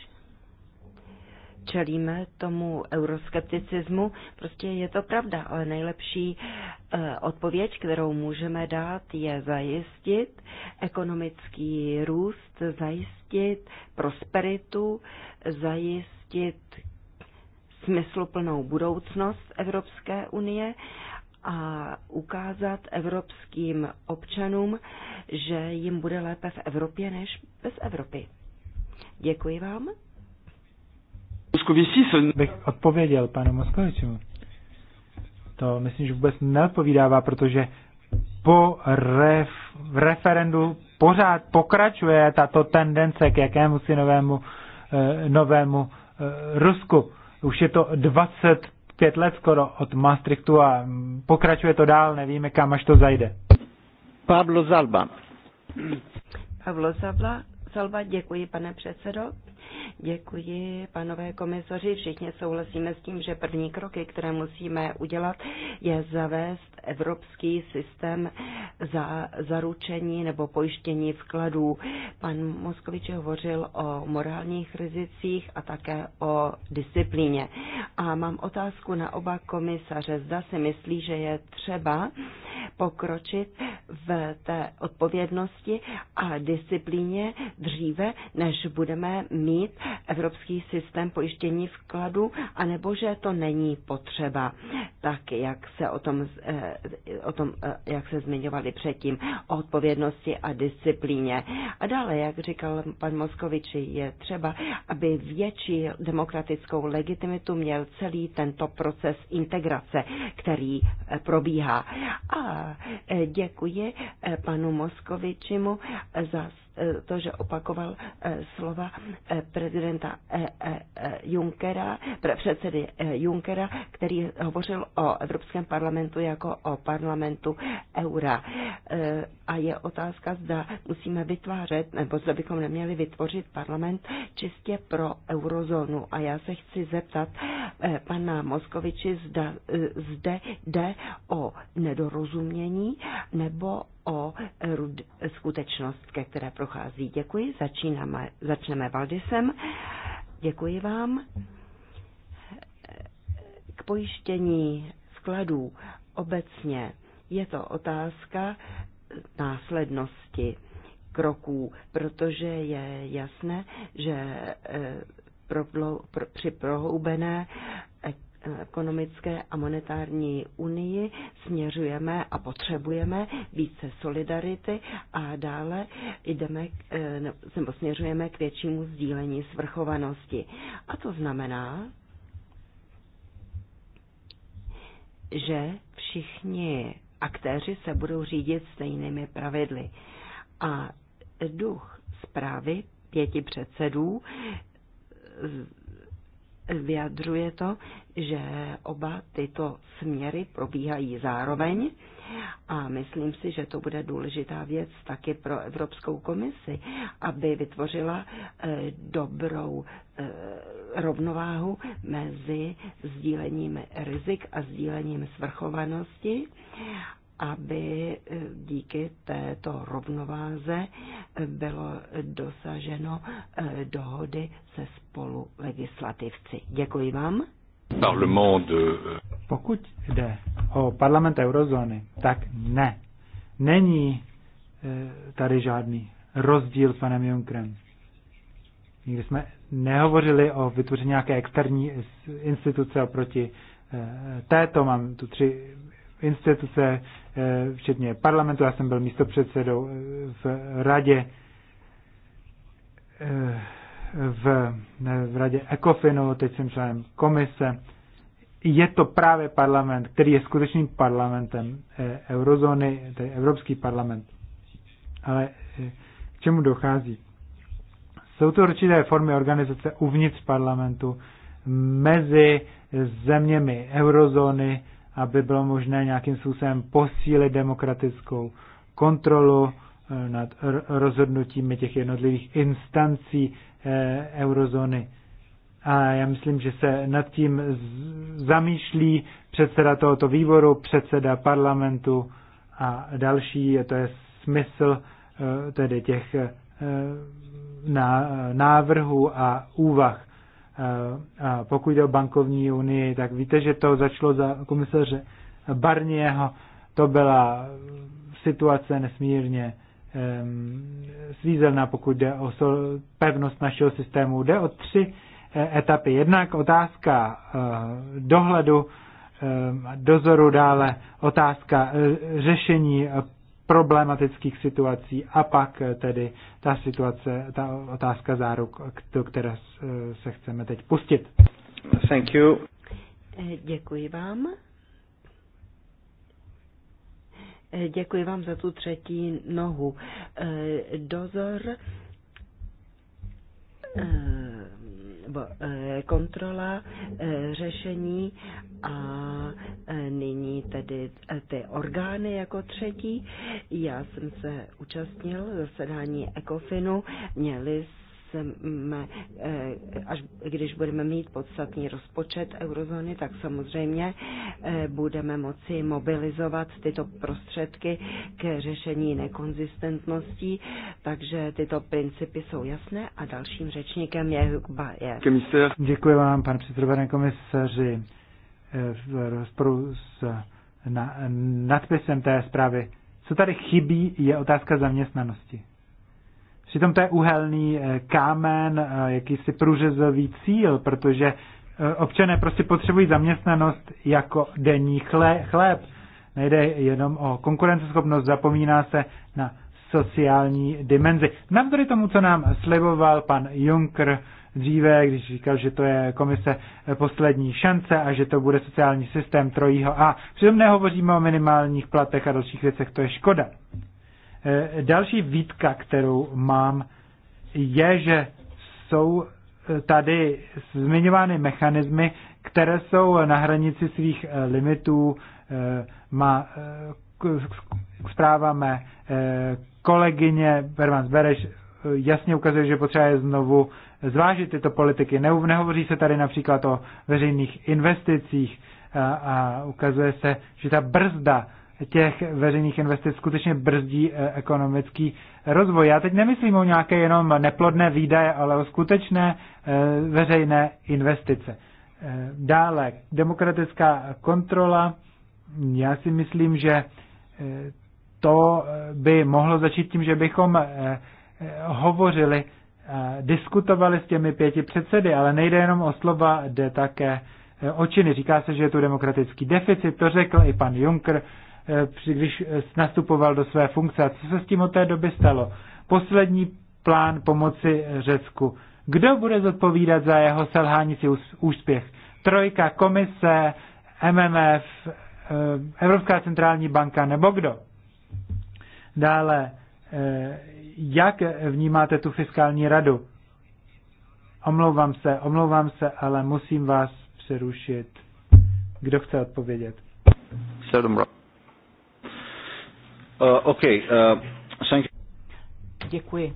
[SPEAKER 3] čelíme tomu euroskepticismu. Prostě je to pravda, ale nejlepší eh, odpověď, kterou můžeme dát, je zajistit ekonomický růst, zajistit prosperitu, zajistit smysluplnou budoucnost Evropské unie a ukázat evropským občanům, že jim bude lépe v Evropě než bez Evropy. Děkuji vám.
[SPEAKER 1] Bych odpověděl panu Moskoviču. To myslím, že vůbec neodpovídává, protože po ref, v referendu pořád pokračuje tato tendence k jakému si novému, eh, novému eh, Rusku. Už je to 25 let skoro od Maastrichtu a pokračuje to dál, nevíme kam až to zajde.
[SPEAKER 3] Pablo Zalba. Pablo Zalba Selva. Děkuji, pane předsedo. Děkuji, panové komisaři. Všichni souhlasíme s tím, že první kroky, které musíme udělat, je zavést evropský systém za zaručení nebo pojištění vkladů. Pan Moskovič hovořil o morálních rizicích a také o disciplíně. A mám otázku na oba komisaře. Zda si myslí, že je třeba pokročit v té odpovědnosti a disciplíně dříve, než budeme mít evropský systém pojištění vkladu, anebo že to není potřeba, tak jak se o tom, eh, o tom eh, jak se zmiňovali předtím, o odpovědnosti a disciplíně. A dále, jak říkal pan Moskoviči, je třeba, aby větší demokratickou legitimitu měl celý tento proces integrace, který eh, probíhá. A děkuji panu Moskovičimu za Eh, to, že opakoval eh, slova eh, prezidenta Junckera, předsedy Junckera, který hovořil o Evropském parlamentu jako o parlamentu eura. A je otázka, zda musíme vytvářet, nebo zda bychom neměli vytvořit parlament čistě pro eurozónu. A já se chci zeptat pana Moskoviči, zda zde jde o nedorozumění nebo o e, skutečnost, ke které prochází. Děkuji, Začínáme, začneme Valdisem. Děkuji vám. K pojištění vkladů obecně je to otázka následnosti kroků, protože je jasné, že e, pro, pro, při prohoubené ekonomické a monetární unii směřujeme a potřebujeme více solidarity a dále jdeme, eh, no, nebo směřujeme k většímu sdílení svrchovanosti. A to znamená, že všichni aktéři se budou řídit stejnými pravidly. A duch zprávy pěti předsedů vyjadřuje to, že oba tyto směry probíhají zároveň a myslím si, že to bude důležitá věc taky pro Evropskou komisi, aby vytvořila eh, dobrou eh, rovnováhu mezi sdílením rizik a sdílením svrchovanosti aby eh, díky této rovnováze eh, bylo dosaženo eh, dohody se spolu legislativci. Děkuji vám.
[SPEAKER 1] Euh, Pokud jde o parlament eurozóny, tak ne. Není tady žádný rozdíl s panem Junkrem. Nikdy jsme nehovořili o vytvoření nějaké externí instituce oproti této. Mám tu tři instituce, eh, včetně parlamentu. Já jsem byl místopředsedou eh, v radě eh, v, v radě ECOFINu, teď jsem členem komise. Je to právě parlament, který je skutečným parlamentem eurozóny, tedy Evropský parlament. Ale k čemu dochází? Jsou to určité formy organizace uvnitř parlamentu, mezi zeměmi eurozóny, aby bylo možné nějakým způsobem posílit demokratickou kontrolu eh, nad rozhodnutími těch jednotlivých instancí eh, eurozóny. A já myslím, že se nad tím zamýšlí předseda tohoto výboru, předseda parlamentu a další. A to je smysl eh, tedy těch návrhů a úvah pokud jde o bankovní unii, tak víte, že to začalo za komisaře Barnieho. To byla situace nesmírně svízelná, pokud jde o pevnost našeho systému. Jde o tři e, etapy. Jednak otázka e, dohledu, e, dozoru dále, otázka řešení problematických situací a pak eh, tedy ta situace, ta otázka záruk, do které eh, se chceme teď pustit. Thank you.
[SPEAKER 3] Eh, děkuji vám. Děkuji vám za tu třetí nohu. Dozor E, kontrola, e, řešení a e, nyní tedy ty orgány jako třetí. Já jsem se účastnil zasedání ECOFINu, měli jsme, eh, až když budeme mít podstatný rozpočet eurozóny, tak samozřejmě eh, budeme moci mobilizovat tyto prostředky k řešení nekonzistentností, takže tyto principy jsou jasné a dalším řečníkem je Hukba.
[SPEAKER 1] Děkuji vám, pane předsedo, pane komisaři. Eh, v rozporu s na, nadpisem té zprávy, co tady chybí, je otázka zaměstnanosti. Přitom to je uhelný eh, kámen, eh, jakýsi průřezový cíl, protože eh, občané prostě potřebují zaměstnanost jako denní chléb. Nejde jenom o konkurenceschopnost, zapomíná se na sociální dimenzi. Navzdory tomu, co nám sliboval pan Juncker dříve, když říkal, že to je komise poslední šance a že to bude sociální systém trojího A. Přitom nehovoříme o minimálních platech a dalších věcech, to je škoda. Eh, další výtka, kterou mám, je, že jsou eh, tady zmiňovány mechanismy, které jsou na hranici svých eh, limitů. Má, zpráva mé kolegyně Bermans Bereš jasně ukazuje, že potřebuje znovu zvážit tyto politiky. Nehovoří se tady například o veřejných investicích a ukazuje se, že ta brzda těch veřejných investic skutečně brzdí eh, ekonomický rozvoj. Já teď nemyslím o nějaké jenom neplodné výdaje, ale o skutečné eh, veřejné investice. Eh, dále, demokratická kontrola. Já si myslím, že to by mohlo začít tím, že bychom hovořili, diskutovali s těmi pěti předsedy, ale nejde jenom o slova, jde také o činy. Říká se, že je tu demokratický deficit, to řekl i pan Juncker, Eh, když eh, nastupoval do své funkce. A co se s tím od té doby stalo? Poslední plán pomoci Řecku. Kdo bude zodpovídat za jeho selhání si úspěch? Trojka, komise, MMF, eh, Evropská centrální banka nebo kdo? Dále, jak vnímáte tu fiskální radu? Omlouvám se, omlouvám se, ale musím vás přerušit. Kdo chce odpovědět? Sedm rok. Uh, OK. uh, thank you.
[SPEAKER 2] Děkuji.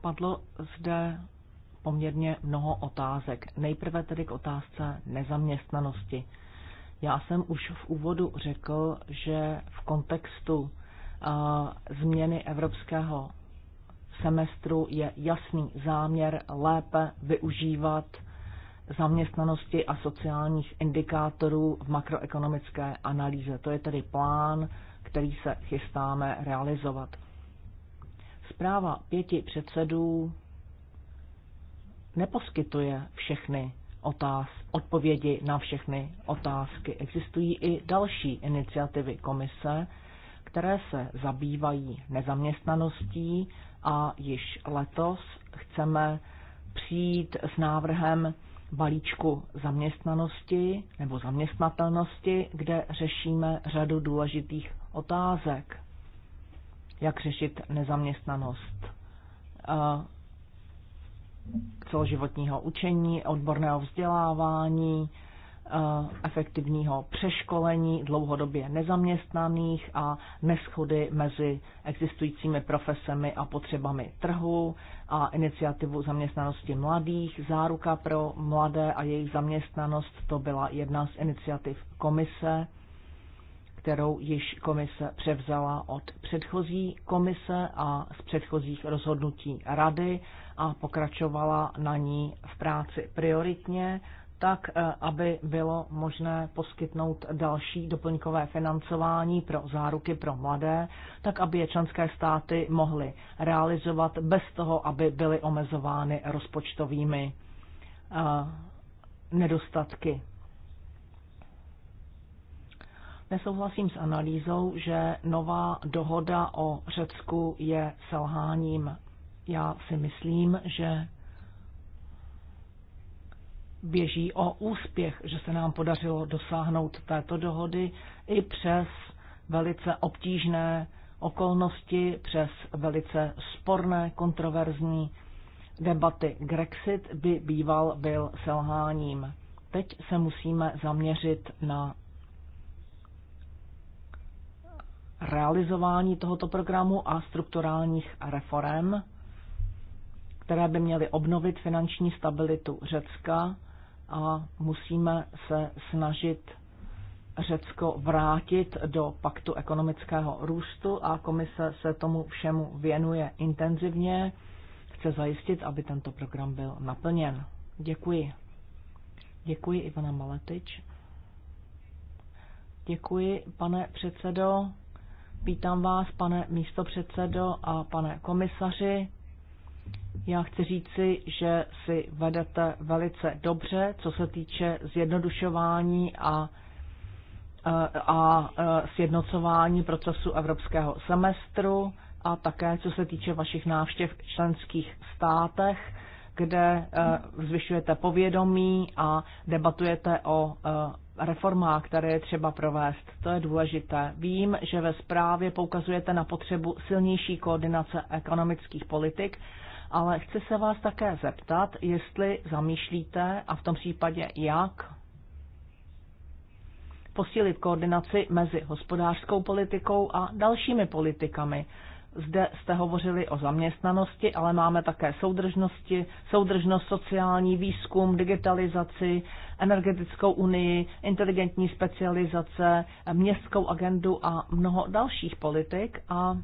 [SPEAKER 2] Padlo zde poměrně mnoho otázek. Nejprve tedy k otázce nezaměstnanosti. Já jsem už v úvodu řekl, že v kontextu uh, změny evropského semestru je jasný záměr lépe využívat zaměstnanosti a sociálních indikátorů v makroekonomické analýze. To je tedy plán, který se chystáme realizovat. Zpráva pěti předsedů neposkytuje všechny otáz, odpovědi na všechny otázky. Existují i další iniciativy komise, které se zabývají nezaměstnaností a již letos chceme přijít s návrhem balíčku zaměstnanosti nebo zaměstnatelnosti, kde řešíme řadu důležitých otázek. Jak řešit nezaměstnanost eh, celoživotního učení, odborného vzdělávání, Eh, efektivního přeškolení dlouhodobě nezaměstnaných a neschody mezi existujícími profesemi a potřebami trhu a iniciativu zaměstnanosti mladých. Záruka pro mladé a jejich zaměstnanost to byla jedna z iniciativ komise, kterou již komise převzala od předchozí komise a z předchozích rozhodnutí rady a pokračovala na ní v práci prioritně tak eh, aby bylo možné poskytnout další doplňkové financování pro záruky pro mladé, tak aby je členské státy mohly realizovat bez toho, aby byly omezovány rozpočtovými eh, nedostatky. Nesouhlasím s analýzou, že nová dohoda o Řecku je selháním. Já si myslím, že běží o úspěch, že se nám podařilo dosáhnout této dohody i přes velice obtížné okolnosti, přes velice sporné, kontroverzní debaty. Grexit by býval byl selháním. Teď se musíme zaměřit na realizování tohoto programu a strukturálních reform, které by měly obnovit finanční stabilitu Řecka a musíme se snažit Řecko vrátit do paktu ekonomického růstu a komise se tomu všemu věnuje intenzivně. Chce zajistit, aby tento program byl naplněn. Děkuji. Děkuji Ivana Maletič. Děkuji, pane předsedo. Vítám vás, pane místopředsedo a pane komisaři. Já chci říci, že si vedete velice dobře, co se týče zjednodušování a, a, a sjednocování procesu evropského semestru a také co se týče vašich návštěv v členských státech, kde e, zvyšujete povědomí a debatujete o e, reformách, které je třeba provést. To je důležité. Vím, že ve zprávě poukazujete na potřebu silnější koordinace ekonomických politik ale chci se vás také zeptat, jestli zamýšlíte a v tom případě jak posílit koordinaci mezi hospodářskou politikou a dalšími politikami. Zde jste hovořili o zaměstnanosti, ale máme také soudržnosti, soudržnost sociální, výzkum, digitalizaci, energetickou unii, inteligentní specializace, městskou agendu a mnoho dalších politik a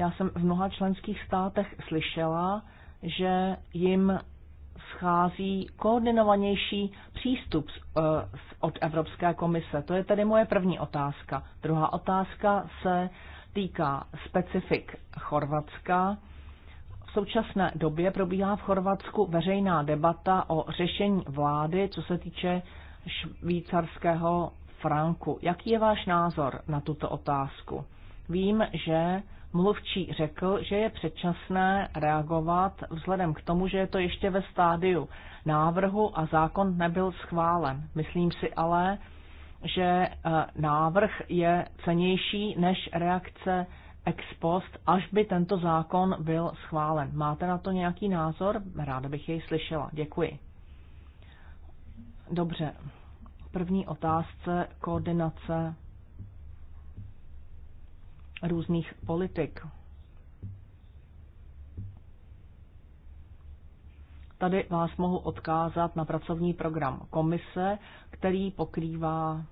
[SPEAKER 2] já jsem v mnoha členských státech slyšela, že jim schází koordinovanější přístup eh, od Evropské komise. To je tedy moje první otázka. Druhá otázka se týká specifik Chorvatska. V současné době probíhá v Chorvatsku veřejná debata o řešení vlády, co se týče švýcarského franku. Jaký je váš názor na tuto otázku? Vím, že mluvčí řekl, že je předčasné reagovat vzhledem k tomu, že je to ještě ve stádiu návrhu a zákon nebyl schválen. Myslím si ale, že e, návrh je cenější než reakce ex post, až by tento zákon byl schválen. Máte na to nějaký názor? Ráda bych jej slyšela. Děkuji. Dobře. První otázce koordinace různých politik. Tady vás mohu odkázat na pracovní program komise, který pokrývá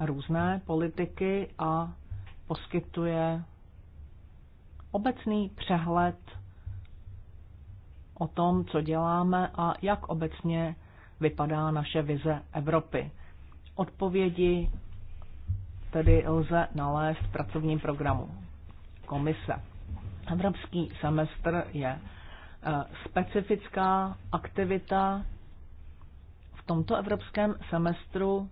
[SPEAKER 2] různé politiky a poskytuje obecný přehled o tom, co děláme a jak obecně vypadá naše vize Evropy. Odpovědi tedy lze nalézt v pracovním programu komise. Evropský semestr je eh, specifická aktivita. V tomto evropském semestru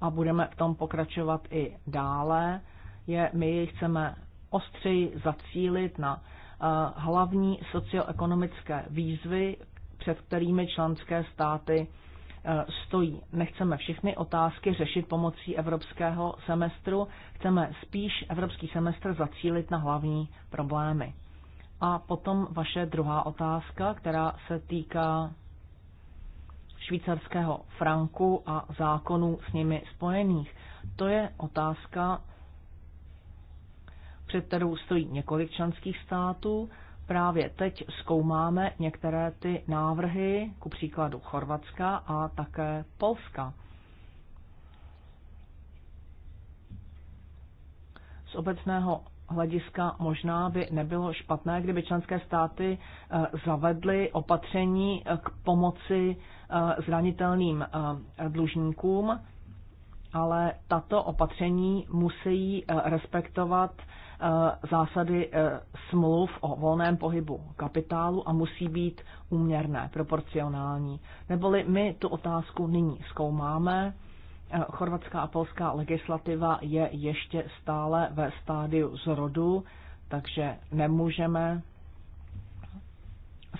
[SPEAKER 2] a budeme v tom pokračovat i dále, je, my jej chceme ostřeji zacílit na eh, hlavní socioekonomické výzvy, před kterými členské státy Eh, stojí. Nechceme všechny otázky řešit pomocí evropského semestru, chceme spíš evropský semestr zacílit na hlavní problémy. A potom vaše druhá otázka, která se týká švýcarského franku a zákonů s nimi spojených. To je otázka, před kterou stojí několik členských států právě teď zkoumáme některé ty návrhy, ku příkladu Chorvatska a také Polska. Z obecného hlediska možná by nebylo špatné, kdyby členské státy eh, zavedly opatření eh, k pomoci eh, zranitelným dlužníkům, ale tato opatření musí respektovat Eh, zásady eh, smluv o volném pohybu kapitálu a musí být úměrné, proporcionální. Neboli my tu otázku nyní zkoumáme. Eh, chorvatská a polská legislativa je ještě stále ve stádiu zrodu, takže nemůžeme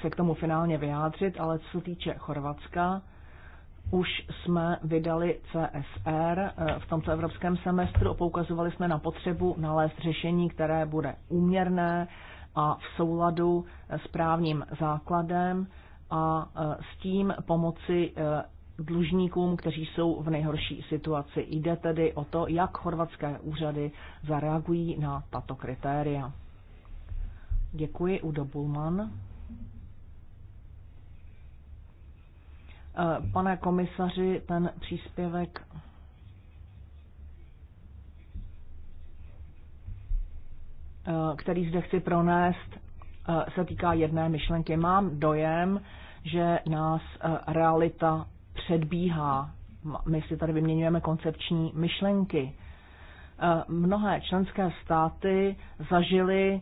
[SPEAKER 2] se k tomu finálně vyjádřit, ale co se týče Chorvatska, už jsme vydali CSR eh, v tomto evropském semestru. Poukazovali jsme na potřebu nalézt řešení, které bude úměrné a v souladu eh, s právním základem a eh, s tím pomoci dlužníkům, kteří jsou v nejhorší situaci. Jde tedy o to, jak chorvatské úřady zareagují na tato kritéria. Děkuji, Udo Bulman. Eh, pane komisaři, ten příspěvek eh, který zde chci pronést, eh, se týká jedné myšlenky. Mám dojem, že nás realita předbíhá. My si tady vyměňujeme koncepční myšlenky. Mnohé členské státy zažily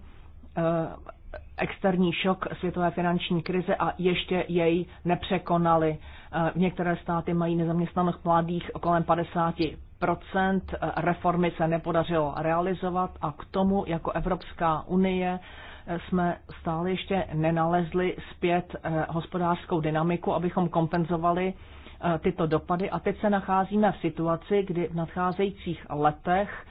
[SPEAKER 2] externí šok světové finanční krize a ještě jej nepřekonali. Eh, některé státy mají nezaměstnanost mladých kolem 50 procent eh, reformy se nepodařilo realizovat a k tomu jako Evropská unie eh, jsme stále ještě nenalezli zpět hospodářskou dynamiku, abychom kompenzovali tyto dopady. A teď se nacházíme v situaci, kdy v nadcházejících letech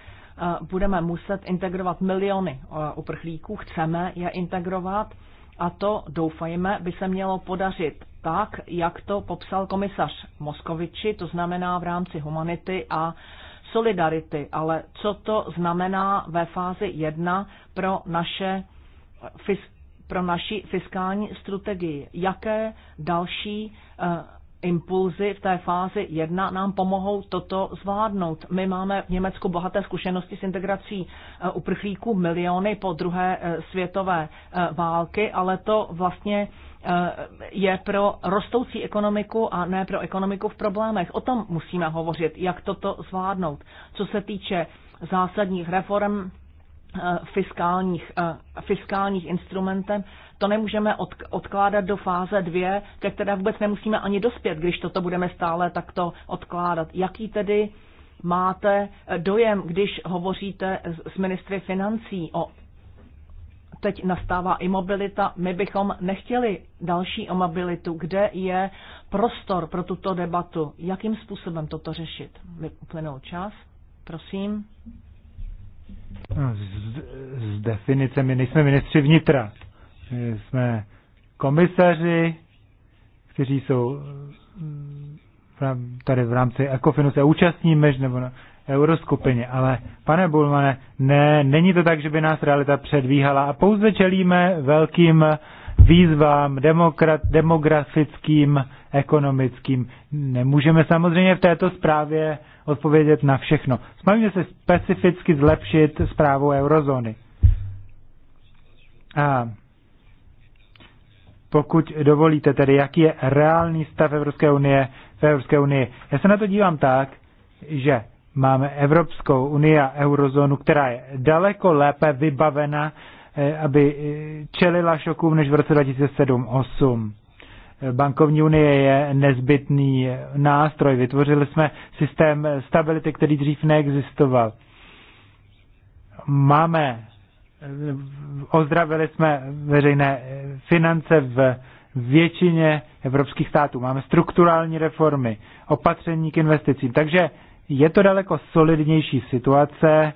[SPEAKER 2] budeme muset integrovat miliony uprchlíků, chceme je integrovat a to, doufajme, by se mělo podařit tak, jak to popsal komisař Moskoviči, to znamená v rámci humanity a solidarity. Ale co to znamená ve fázi 1 pro, naše, pro naši fiskální strategii? Jaké další eh, impulzy v té fázi 1 nám pomohou toto zvládnout. My máme v Německu bohaté zkušenosti s integrací eh, uprchlíků miliony po druhé eh, světové války, ale to vlastně Eh, je pro rostoucí ekonomiku a ne pro ekonomiku v problémech. O tom musíme hovořit, jak toto zvládnout. Co se týče zásadních reform, eh, fiskálních, eh, fiskálních instrumentem. To nemůžeme odkládat do fáze dvě, ke které vůbec nemusíme ani dospět, když toto budeme stále takto odkládat. Jaký tedy máte dojem, když hovoříte s ministry financí o teď nastává imobilita. My bychom nechtěli další imobilitu. Kde je prostor pro tuto debatu? Jakým způsobem toto řešit? Uplynul čas. Prosím.
[SPEAKER 1] Z, z definice my nejsme ministři vnitra. My jsme komisaři, kteří jsou mm, tady v rámci ECOFINu se účastní, nebo na euroskupině. Ale pane Bulmane, ne, není to tak, že by nás realita předvíhala a pouze čelíme velkým výzvám demokrat, demografickým, ekonomickým. Nemůžeme samozřejmě v této zprávě odpovědět na všechno. Snažíme se specificky zlepšit zprávu eurozóny. A pokud dovolíte, tedy jaký je reálný stav Evropské unie v Evropské unii. Já se na to dívám tak, že máme Evropskou unii a eurozónu, která je daleko lépe vybavena, eh, aby eh, čelila šokům než v roce 2007-2008. Eh, bankovní unie je nezbytný nástroj. Vytvořili jsme systém stability, který dřív neexistoval. Máme, ozdravili jsme veřejné finance v většině evropských států. Máme strukturální reformy, opatření k investicím. Takže je to daleko solidnější situace,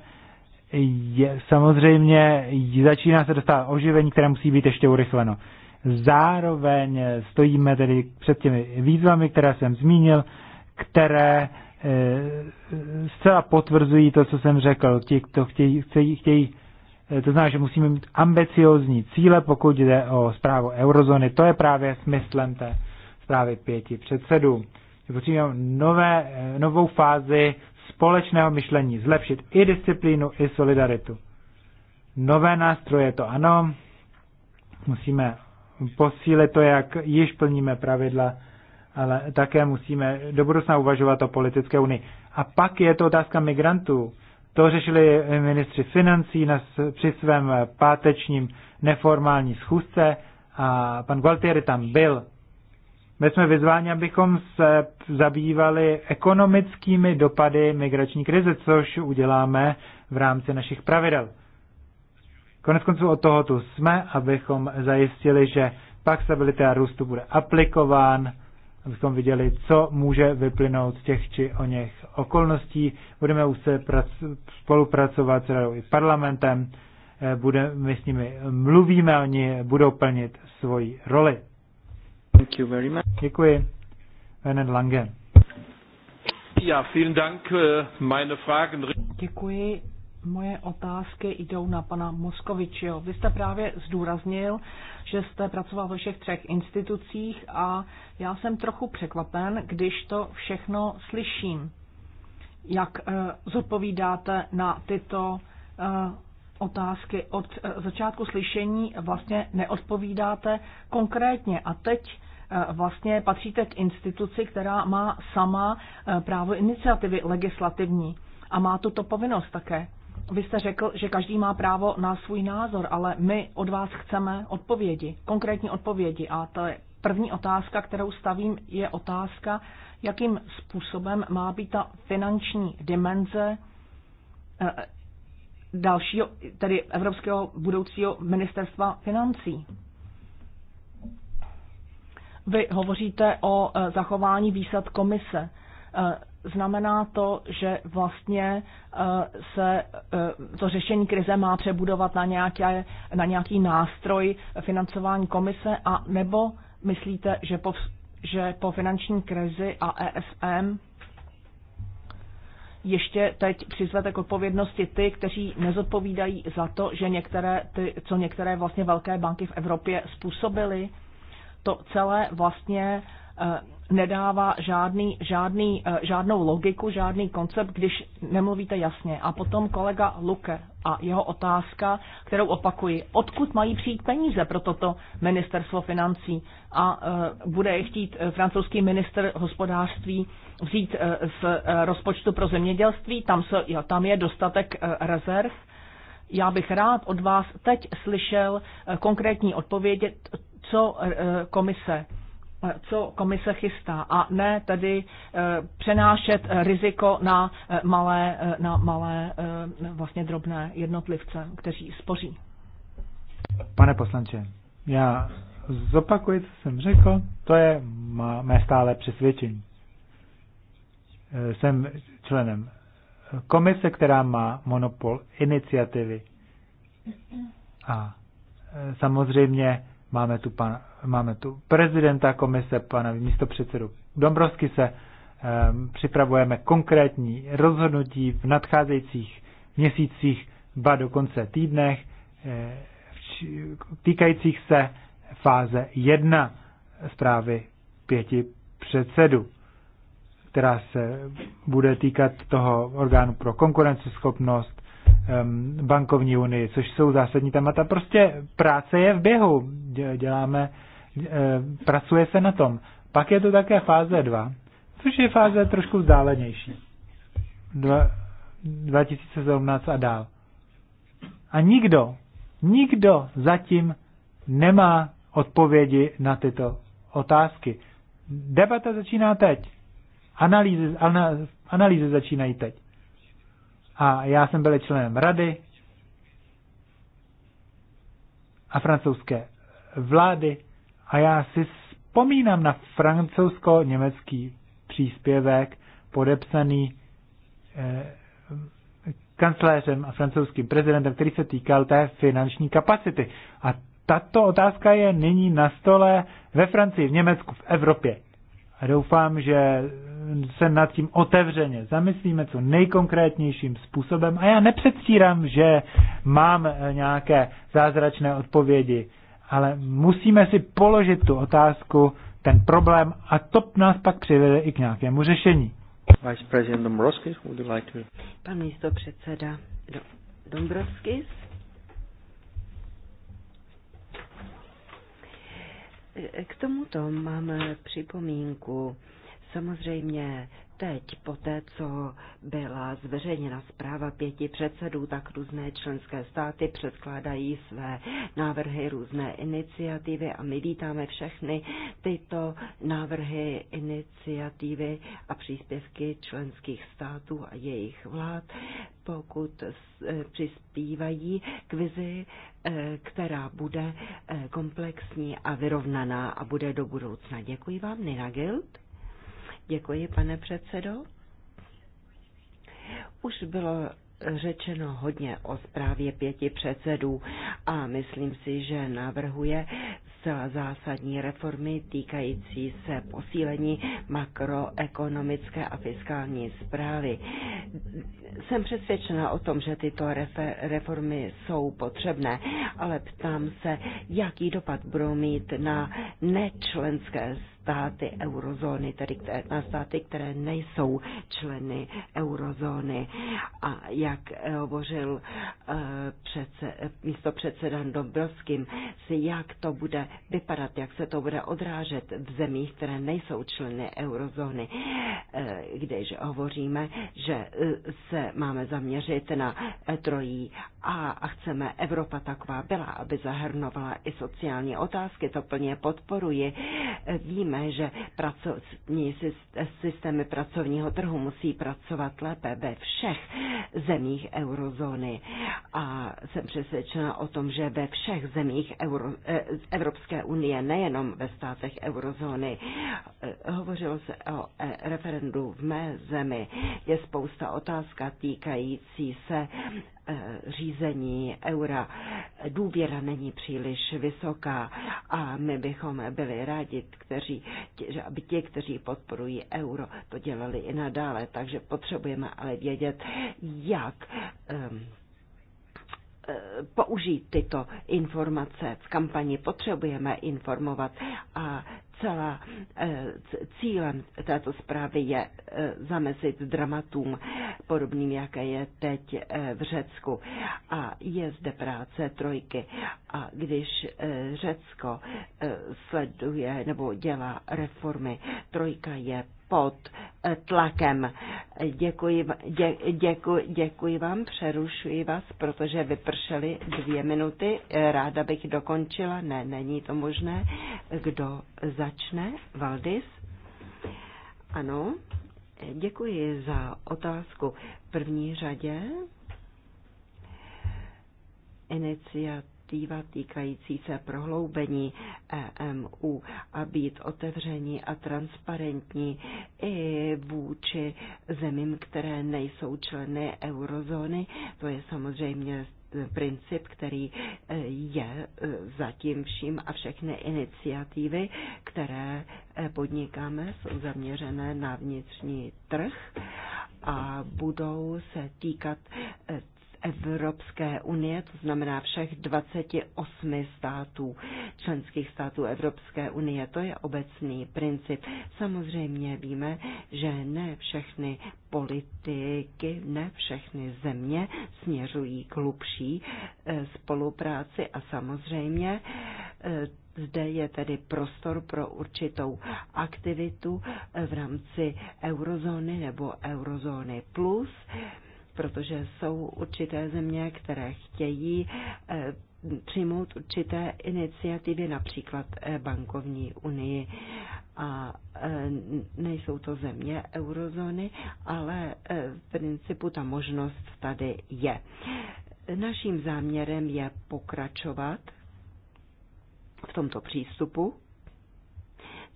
[SPEAKER 1] je, samozřejmě začíná se dostat oživení, které musí být ještě urychleno. Zároveň stojíme tedy před těmi výzvami, které jsem zmínil, které eh, zcela potvrzují to, co jsem řekl. Ti, kdo chtějí, chtějí, chtějí eh, to znamená, že musíme mít ambiciozní cíle, pokud jde o zprávu eurozóny. To je právě smyslem té zprávy pěti předsedů potřebujeme nové, novou fázi společného myšlení, zlepšit i disciplínu, i solidaritu. Nové nástroje, to ano, musíme posílit to, jak již plníme pravidla, ale také musíme do budoucna uvažovat o politické unii. A pak je to otázka migrantů. To řešili ministři financí na, při svém pátečním neformální schůzce a pan Gualtieri tam byl. My jsme vyzváni, abychom se zabývali ekonomickými dopady migrační krize, což uděláme v rámci našich pravidel. Konec konců od toho tu jsme, abychom zajistili, že pak stability a růstu bude aplikován, abychom viděli, co může vyplynout z těch či o něch okolností. Budeme už se spolupracovat s radou i parlamentem, eh, bude, my s nimi mluvíme, oni budou plnit svoji roli. Thank you very much. Děkuji. Werner Lange. Ja, vielen Dank. Äh, meine Fragen...
[SPEAKER 2] Děkuji. Moje otázky jdou na pana Moskovičiho. Vy jste právě zdůraznil, že jste pracoval ve všech třech institucích a já jsem trochu překvapen, když to všechno slyším. Jak eh, zodpovídáte na tyto eh, otázky? Od eh, začátku slyšení vlastně neodpovídáte konkrétně a teď Eh, vlastně patříte k instituci, která má sama eh, právo iniciativy legislativní a má tuto povinnost také. Vy jste řekl, že každý má právo na svůj názor, ale my od vás chceme odpovědi, konkrétní odpovědi. A to je první otázka, kterou stavím, je otázka, jakým způsobem má být ta finanční dimenze eh, dalšího, tedy Evropského budoucího ministerstva financí. Vy hovoříte o e, zachování výsad komise. E, znamená to, že vlastně e, se to řešení krize má přebudovat na, nějaké, na nějaký nástroj financování komise a nebo myslíte, že po, že po finanční krizi a ESM ještě teď přizvete k odpovědnosti ty, kteří nezodpovídají za to, že některé ty, co některé vlastně velké banky v Evropě způsobily? to celé vlastně eh, nedává žádný, žádný, eh, žádnou logiku, žádný koncept, když nemluvíte jasně. A potom kolega Luke a jeho otázka, kterou opakuji, odkud mají přijít peníze pro toto ministerstvo financí a eh, bude je chtít francouzský minister hospodářství vzít z rozpočtu pro zemědělství, tam, se, jo, tam je dostatek rezerv. Já bych rád od vás teď slyšel konkrétní odpovědi, co eh, komise eh, co komise chystá a ne tedy eh, přenášet riziko na malé, na malé vlastně drobné jednotlivce, kteří spoří.
[SPEAKER 1] Pane poslanče, já zopakuji, co jsem řekl, to je mé stále přesvědčení. Jsem členem komise, která má monopol iniciativy. A samozřejmě Máme tu, pan, máme tu prezidenta komise, pana místopředsedu Dombrovsky se um, ehm, připravujeme konkrétní rozhodnutí v nadcházejících měsících, ba dokonce týdnech, eh, týkajících se fáze 1 zprávy pěti předsedů, která se bude týkat toho orgánu pro konkurenceschopnost, bankovní unii, což jsou zásadní témata. Prostě práce je v běhu, děláme, eh, pracuje se na tom. Pak je to také fáze 2, což je fáze trošku vzdálenější. Dva, 2017 a dál. A nikdo, nikdo zatím nemá odpovědi na tyto otázky. Debata začíná teď. Analýzy, analýzy začínají teď a já jsem byl členem rady a francouzské vlády a já si vzpomínám na francouzsko-německý příspěvek podepsaný eh, kancléřem a francouzským prezidentem, který se týkal té finanční kapacity. A tato otázka je nyní na stole ve Francii, v Německu, v Evropě. A doufám, že se nad tím otevřeně zamyslíme co nejkonkrétnějším způsobem. A já nepředstírám, že mám eh, nějaké zázračné odpovědi, ale musíme si položit tu otázku, ten problém a to nás pak přivede i k nějakému řešení. Vice President Dombrovskis, would you like to...
[SPEAKER 3] Pan místo předseda Dombrovskis. K tomuto mám připomínku. Samozřejmě teď, po té, co byla zveřejněna zpráva pěti předsedů, tak různé členské státy předkládají své návrhy, různé iniciativy a my vítáme všechny tyto návrhy, iniciativy a příspěvky členských států a jejich vlád, pokud přispívají k vizi Eh, která bude eh, komplexní a vyrovnaná a bude do budoucna. Děkuji vám, Nina Gild. Děkuji, pane předsedo. Už bylo řečeno hodně o zprávě pěti předsedů a myslím si, že navrhuje zcela zásadní reformy týkající se posílení makroekonomické a fiskální zprávy. Jsem přesvědčena o tom, že tyto reformy jsou potřebné, ale ptám se, jaký dopad budou mít na nečlenské státy eurozóny, tedy na státy, které nejsou členy eurozóny. A jak eh, hovořil eh, přece, eh, místo předseda Dobrovským, si jak to bude vypadat, jak se to bude odrážet v zemích, které nejsou členy eurozóny, když hovoříme, že se máme zaměřit na trojí a, a chceme Evropa taková byla, aby zahrnovala i sociální otázky, to plně podporuji. Vím víme, že pracovní systémy pracovního trhu musí pracovat lépe ve všech zemích eurozóny. A jsem přesvědčena o tom, že ve všech zemích Euro, e, Evropské unie, nejenom ve státech eurozóny, e, hovořilo se o e, referendu v mé zemi. Je spousta otázka týkající se Eh, řízení eura. Důvěra není příliš vysoká a my bychom byli rádi, kteří, tě, aby ti, kteří podporují euro, to dělali i nadále. Takže potřebujeme ale vědět, jak um, použít tyto informace v kampani. Potřebujeme informovat a celá eh, cílem této zprávy je eh, zamezit dramatům podobným, jaké je teď eh, v Řecku. A je zde práce trojky. A když Řecko sleduje nebo dělá reformy, trojka je pod eh, tlakem. Děkuji, dě, děkuji, děkuji vám, přerušuji vás, protože vypršely dvě minuty. Eh, ráda bych dokončila. Ne, není to možné. Kdo začne? Valdis? Ano, děkuji za otázku. V první řadě iniciat legislativa týkající se prohloubení EMU a být otevření a transparentní i vůči zemím, které nejsou členy eurozóny. To je samozřejmě princip, který je zatím vším a všechny iniciativy, které podnikáme, jsou zaměřené na vnitřní trh a budou se týkat Evropské unie, to znamená všech 28 států, členských států Evropské unie. To je obecný princip. Samozřejmě víme, že ne všechny politiky, ne všechny země směřují k hlubší eh, spolupráci a samozřejmě eh, zde je tedy prostor pro určitou aktivitu eh, v rámci eurozóny nebo eurozóny plus protože jsou určité země, které chtějí eh, přijmout určité iniciativy, například eh, bankovní unii. A eh, nejsou to země eurozóny, ale v principu ta možnost tady je. Naším záměrem je pokračovat v tomto přístupu,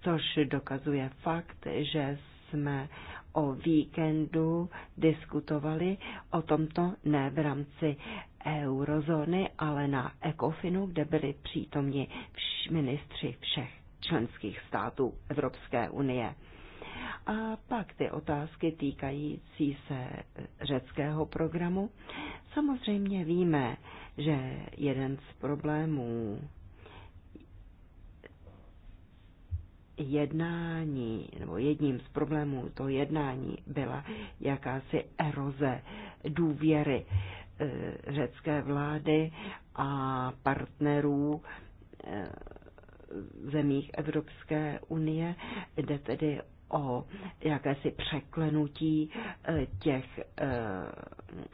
[SPEAKER 3] což dokazuje fakt, že jsme o víkendu diskutovali o tomto ne v rámci eurozóny, ale na ECOFINu, kde byli přítomni vš- ministři všech členských států Evropské unie. A pak ty otázky týkající se řeckého programu. Samozřejmě víme, že jeden z problémů jednání, nebo jedním z problémů toho jednání byla jakási eroze důvěry eh, řecké vlády a partnerů eh, zemích Evropské unie. Jde tedy o jakési překlenutí eh, těch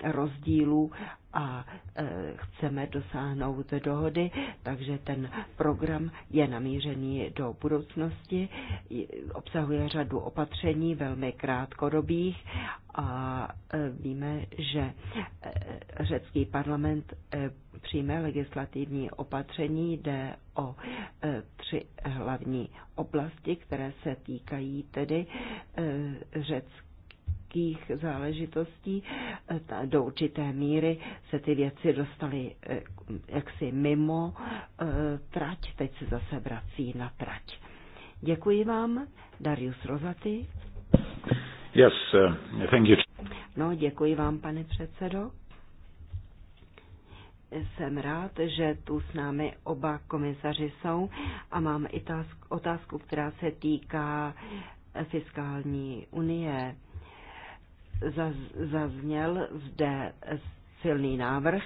[SPEAKER 3] rozdílů a e, chceme dosáhnout dohody, takže ten program je namířený do budoucnosti, obsahuje řadu opatření velmi krátkodobých a e, víme, že e, řecký parlament e, přijme legislativní opatření, jde o e, tři hlavní oblasti, které se týkají tedy e, řecké politických záležitostí eh, do určité míry se ty věci dostaly eh, jaksi mimo eh, trať, teď se zase vrací na trať. Děkuji vám, Darius Rozaty.
[SPEAKER 1] Yes, uh, thank you.
[SPEAKER 3] No, děkuji vám, pane předsedo. Jsem rád, že tu s námi oba komisaři jsou a mám i otázku, která se týká fiskální unie zazněl zde silný návrh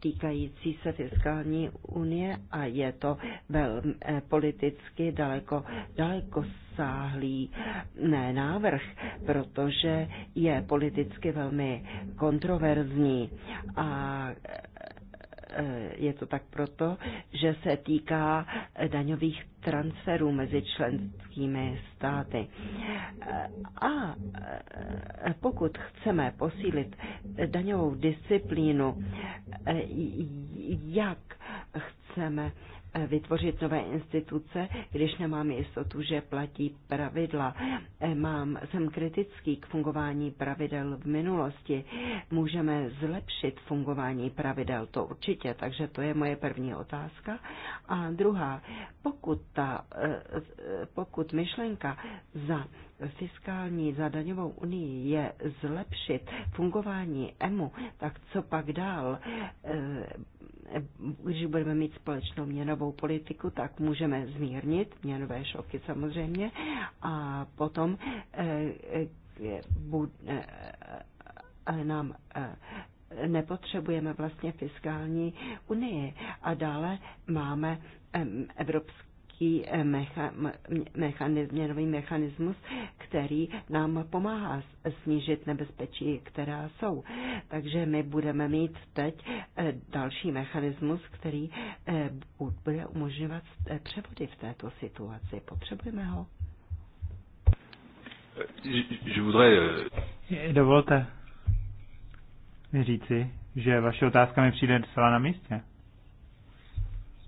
[SPEAKER 3] týkající se fiskální unie a je to velmi eh, politicky daleko, daleko sáhlý ne, návrh, protože je politicky velmi kontroverzní a eh, Eh, je to tak proto, že se týká eh, daňových transferů mezi členskými státy. Eh, a pokud chceme posílit daňovou disciplínu, jak chceme Eh, vytvořit nové instituce, když nemám jistotu, že platí pravidla. Eh, mám, jsem kritický k fungování pravidel v minulosti. Můžeme zlepšit fungování pravidel, to určitě, takže to je moje první otázka. A druhá, pokud, ta, eh, pokud myšlenka za fiskální za daňovou unii je zlepšit fungování EMU, tak co pak dál? Eh, když budeme mít společnou měnovou politiku, tak můžeme zmírnit měnové šoky samozřejmě a potom eh, eh, nám nepotřebujeme vlastně fiskální unii. A dále máme evropské nějaký eh, mecha, mechaniz, měnový mechanismus, který nám pomáhá snížit nebezpečí, která jsou. Takže my budeme mít teď eh, další mechanismus, který eh, bude umožňovat převody v této situaci. Potřebujeme ho? Je
[SPEAKER 1] je, je, Dovolte mi říci, že vaše otázka mi přijde celá na místě.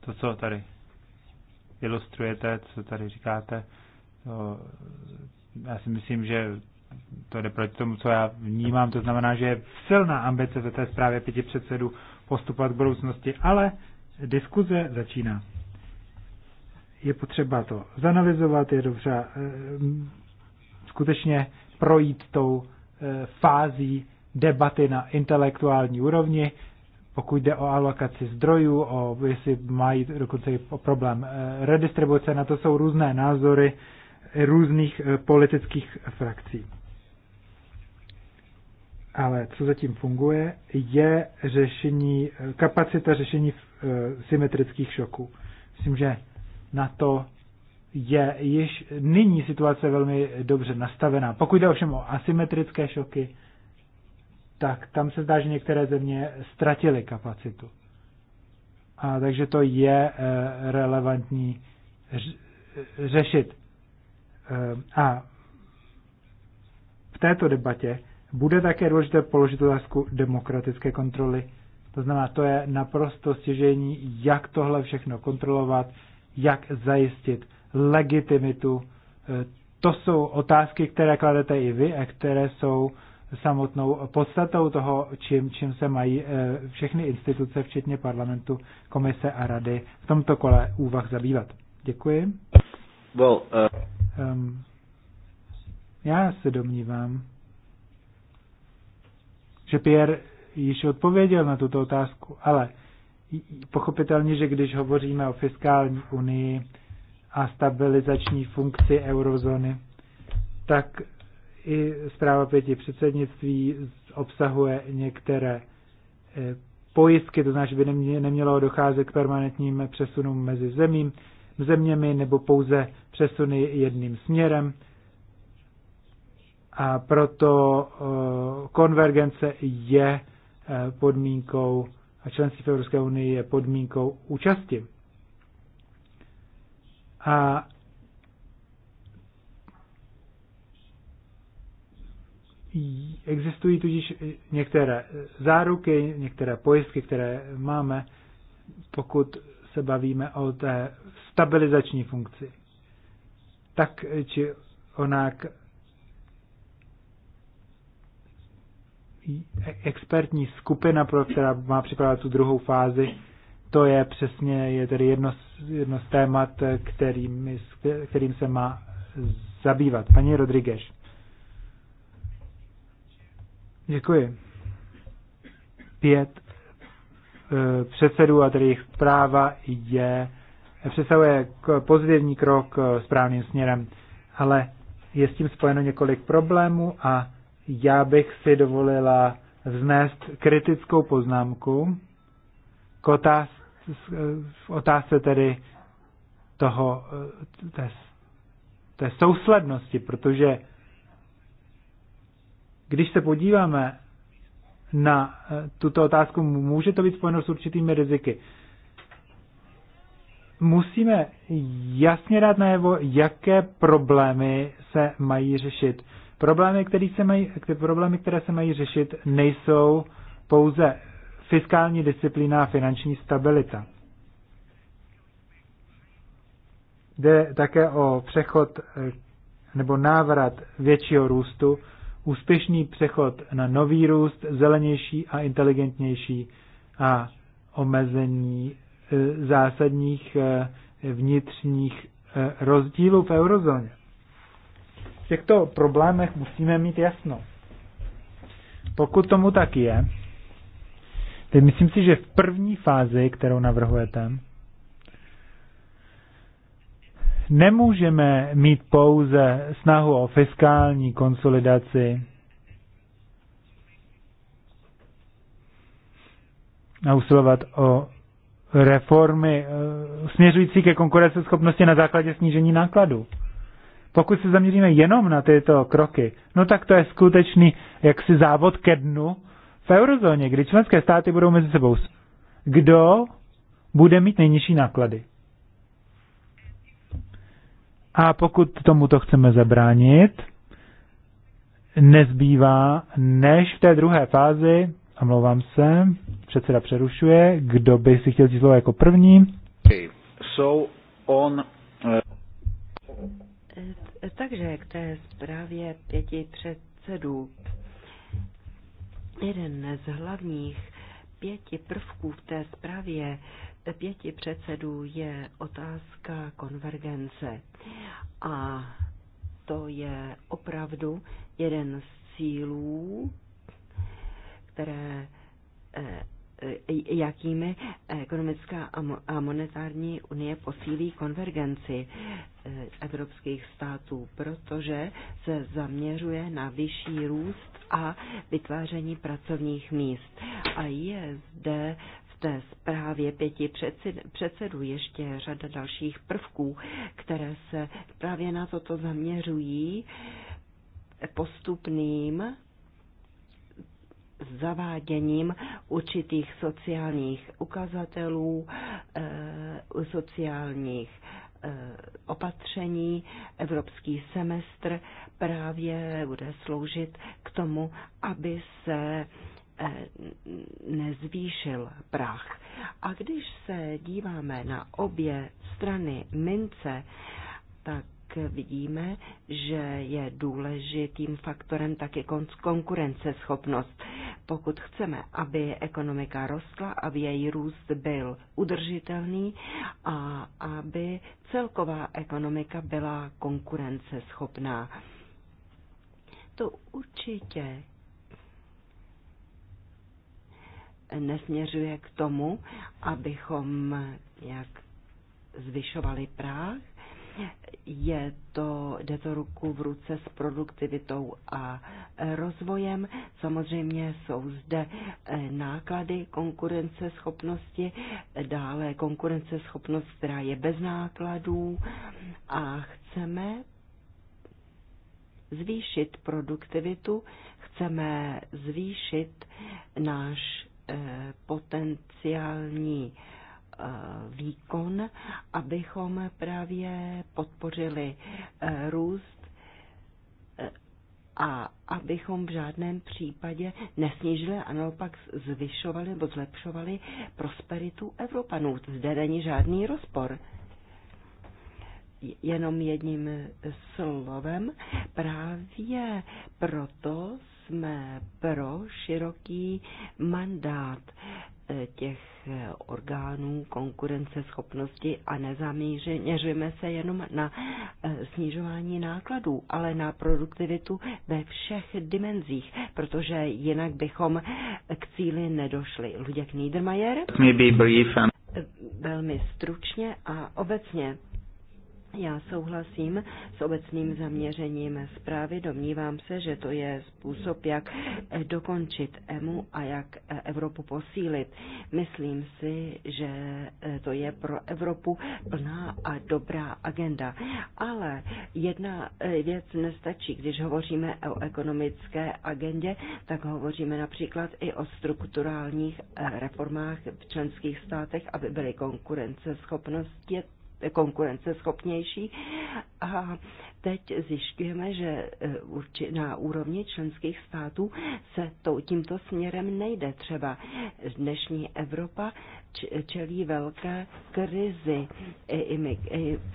[SPEAKER 1] To, co tady ilustrujete, co tady říkáte. To, já si myslím, že to jde proti tomu, co já vnímám. To znamená, že je silná ambice ve té zprávě pěti předsedů postupovat k budoucnosti, ale diskuze začíná. Je potřeba to zanalizovat, je dobře eh, skutečně projít tou eh, fází debaty na intelektuální úrovni pokud jde o alokaci zdrojů, o jestli mají dokonce i problém eh, redistribuce, na to jsou různé názory různých eh, politických frakcí. Ale co zatím funguje, je řešení, eh, kapacita řešení symetrických šoků. Myslím, že na to je již nyní situace velmi dobře nastavená. Pokud jde ovšem o asymetrické šoky, tak tam se zdá, že některé země ztratily kapacitu. A takže to je eh, relevantní řešit. Eh, a v této debatě bude také důležité položit otázku demokratické kontroly. To znamená, to je naprosto stěžení, jak tohle všechno kontrolovat, jak zajistit legitimitu. Eh, to jsou otázky, které kladete i vy a které jsou samotnou podstatou toho, čím, čím se mají eh, všechny instituce, včetně parlamentu, komise a rady v tomto kole úvah zabývat. Děkuji. Well, uh... um, já se domnívám, že Pierre již odpověděl na tuto otázku, ale pochopitelně, že když hovoříme o fiskální unii a stabilizační funkci eurozóny, tak i zpráva pěti předsednictví obsahuje některé e, pojistky, to znamená, že by nemělo docházet k permanentním přesunům mezi zemím, zeměmi nebo pouze přesuny jedným směrem. A proto e, konvergence je e, podmínkou a členství v Evropské unii je podmínkou účasti. A Existují tudíž některé záruky, některé pojistky, které máme, pokud se bavíme o té stabilizační funkci. Tak či onak expertní skupina, pro která má připravovat tu druhou fázi, to je přesně, je tedy jedno jedno z témat, kterým, kterým se má zabývat. Paní Rodriguez. Děkuji. Pět eh, předsedů a tedy jejich práva je, představuje pozitivní krok eh, správným směrem, ale je s tím spojeno několik problémů a já bych si dovolila vznést kritickou poznámku k otázce, v otázce tedy toho, eh, té, té souslednosti, protože když se podíváme na eh, tuto otázku, může to být spojeno s určitými riziky. Musíme jasně dát najevo, jaké problémy se mají řešit. Problémy, které se mají, problémy, které se mají řešit, nejsou pouze fiskální disciplína a finanční stabilita. Jde také o přechod eh, nebo návrat většího růstu úspěšný přechod na nový růst, zelenější a inteligentnější a omezení e, zásadních e, vnitřních e, rozdílů v eurozóně. V těchto problémech musíme mít jasno. Pokud tomu tak je, teď myslím si, že v první fázi, kterou navrhujete, nemůžeme mít pouze snahu o fiskální konsolidaci. A usilovat o reformy eh, směřující ke konkurenceschopnosti na základě snížení nákladů. Pokud se zaměříme jenom na tyto kroky, no tak to je skutečný jaksi závod ke dnu v eurozóně, kdy členské státy budou mezi sebou. Kdo bude mít nejnižší náklady? A pokud tomuto chceme zabránit, nezbývá, než v té druhé fázi, omlouvám se, předseda přerušuje, kdo by si chtěl říct slovo jako první.
[SPEAKER 3] Okay. So on, uh... Takže k té zprávě pěti předsedů. Jeden z hlavních pěti prvků v té zprávě pěti předsedů je otázka konvergence. A to je opravdu jeden z cílů, které eh, jakými ekonomická a monetární unie posílí konvergenci eh, evropských států, protože se zaměřuje na vyšší růst a vytváření pracovních míst. A je zde té zprávě pěti předsedů ještě řada dalších prvků, které se právě na toto zaměřují postupným zaváděním určitých sociálních ukazatelů, eh, sociálních eh, opatření, evropský semestr právě bude sloužit k tomu, aby se Eh, nezvýšil prach. A když se díváme na obě strany mince, tak vidíme, že je důležitým faktorem taky konkurenceschopnost. Pokud chceme, aby ekonomika rostla, aby její růst byl udržitelný a aby celková ekonomika byla konkurenceschopná, to určitě nesměřuje k tomu, abychom nějak zvyšovali práh. Je to, jde to ruku v ruce s produktivitou a rozvojem. Samozřejmě jsou zde eh, náklady konkurenceschopnosti, dále konkurenceschopnost, která je bez nákladů a chceme zvýšit produktivitu, chceme zvýšit náš Eh, potenciální eh, výkon, abychom právě podpořili eh, růst a abychom v žádném případě nesnížili a naopak zvyšovali nebo zlepšovali prosperitu Evropanů. Zde není žádný rozpor jenom jedním slovem. Právě proto jsme pro široký mandát eh, těch eh, orgánů konkurenceschopnosti a nezaměřujeme se jenom na eh, snižování nákladů, ale na produktivitu ve všech dimenzích, protože jinak bychom k cíli nedošli. Luděk Niedermayer? Velmi stručně a obecně. Já souhlasím s obecným zaměřením zprávy. Domnívám se, že to je způsob, jak dokončit EMU a jak Evropu posílit. Myslím si, že to je pro Evropu plná a dobrá agenda. Ale jedna věc nestačí. Když hovoříme o ekonomické agendě, tak hovoříme například i o strukturálních reformách v členských státech, aby byly konkurenceschopnosti konkurenceschopnější. A teď zjišťujeme, že e, na úrovni členských států se to, tímto směrem nejde. Třeba dnešní Evropa čelí velké krizi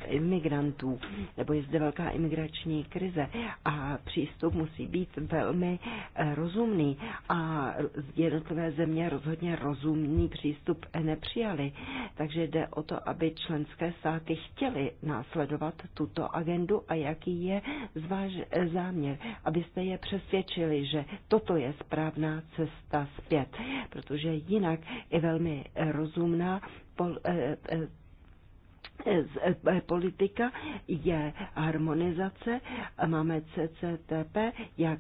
[SPEAKER 3] imigrantů, nebo je zde velká imigrační krize a přístup musí být velmi eh, rozumný a jednotlivé země rozhodně rozumný přístup nepřijali. Takže jde o to, aby členské státy chtěly následovat tuto agendu a jaký je zváž záměr, abyste je přesvědčili, že toto je správná cesta zpět, protože jinak i velmi eh, rozumný rozumná eh, eh, eh, politika je harmonizace, máme CCTP, jak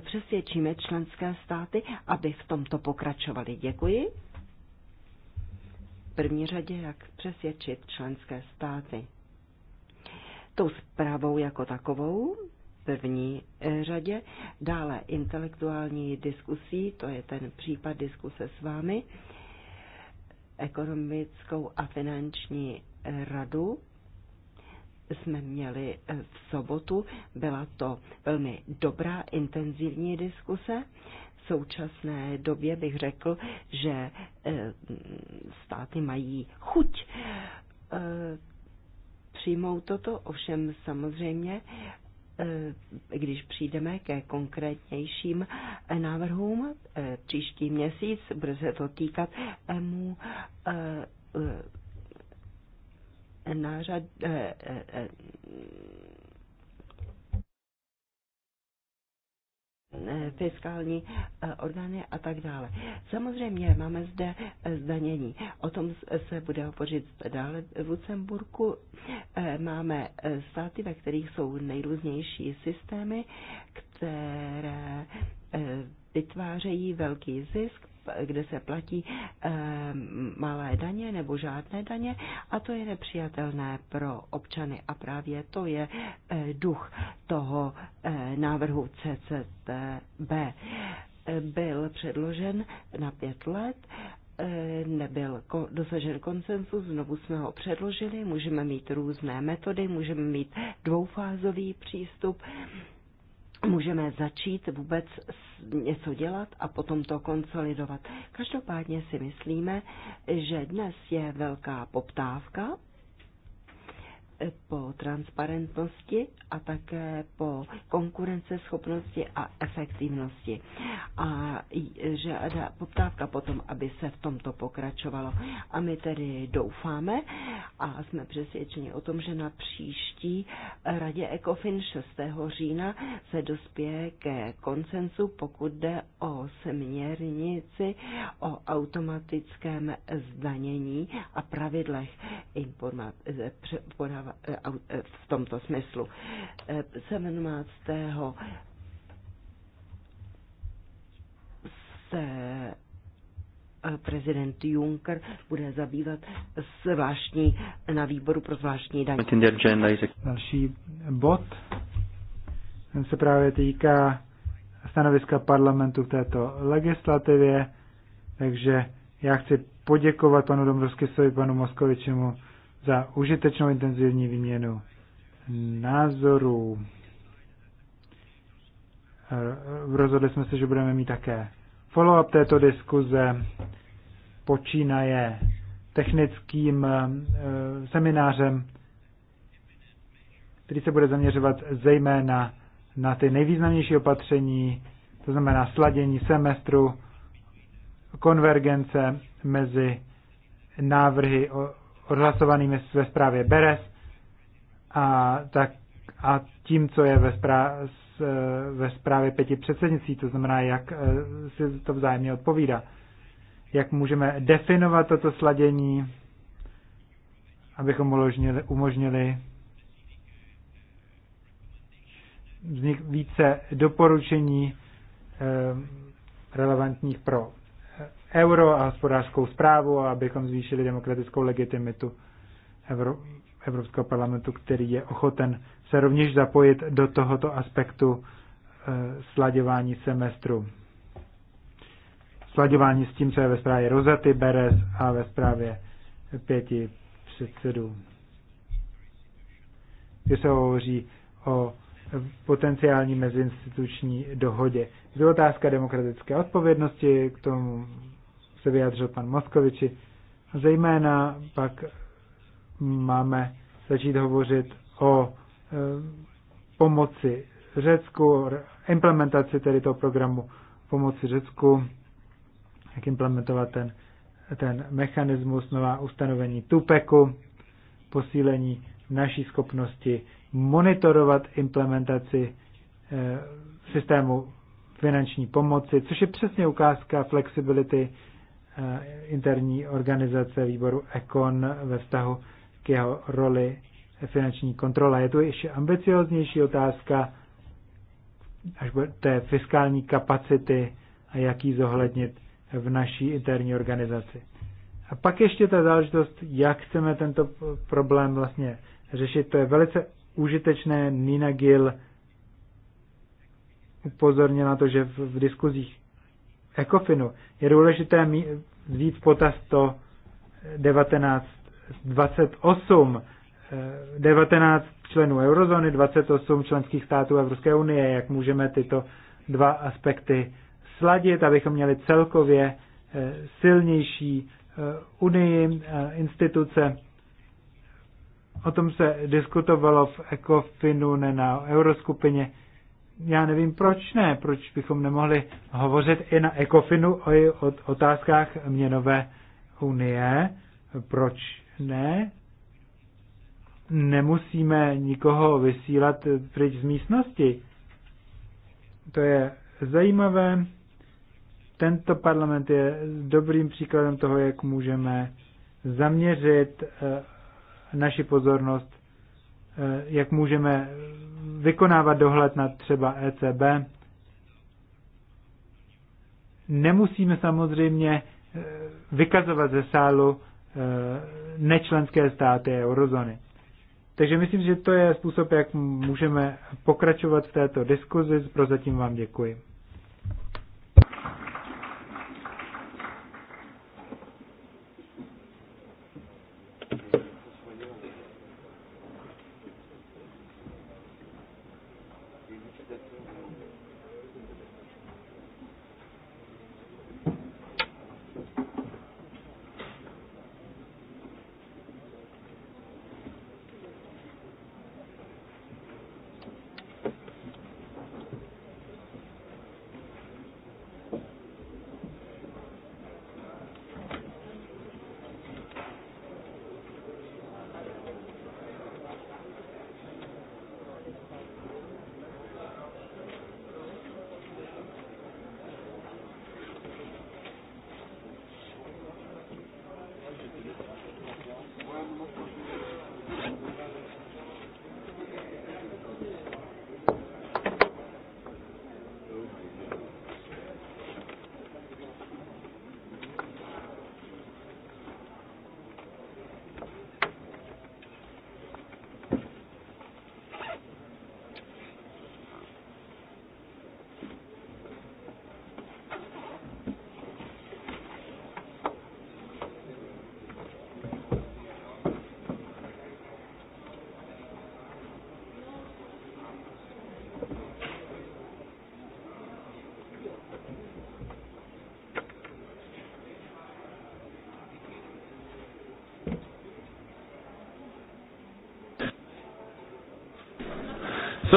[SPEAKER 3] přesvědčíme členské státy, aby v tomto pokračovali. Děkuji. V první řadě, jak přesvědčit členské státy. Tou zprávou jako takovou, v první řadě, dále intelektuální diskusí, to je ten případ diskuse s vámi, ekonomickou a finanční radu jsme měli v sobotu. Byla to velmi dobrá, intenzivní diskuse. V současné době bych řekl, že eh, státy mají chuť eh, přijmout toto, ovšem samozřejmě E, když přijdeme ke konkrétnějším e, návrhům e, příští měsíc, bude se to týkat mu nářad, fiskální eh, orgány a tak dále. Samozřejmě máme zde eh, zdanění. O tom se bude hovořit dále v Lucemburku. Eh, máme státy, ve kterých jsou nejrůznější systémy, které vytvářejí velký zisk kde se platí eh, malé daně nebo žádné daně a to je nepřijatelné pro občany a právě to je eh, duch toho eh, návrhu CCTB. Byl předložen na pět let nebyl dosažen konsensus, znovu jsme ho předložili, můžeme mít různé metody, můžeme mít dvoufázový přístup můžeme začít vůbec něco dělat a potom to konsolidovat. Každopádně si myslíme, že dnes je velká poptávka po transparentnosti a také po konkurenceschopnosti a efektivnosti. A dá poptávka potom, aby se v tomto pokračovalo. A my tedy doufáme a jsme přesvědčeni o tom, že na příští radě ECOFIN 6. října se dospěje ke koncensu, pokud jde o směrnici o automatickém zdanění a pravidlech informa- eh, podávání v tomto smyslu. 17. se prezident Juncker bude zabývat zvláštní na výboru pro zvláštní daň.
[SPEAKER 1] Další bod ten se právě týká stanoviska parlamentu v této legislativě, takže já chci poděkovat panu Domrovskisovi, panu Moskovičemu za užitečnou intenzivní výměnu názorů. Eh, rozhodli jsme se, že budeme mít také follow-up této diskuze. Počínaje technickým eh, seminářem, který se bude zaměřovat zejména na ty nejvýznamnější opatření, to znamená sladění semestru, konvergence mezi návrhy odhlasovaným ve zprávě Beres a, tak, a tím, co je ve, zpráv, ve zprávě pěti předsednicí, to znamená, jak eh, si to vzájemně odpovídá. Jak můžeme definovat toto sladění, abychom umožnili, umožnili vznik více doporučení eh, relevantních pro euro a hospodářskou zprávu a abychom zvýšili demokratickou legitimitu euro, Evropského parlamentu, který je ochoten se rovněž zapojit do tohoto aspektu e, eh, sladěvání semestru. Sladěvání s tím, co je ve zprávě Rozaty, Beres a ve zprávě pěti předsedů. Kde se hovoří o potenciální meziinstituční dohodě. Je to otázka demokratické odpovědnosti, k tomu se vyjádřil pan Moskoviči. Zejména pak máme začít hovořit o e, pomoci Řecku, implementaci tedy toho programu pomoci Řecku, jak implementovat ten, ten mechanismus, nová ustanovení TUPEKu, posílení naší schopnosti monitorovat implementaci e, systému finanční pomoci, což je přesně ukázka flexibility interní organizace výboru ECON ve vztahu k jeho roli finanční kontrola. Je tu ještě ambicioznější otázka až té fiskální kapacity a jak ji zohlednit v naší interní organizaci. A pak ještě ta záležitost, jak chceme tento problém vlastně řešit, to je velice užitečné. Nina Gill upozornila na to, že v, v diskuzích ECOFINu je důležité vzít v potaz to 1928, eh, 19 eh, členů eurozóny, 28 členských států Evropské unie, jak můžeme tyto dva aspekty sladit, abychom měli celkově eh, silnější unii, instituce. O tom se diskutovalo v ECOFINu, ne na euroskupině já nevím, proč ne, proč bychom nemohli hovořit i na ECOFINu o, o otázkách měnové unie, proč ne? Nemusíme nikoho vysílat pryč z místnosti. To je zajímavé. Tento parlament je dobrým příkladem toho, jak můžeme zaměřit eh, naši pozornost, eh, jak můžeme vykonávat dohled nad třeba ECB. Nemusíme samozřejmě eh, vykazovat ze sálu eh, nečlenské státy eurozóny. Takže myslím, že to je způsob, jak můžeme pokračovat v této diskuzi. Prozatím vám děkuji.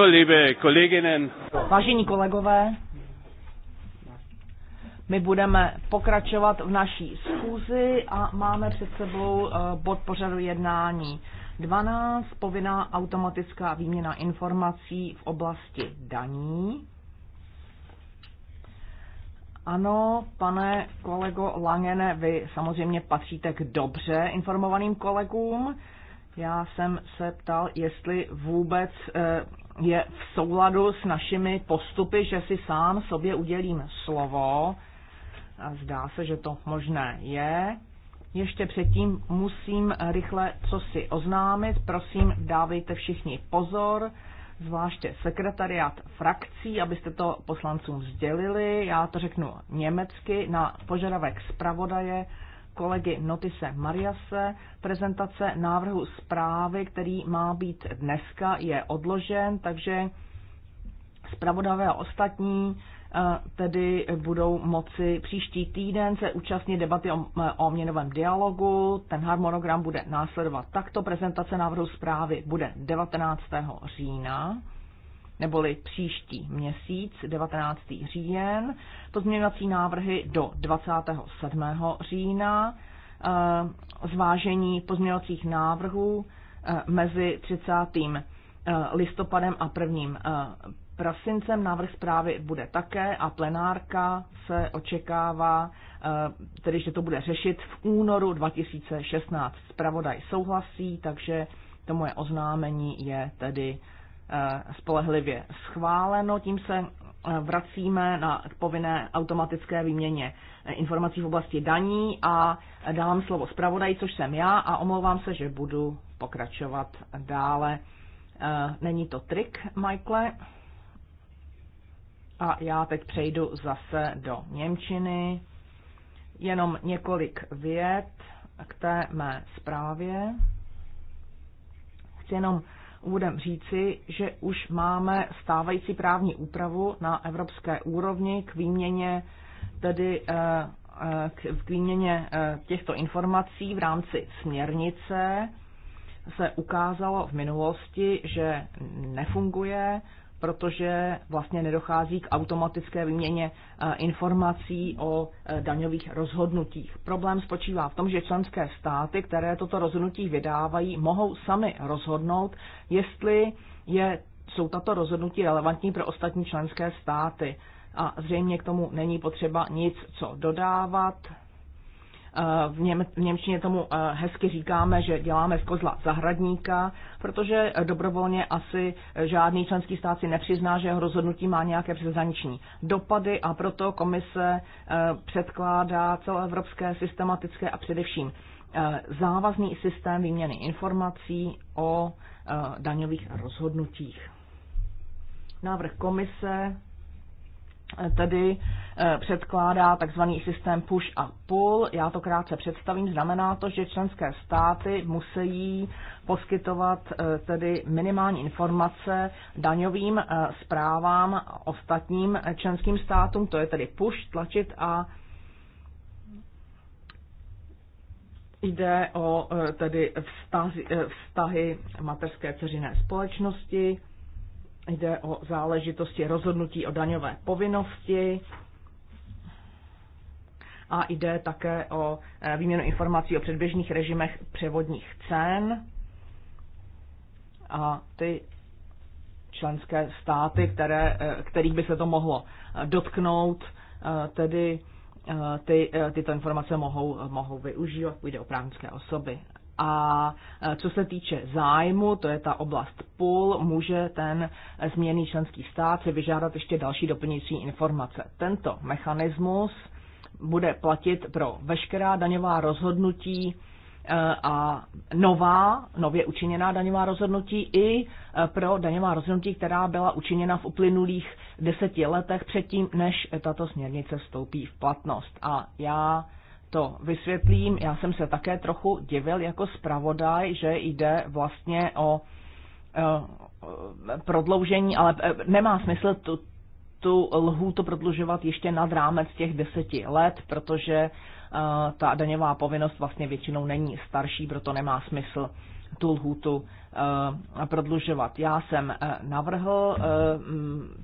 [SPEAKER 2] liebe Kolleginnen. Vážení kolegové, my budeme pokračovat v naší schůzi a máme před sebou eh, bod pořadu jednání 12, povinná automatická výměna informací v oblasti daní. Ano, pane kolego Langene, vy samozřejmě patříte k dobře informovaným kolegům. Já jsem se ptal, jestli vůbec eh, je v souladu s našimi postupy, že si sám sobě udělím slovo. Zdá se, že to možné je. Ještě předtím musím rychle co si oznámit. Prosím, dávejte všichni pozor, zvláště sekretariat frakcí, abyste to poslancům sdělili. Já to řeknu německy na požadavek zpravodaje kolegy Notise Mariase. Prezentace návrhu zprávy, který má být dneska, je odložen, takže zpravodavé a ostatní eh, tedy budou moci příští týden se účastnit debaty o, eh, o měnovém dialogu. Ten harmonogram bude následovat takto. Prezentace návrhu zprávy bude 19. října neboli příští měsíc, 19. říjen, pozměňovací návrhy do 27. října, eh, zvážení pozměňovacích návrhů eh, mezi 30. Eh, listopadem a 1. prasincem. Návrh zprávy bude také a plenárka se očekává, tedy že to bude řešit v únoru 2016. Spravodaj souhlasí, takže to moje oznámení je tedy Eh, spolehlivě schváleno. Tím se eh, vracíme na povinné automatické výměně eh, informací v oblasti daní a dávám slovo zpravodaji, což jsem já a omlouvám se, že budu pokračovat dále. Není to trik, Michael, A já teď přejdu zase do Němčiny. Jenom několik vět k té mé zprávě. Chci jenom úvodem říci, že už máme stávající právní úpravu na evropské úrovni k výměně tedy eh, eh, k výměně eh, těchto informací v rámci směrnice se ukázalo v minulosti, že nefunguje protože vlastně nedochází k automatické výměně eh, informací o eh, daňových rozhodnutích. Problém spočívá v tom, že členské státy, které toto rozhodnutí vydávají, mohou sami rozhodnout, jestli je, jsou tato rozhodnutí relevantní pro ostatní členské státy. A zřejmě k tomu není potřeba nic, co dodávat v, Něm, v Němčině tomu eh, hezky říkáme, že děláme z kozla zahradníka, protože dobrovolně asi žádný členský stát si nepřizná, že jeho rozhodnutí má nějaké přeshraniční dopady a proto komise eh, předkládá celoevropské systematické a především eh, závazný systém výměny informací o daňových rozhodnutích. Návrh komise tedy eh, předkládá takzvaný systém push a pull. Já to krátce představím. Znamená to, že členské státy musí poskytovat eh, tedy minimální informace daňovým zprávám eh, ostatním členským státům. To je tedy push, tlačit a jde o tedy vztahy, vztahy materské ceřiné společnosti Jde o záležitosti rozhodnutí o daňové povinnosti a jde také o eh, výměnu informací o předběžných režimech převodních cen. A ty členské státy, které, eh, kterých by se to mohlo eh, dotknout, tedy ty, tyto informace mohou, mohou využívat, půjde o právnické osoby. A e, co se týče zájmu, to je ta oblast půl, může ten změný členský stát si vyžádat ještě další doplňující informace. Tento mechanismus bude platit pro veškerá daňová rozhodnutí e, a nová, nově učiněná daňová rozhodnutí i e, pro daňová rozhodnutí, která byla učiněna v uplynulých deseti letech předtím, než tato směrnice vstoupí v platnost. A já to vysvětlím. Já jsem se také trochu divil jako zpravodaj, že jde vlastně o eh, prodloužení, ale eh, nemá smysl tu, tu to prodlužovat ještě nad rámec těch deseti let, protože eh, ta daňová povinnost vlastně většinou není starší, proto nemá smysl tu lhůtu prodlužovat. Já jsem navrhl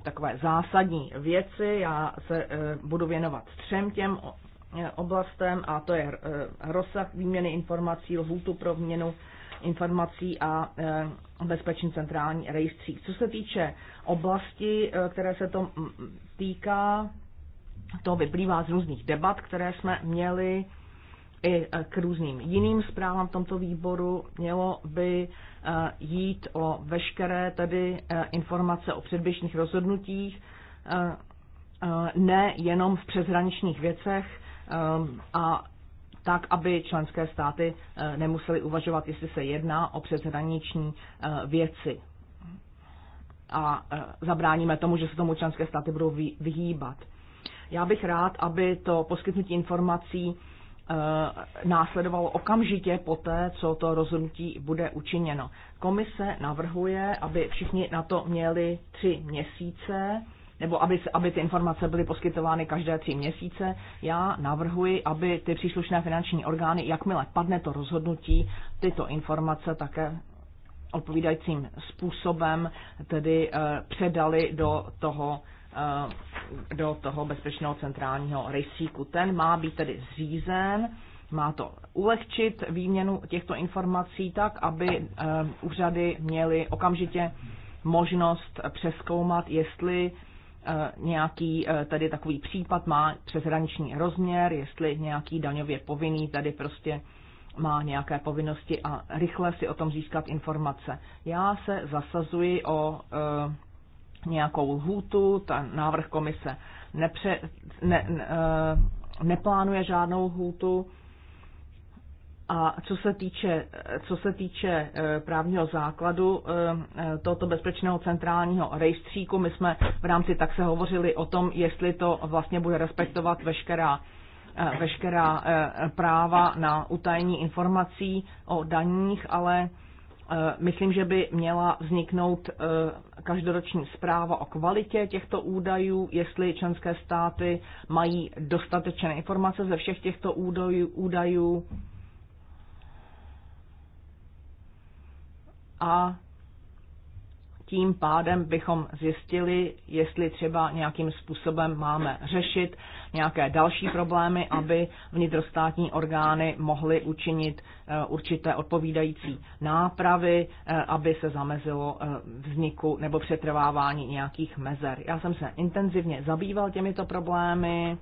[SPEAKER 2] takové zásadní věci, já se budu věnovat třem těm Eh, oblastem a to je eh, rozsah výměny informací, lhůtu pro výměnu informací a eh, bezpečný centrální rejstřík. Co se týče oblasti, které se to týká, to vyplývá z různých debat, které jsme měli i k různým jiným zprávám v tomto výboru. Mělo by jít o veškeré tedy informace o předběžných rozhodnutích, ne jenom v přezraničních věcech, Ehm, a tak, aby členské státy eh, nemusely uvažovat, jestli se jedná o přeshraniční eh, věci. A eh, zabráníme tomu, že se tomu členské státy budou vyhýbat. Já bych rád, aby to poskytnutí informací následovalo okamžitě poté, co to rozhodnutí bude učiněno. Komise navrhuje, aby všichni na to měli tři měsíce nebo aby, aby ty informace byly poskytovány každé tři měsíce. Já navrhuji, aby ty příslušné finanční orgány, jakmile padne to rozhodnutí, tyto informace také odpovídajícím způsobem tedy eh, předali do toho eh, do toho bezpečného centrálního rejstříku. Ten má být tedy zřízen, má to ulehčit výměnu těchto informací tak, aby eh, úřady měly okamžitě možnost přeskoumat, jestli Eh, nějaký eh, tady takový případ má přeshraniční rozměr, jestli nějaký daňově povinný tady prostě má nějaké povinnosti a rychle si o tom získat informace. Já se zasazuji o e, nějakou lhůtu, ten návrh komise nepře, ne, ne, e, neplánuje žádnou lhůtu, a co se týče, co se týče eh, právního základu eh, eh, tohoto bezpečného centrálního rejstříku, my jsme v rámci tak se hovořili o tom, jestli to vlastně bude respektovat veškerá veškerá práva na utajení informací o daních, ale myslím, že by měla vzniknout každoroční zpráva o kvalitě těchto údajů, jestli členské státy mají dostatečné informace ze všech těchto údajů, údajů a tím pádem bychom zjistili, jestli třeba nějakým způsobem máme řešit nějaké další problémy, aby vnitrostátní orgány mohly učinit eh, určité odpovídající nápravy, eh, aby se zamezilo eh, vzniku nebo přetrvávání nějakých mezer. Já jsem se intenzivně zabýval těmito problémy,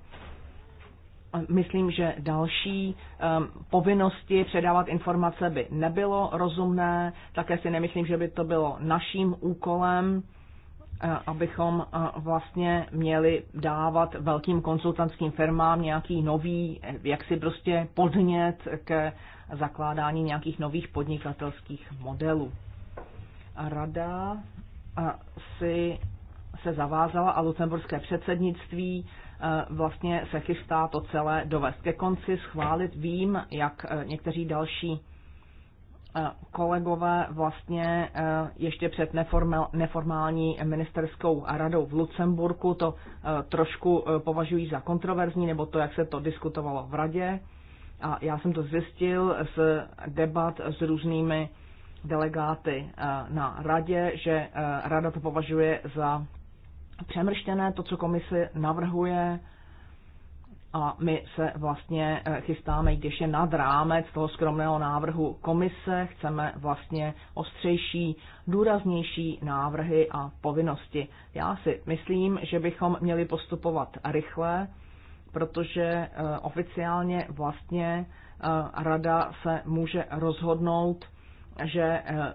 [SPEAKER 2] Myslím, že další um, povinnosti předávat informace by nebylo rozumné. Také si nemyslím, že by to bylo naším úkolem, uh, abychom uh, vlastně měli dávat velkým konsultantským firmám nějaký nový, eh, jaksi prostě podnět ke zakládání nějakých nových podnikatelských modelů. Rada uh, si se zavázala a lucemburské předsednictví Eh, vlastně se chystá to celé dovést ke konci, schválit. Vím, jak eh, někteří další eh, kolegové vlastně ještě před neformální ministerskou radou v Lucemburku to trošku považují za kontroverzní, nebo to, jak se to diskutovalo v radě. A já jsem to zjistil z debat s různými delegáty na radě, že rada to považuje za přemrštěné, to, co komise navrhuje, a my se vlastně eh, chystáme, když je nad rámec toho skromného návrhu komise, chceme vlastně ostřejší, důraznější návrhy a povinnosti. Já si myslím, že bychom měli postupovat rychle, protože eh, oficiálně vlastně eh, rada se může rozhodnout že eh,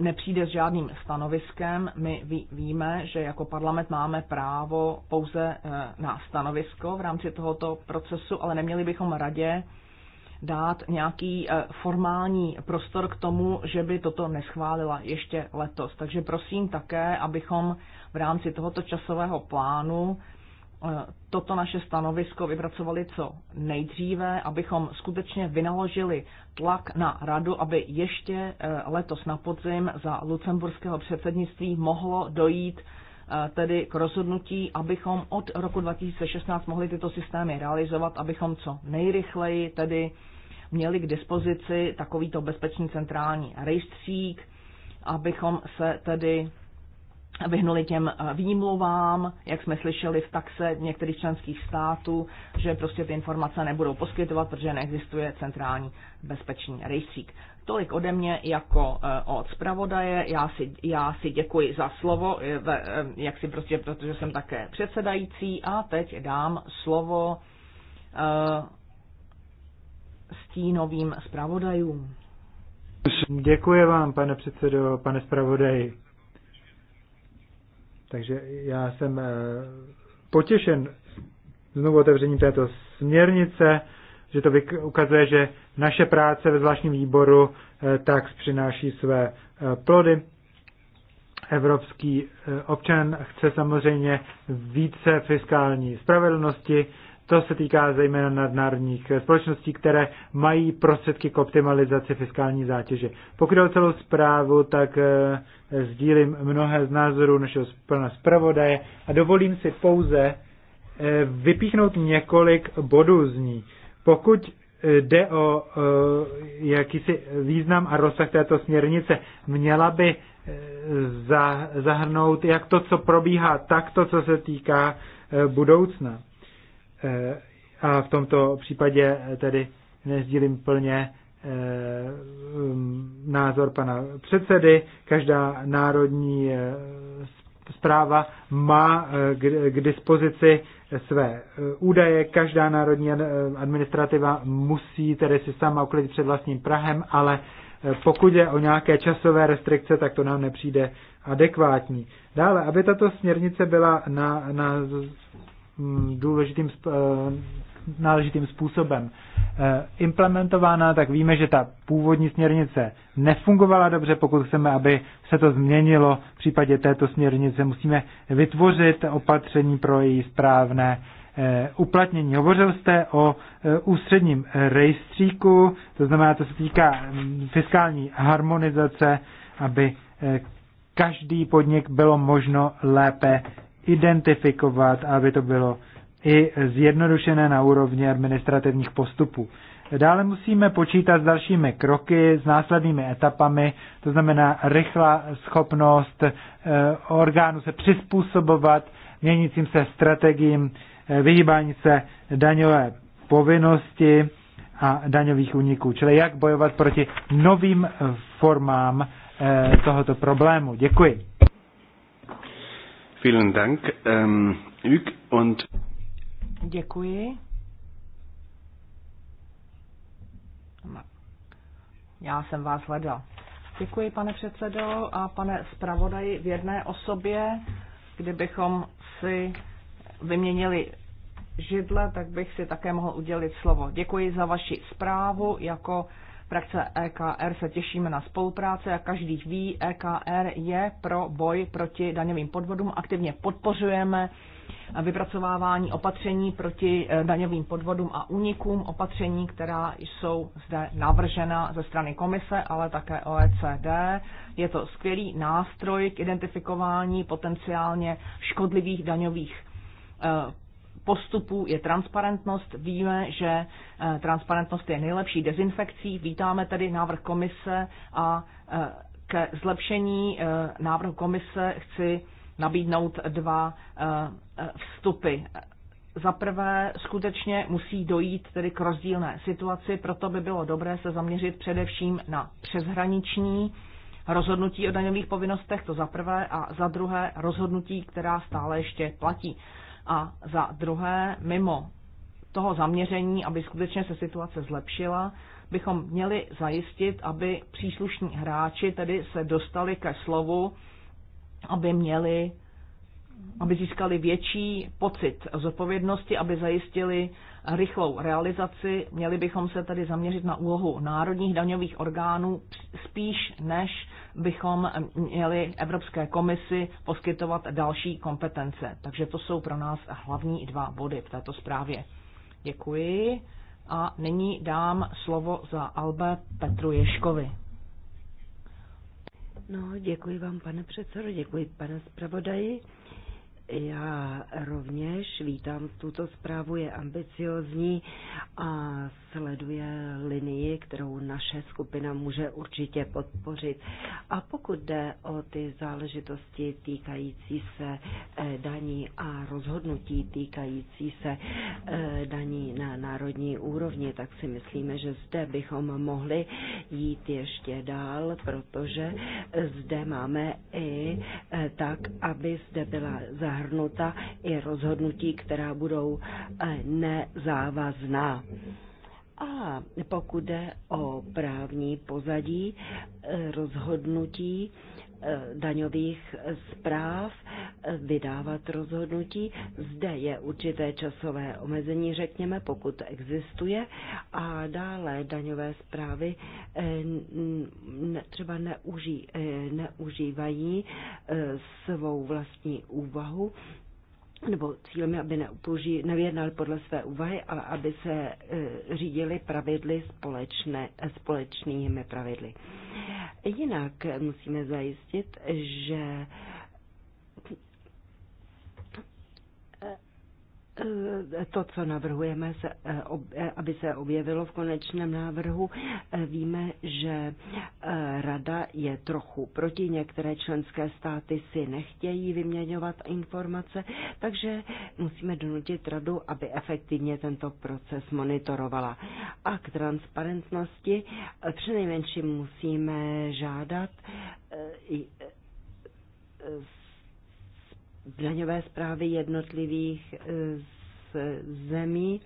[SPEAKER 2] nepřijde s žádným stanoviskem. My víme, že jako parlament máme právo pouze eh, na stanovisko v rámci tohoto procesu, ale neměli bychom radě dát nějaký eh, formální prostor k tomu, že by toto neschválila ještě letos. Takže prosím také, abychom v rámci tohoto časového plánu Eh, toto naše stanovisko vypracovali co nejdříve, abychom skutečně vynaložili tlak na radu, aby ještě eh, letos na podzim za lucemburského předsednictví mohlo dojít eh, tedy k rozhodnutí, abychom od roku 2016 mohli tyto systémy realizovat, abychom co nejrychleji tedy měli k dispozici takovýto bezpečný centrální rejstřík, abychom se tedy vyhnuli těm eh, výmluvám, jak jsme slyšeli v taxe některých členských států, že prostě ty informace nebudou poskytovat, protože neexistuje centrální bezpečný rejstřík. Tolik ode mě jako eh, od zpravodaje. Já si, já si děkuji za slovo, eh, jak si prostě, protože jsem také předsedající a teď dám slovo stínovým zpravodajům.
[SPEAKER 1] Děkuji vám, pane předsedo, pane zpravodaji. Takže já jsem eh, potěšen znovu otevřením této směrnice, že to ukazuje, že naše práce ve zvláštním výboru eh, tak přináší své eh, plody. Evropský občan chce samozřejmě více fiskální spravedlnosti, to se týká zejména nadnárodních společností, které mají prostředky k optimalizaci fiskální zátěže. Pokud jde o celou zprávu, tak eh, sdílím mnohé z názorů našeho pana zpravodaje a dovolím si pouze eh, vypíchnout několik bodů z ní. Pokud eh, jde o jakýsi význam a rozsah této směrnice, měla by zahrnout jak to, co probíhá, tak to, co se týká budoucna. Eh, a v tomto případě eh, tedy nezdílím plně eh, um, názor pana předsedy. Každá národní zpráva má k dispozici své údaje. Každá národní administrativa musí tedy si sama uklidit před vlastním Prahem, ale pokud je o nějaké časové restrikce, tak to nám nepřijde adekvátní. Dále, aby tato směrnice byla na, na Mm, důležitým, eh, náležitým způsobem eh, implementována, tak víme, že ta původní směrnice nefungovala dobře. Pokud chceme, aby se to změnilo, v případě této směrnice musíme vytvořit opatření pro její správné eh, uplatnění. Hovořil jste o ústředním rejstříku, to znamená, to se týká mm, fiskální harmonizace, aby každý podnik bylo možno lépe identifikovat, aby to bylo i zjednodušené na úrovni administrativních postupů. Dále musíme počítat s dalšími kroky, s následnými etapami, to znamená rychlá schopnost eh, orgánu se přizpůsobovat měnícím se strategiím, eh, vyhýbání se daňové povinnosti a daňových úniků, čili jak bojovat proti novým formám eh, tohoto problému. Děkuji. Vielen Dank, ähm, und
[SPEAKER 2] Děkuji. Já jsem vás hledal. Děkuji, pane předsedo a pane zpravodaji v jedné osobě. Kdybychom si vyměnili židle, tak bych si také mohl udělit slovo. Děkuji za vaši zprávu jako Frakce EKR se těšíme na spolupráci a každý ví, EKR je pro boj proti daňovým podvodům. Aktivně podpořujeme vypracovávání opatření proti eh, daňovým podvodům a unikům, opatření, která jsou zde navržena ze strany komise, ale také OECD. Je to skvělý nástroj k identifikování potenciálně škodlivých daňových eh, postupů je transparentnost. Víme, že eh, transparentnost je nejlepší dezinfekcí. Vítáme tedy návrh komise a eh, ke zlepšení eh, návrhu komise chci nabídnout dva vstupy. Za prvé, skutečně musí dojít tedy k rozdílné situaci, proto by bylo dobré se zaměřit především na přeshraniční rozhodnutí o daňových povinnostech, to za prvé, a za druhé rozhodnutí, která stále ještě platí a za druhé, mimo toho zaměření, aby skutečně se situace zlepšila, bychom měli zajistit, aby příslušní hráči tedy se dostali ke slovu, aby měli aby získali větší pocit zodpovědnosti, aby zajistili rychlou realizaci. Měli bychom se tedy zaměřit na úlohu národních daňových orgánů spíš než bychom měli Evropské komisi poskytovat další kompetence. Takže to jsou pro nás hlavní dva body v této zprávě. Děkuji. A nyní dám slovo za Albe Petru Ješkovi.
[SPEAKER 3] No, děkuji vám, pane předsedo, děkuji, pane zpravodaji. Já rovněž vítám tuto zprávu, je ambiciozní a sleduje linii, kterou naše skupina může určitě podpořit. A pokud jde o ty záležitosti týkající se eh, daní a rozhodnutí týkající se eh, daní na národní úrovni, tak si myslíme, že zde bychom mohli jít ještě dál, protože zde máme i eh, tak, aby zde byla zahraniční zahrnuta i rozhodnutí, která budou eh, nezávazná. A pokud jde o právní pozadí eh, rozhodnutí, Eh, daňových zpráv eh, vydávat rozhodnutí. Zde je určité časové omezení, řekněme, pokud existuje, a dále daňové zprávy eh, třeba neuží, neužívají svou vlastní úvahu nebo cílem je, aby neupouží, nevyjednali podle své úvahy, ale aby se e, řídili pravidly společné, e, společnými pravidly. Jinak musíme zajistit, že e, Eh, to, co navrhujeme, eh, eh, aby se objevilo v konečném návrhu, víme, že rada je trochu proti. Některé členské státy si nechtějí vyměňovat informace, takže musíme donutit radu, aby efektivně tento proces monitorovala. A k transparentnosti přinejmenším musíme žádat daňové zprávy jednotlivých eh, zemí,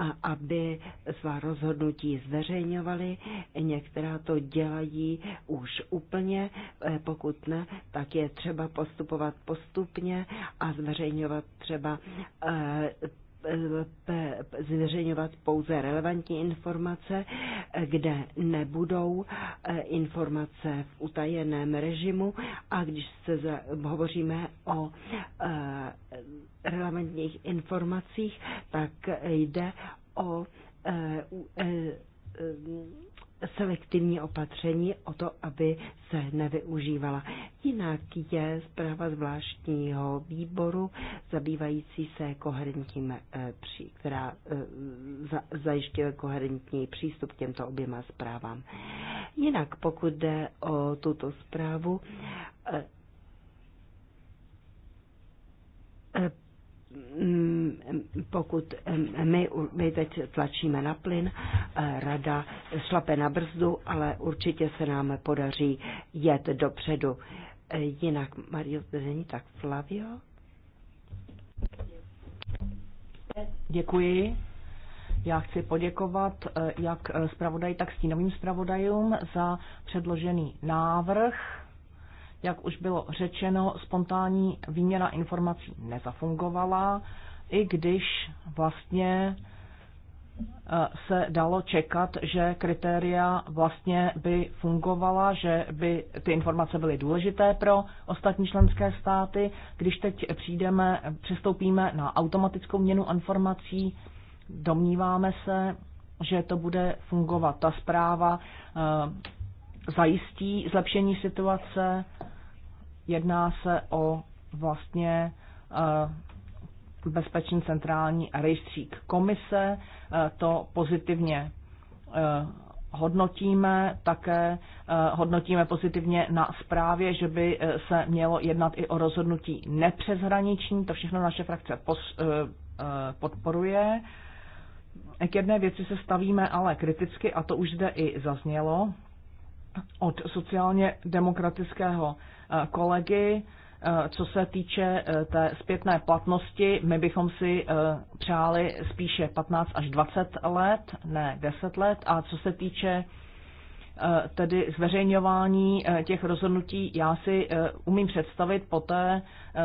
[SPEAKER 3] a aby svá rozhodnutí zveřejňovali. Některá to dělají už úplně, eh, pokud ne, tak je třeba postupovat postupně a zveřejňovat třeba eh, zveřejňovat pouze relevantní informace, kde nebudou eh, informace v utajeném režimu a když se hovoříme o eh, relevantních informacích, tak jde o eh, selektivní opatření o to, aby se nevyužívala. Jinak je zpráva zvláštního výboru zabývající se koherentním, eh, která eh, zajišťuje koherentní přístup k těmto oběma zprávám. Jinak, pokud jde o tuto zprávu, eh, pokud my, my teď tlačíme na plyn, eh, rada šlape na brzdu, ale určitě se nám podaří jet dopředu. Eh, jinak, Mario, to není tak Flavio?
[SPEAKER 2] Děkuji. Já chci poděkovat eh, jak zpravodaj, tak stínovým zpravodajům za předložený návrh. Jak už bylo řečeno, spontánní výměna informací nezafungovala i když vlastně eh, se dalo čekat, že kritéria vlastně by fungovala, že by ty informace byly důležité pro ostatní členské státy. Když teď přijdeme, přistoupíme na automatickou měnu informací, domníváme se, že to bude fungovat. Ta zpráva eh, zajistí zlepšení situace. Jedná se o vlastně eh, bezpečný centrální rejstřík komise. E, to pozitivně e, hodnotíme také, e, hodnotíme pozitivně na zprávě, že by se mělo jednat i o rozhodnutí nepřeshraniční. To všechno naše frakce podporuje. K jedné věci se stavíme ale kriticky, a to už zde i zaznělo od sociálně demokratického kolegy Eh, co se týče eh, té zpětné platnosti, my bychom si eh, přáli spíše 15 až 20 let, ne 10 let. A co se týče Eh, tedy zveřejňování eh, těch rozhodnutí já si eh, umím představit po té,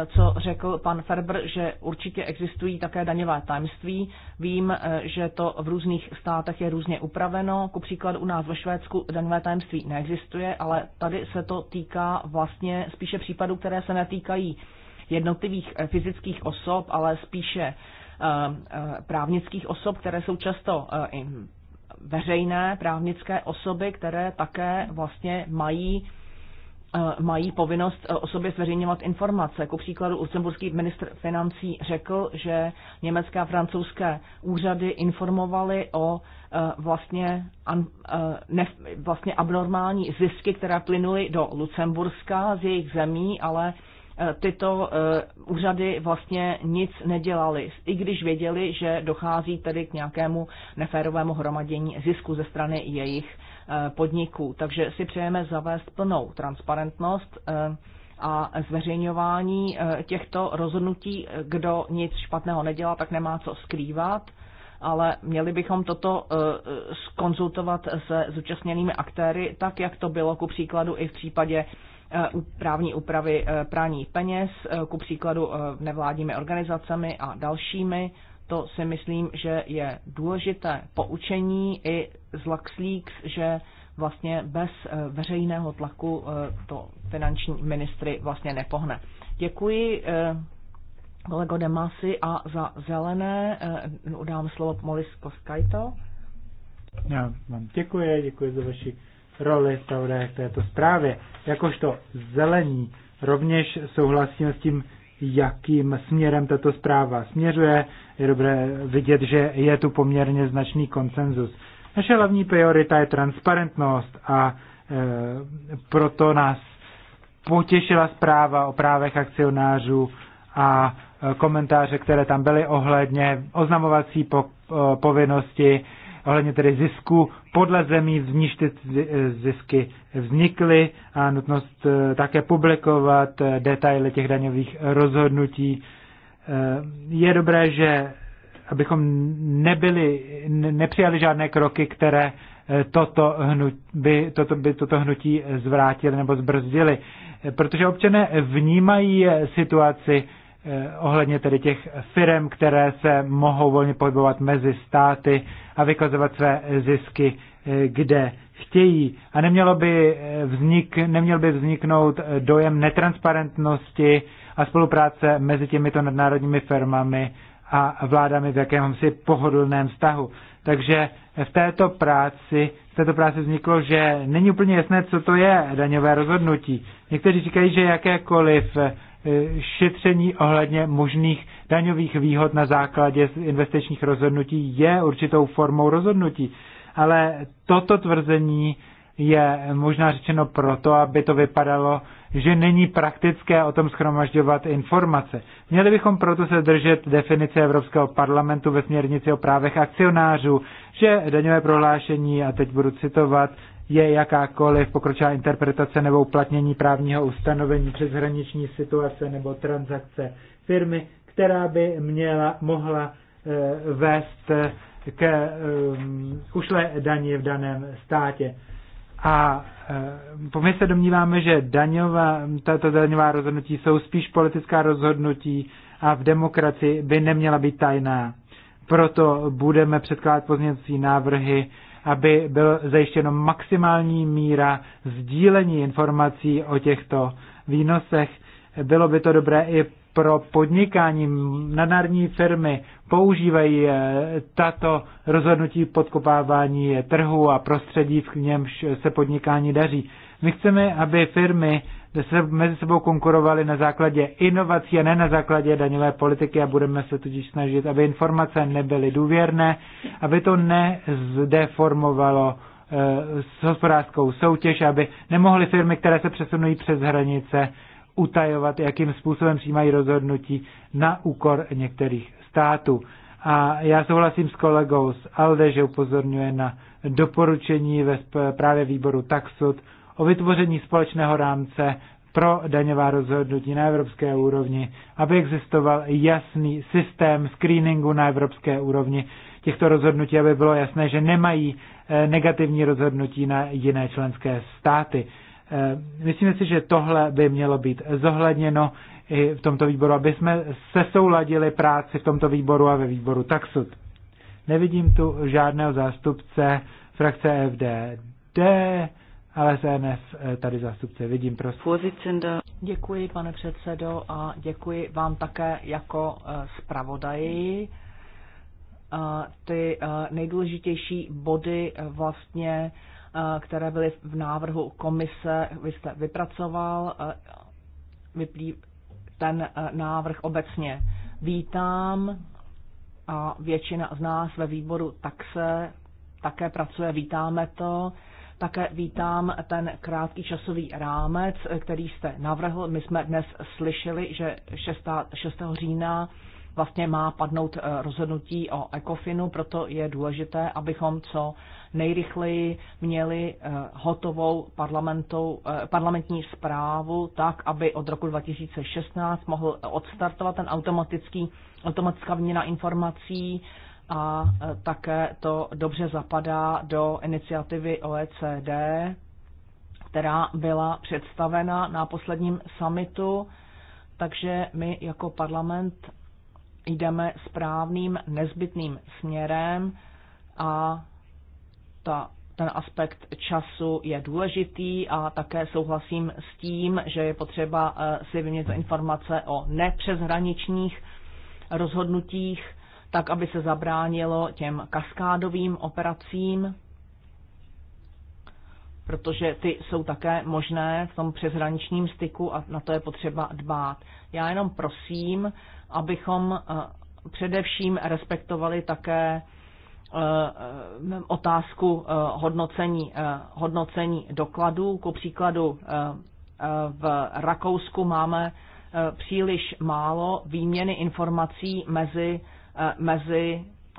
[SPEAKER 2] co řekl pan Ferber, že určitě existují také daňové tajemství. Vím, že to v různých státech je různě upraveno. Ku příkladu u nás ve Švédsku daňové tajemství neexistuje, ale tady se to týká vlastně spíše případů, které se netýkají jednotlivých fyzických osob, ale spíše právnických osob, které jsou často veřejné právnické osoby, které také vlastně mají eh, mají povinnost eh, o sobě zveřejňovat informace. Ku příkladu lucemburský ministr financí řekl, že německé a francouzské úřady informovaly o eh, vlastně, ne, vlastně abnormální zisky, které plynuly do Lucemburska z jejich zemí, ale Eh, tyto eh, úřady vlastně nic nedělaly, i když věděli, že dochází tedy k nějakému neférovému hromadění zisku ze strany jejich eh, podniků. Takže si přejeme zavést plnou transparentnost a zveřejňování těchto rozhodnutí, kdo nic špatného nedělá, tak nemá co skrývat ale měli bychom toto skonzultovat se zúčastněnými aktéry, tak jak to bylo ku příkladu i v případě Eh, právní úpravy eh, prání peněz, eh, ku příkladu nevládními organizacemi a dalšími. To si myslím, že je důležité poučení i z Luxleaks, že vlastně bez veřejného tlaku to finanční ministry vlastně nepohne. Děkuji kolego Demasi a za zelené udám slovo Molisko Skajto.
[SPEAKER 1] Já vám děkuji, děkuji za vaši roli v této zprávě. Jakožto zelení rovněž souhlasím s tím, jakým směrem tato zpráva směřuje. Je dobré vidět, že je tu poměrně značný konsenzus. Naše hlavní priorita je transparentnost a e, proto nás potěšila zpráva o právech akcionářů a e, komentáře, které tam byly ohledně oznamovací po, e, povinnosti, ohledně tedy zisku podle zemí, v níž ty zisky vznikly a nutnost eh, také publikovat eh, detaily těch daňových rozhodnutí. Eh, je dobré, že abychom nebyli, nepřijali žádné kroky, které toto, hnutí, by, toto, by toto hnutí zvrátili nebo zbrzdili. Protože občané vnímají situaci Eh, ohledně tedy těch firm, které se mohou volně pohybovat mezi státy a vykazovat své zisky, eh, kde chtějí. A nemělo by eh, vznik, neměl by vzniknout dojem netransparentnosti a spolupráce mezi těmito nadnárodními firmami a vládami v jakémsi pohodlném vztahu. Takže v této práci, v této práci vzniklo, že není úplně jasné, co to je daňové rozhodnutí. Někteří říkají, že jakékoliv E, šetření ohledně možných daňových výhod na základě investičních rozhodnutí je určitou formou rozhodnutí. Ale toto tvrzení je možná řečeno proto, aby to vypadalo, že není praktické o tom schromažďovat informace. Měli bychom proto se držet definice Evropského parlamentu ve směrnici o právech akcionářů, že daňové prohlášení, a teď budu citovat, je jakákoliv pokročilá interpretace nebo uplatnění právního ustanovení přes hraniční situace nebo transakce firmy, která by měla, mohla e, vést eh, k e, ušlé daní v daném státě. A e, my se domníváme, že daňová, tato daňová rozhodnutí jsou spíš politická rozhodnutí a v demokracii by neměla být tajná. Proto budeme předkládat pozměnící návrhy, aby byl zajištěno maximální míra sdílení informací o těchto výnosech. Bylo by to dobré i pro podnikání. Nadnárodní firmy používají eh, tato rozhodnutí podkopávání trhu a prostředí, v němž se podnikání daří. My chceme, aby firmy kde se mezi sebou konkurovali na základě inovací a ne na základě daňové politiky a budeme se tudíž snažit, aby informace nebyly důvěrné, aby to nezdeformovalo eh, s hospodářskou soutěž, aby nemohly firmy, které se přesunují přes hranice, utajovat, jakým způsobem přijímají rozhodnutí na úkor některých států. A já souhlasím s kolegou z ALDE, že upozorňuje na doporučení ve právě výboru Taxud o vytvoření společného rámce pro daňová rozhodnutí na evropské úrovni, aby existoval jasný systém screeningu na evropské úrovni těchto rozhodnutí, aby bylo jasné, že nemají eh, negativní rozhodnutí na jiné členské státy. Eh, Myslím si, že tohle by mělo být zohledněno i v tomto výboru, aby jsme se souladili práci v tomto výboru a ve výboru taxud. Nevidím tu žádného zástupce frakce FDD ale ZNF eh, tady zástupce vidím, prosím.
[SPEAKER 2] Děkuji, pane předsedo, a děkuji vám také jako eh, zpravodaji. Eh, ty nejdůležitější body vlastně, které byly v návrhu komise, vy jste vypracoval, ten návrh obecně vítám a většina z nás ve výboru tak se také pracuje, vítáme to také vítám ten krátký časový rámec, který jste navrhl. My jsme dnes slyšeli, že 6. 6. října vlastně má padnout eh, rozhodnutí o ECOFINu, proto je důležité, abychom co nejrychleji měli eh, hotovou eh, parlamentní zprávu tak, aby od roku 2016 mohl odstartovat ten automatický, automatická výměna informací a e, také to dobře zapadá do iniciativy OECD, která byla představena na posledním summitu, takže my jako parlament jdeme správným nezbytným směrem a ta, ten aspekt času je důležitý a také souhlasím s tím, že je potřeba e, si vyměnit informace o nepřeshraničních rozhodnutích, tak aby se zabránilo těm kaskádovým operacím, protože ty jsou také možné v tom přeshraničním styku a na to je potřeba dbát. Já jenom prosím, abychom eh, především respektovali také eh, otázku eh, hodnocení, hodnocení dokladů. Ku příkladu v Rakousku máme příliš málo výměny informací mezi Eh, mezi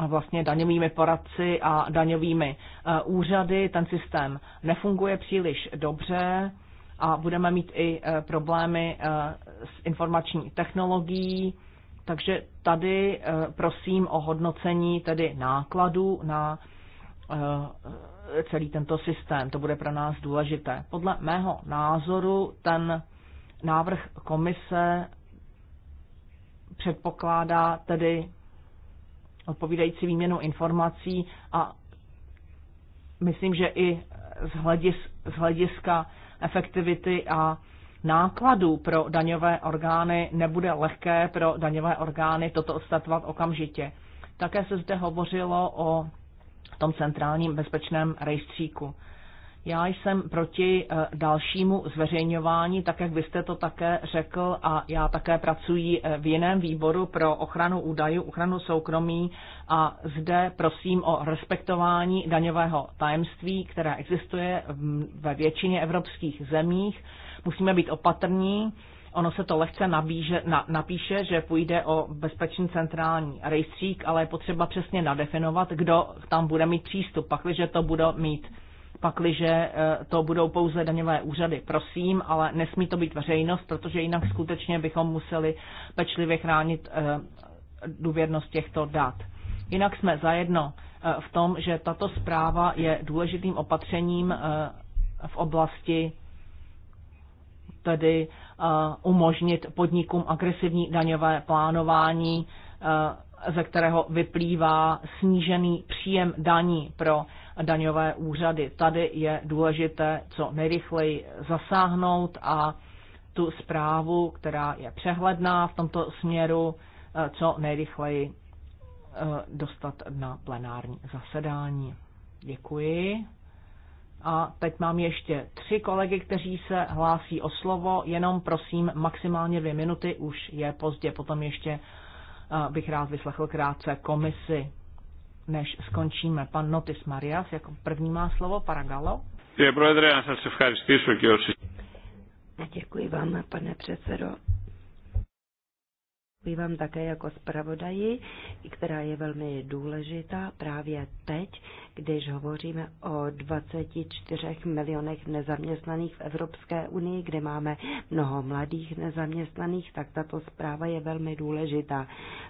[SPEAKER 2] eh, vlastně daňovými poradci a daňovými eh, úřady. Ten systém nefunguje příliš dobře a budeme mít i problémy s informační technologií, takže tady prosím o hodnocení tedy nákladů na celý tento systém. To bude pro nás důležité. Podle mého názoru ten návrh komise předpokládá tedy odpovídající výměnu informací a myslím, že i z, hledis, z hlediska efektivity a nákladů pro daňové orgány nebude lehké pro daňové orgány toto odstatovat okamžitě. Také se zde hovořilo o tom centrálním bezpečném rejstříku. Já jsem proti eh, dalšímu zveřejňování, tak jak vy jste to také řekl, a já také pracuji eh, v jiném výboru pro ochranu údajů, ochranu soukromí a zde prosím o respektování daňového tajemství, které existuje mm, ve většině evropských zemích. Musíme být opatrní, Ono se to lehce nabíže, na, napíše, že půjde o bezpečný centrální rejstřík, ale je potřeba přesně nadefinovat, kdo tam bude mít přístup. Pakliže to bude mít pakliže eh, to budou pouze daňové úřady. Prosím, ale nesmí to být veřejnost, protože jinak skutečně bychom museli pečlivě chránit eh, důvěrnost těchto dat. Jinak jsme zajedno eh, v tom, že tato zpráva je důležitým opatřením v oblasti tedy umožnit podnikům agresivní daňové plánování ze kterého vyplývá snížený příjem daní pro daňové úřady. Tady je důležité co nejrychleji zasáhnout a tu zprávu, která je přehledná v tomto směru, eh, co nejrychleji eh, dostat na plenární zasedání. Děkuji. A teď mám ještě tři kolegy, kteří se hlásí o slovo, jenom prosím maximálně dvě minuty, už je pozdě, potom ještě bych rád vyslechl krátce komisi, než skončíme. Pan Notis Marias jako první má slovo, Paragalo. Děkuji vám, pane předsedo
[SPEAKER 3] přispívám také jako zpravodaji, která je velmi důležitá právě teď, když hovoříme o 24 milionech nezaměstnaných v Evropské unii, kde máme mnoho mladých nezaměstnaných, tak tato zpráva je velmi důležitá,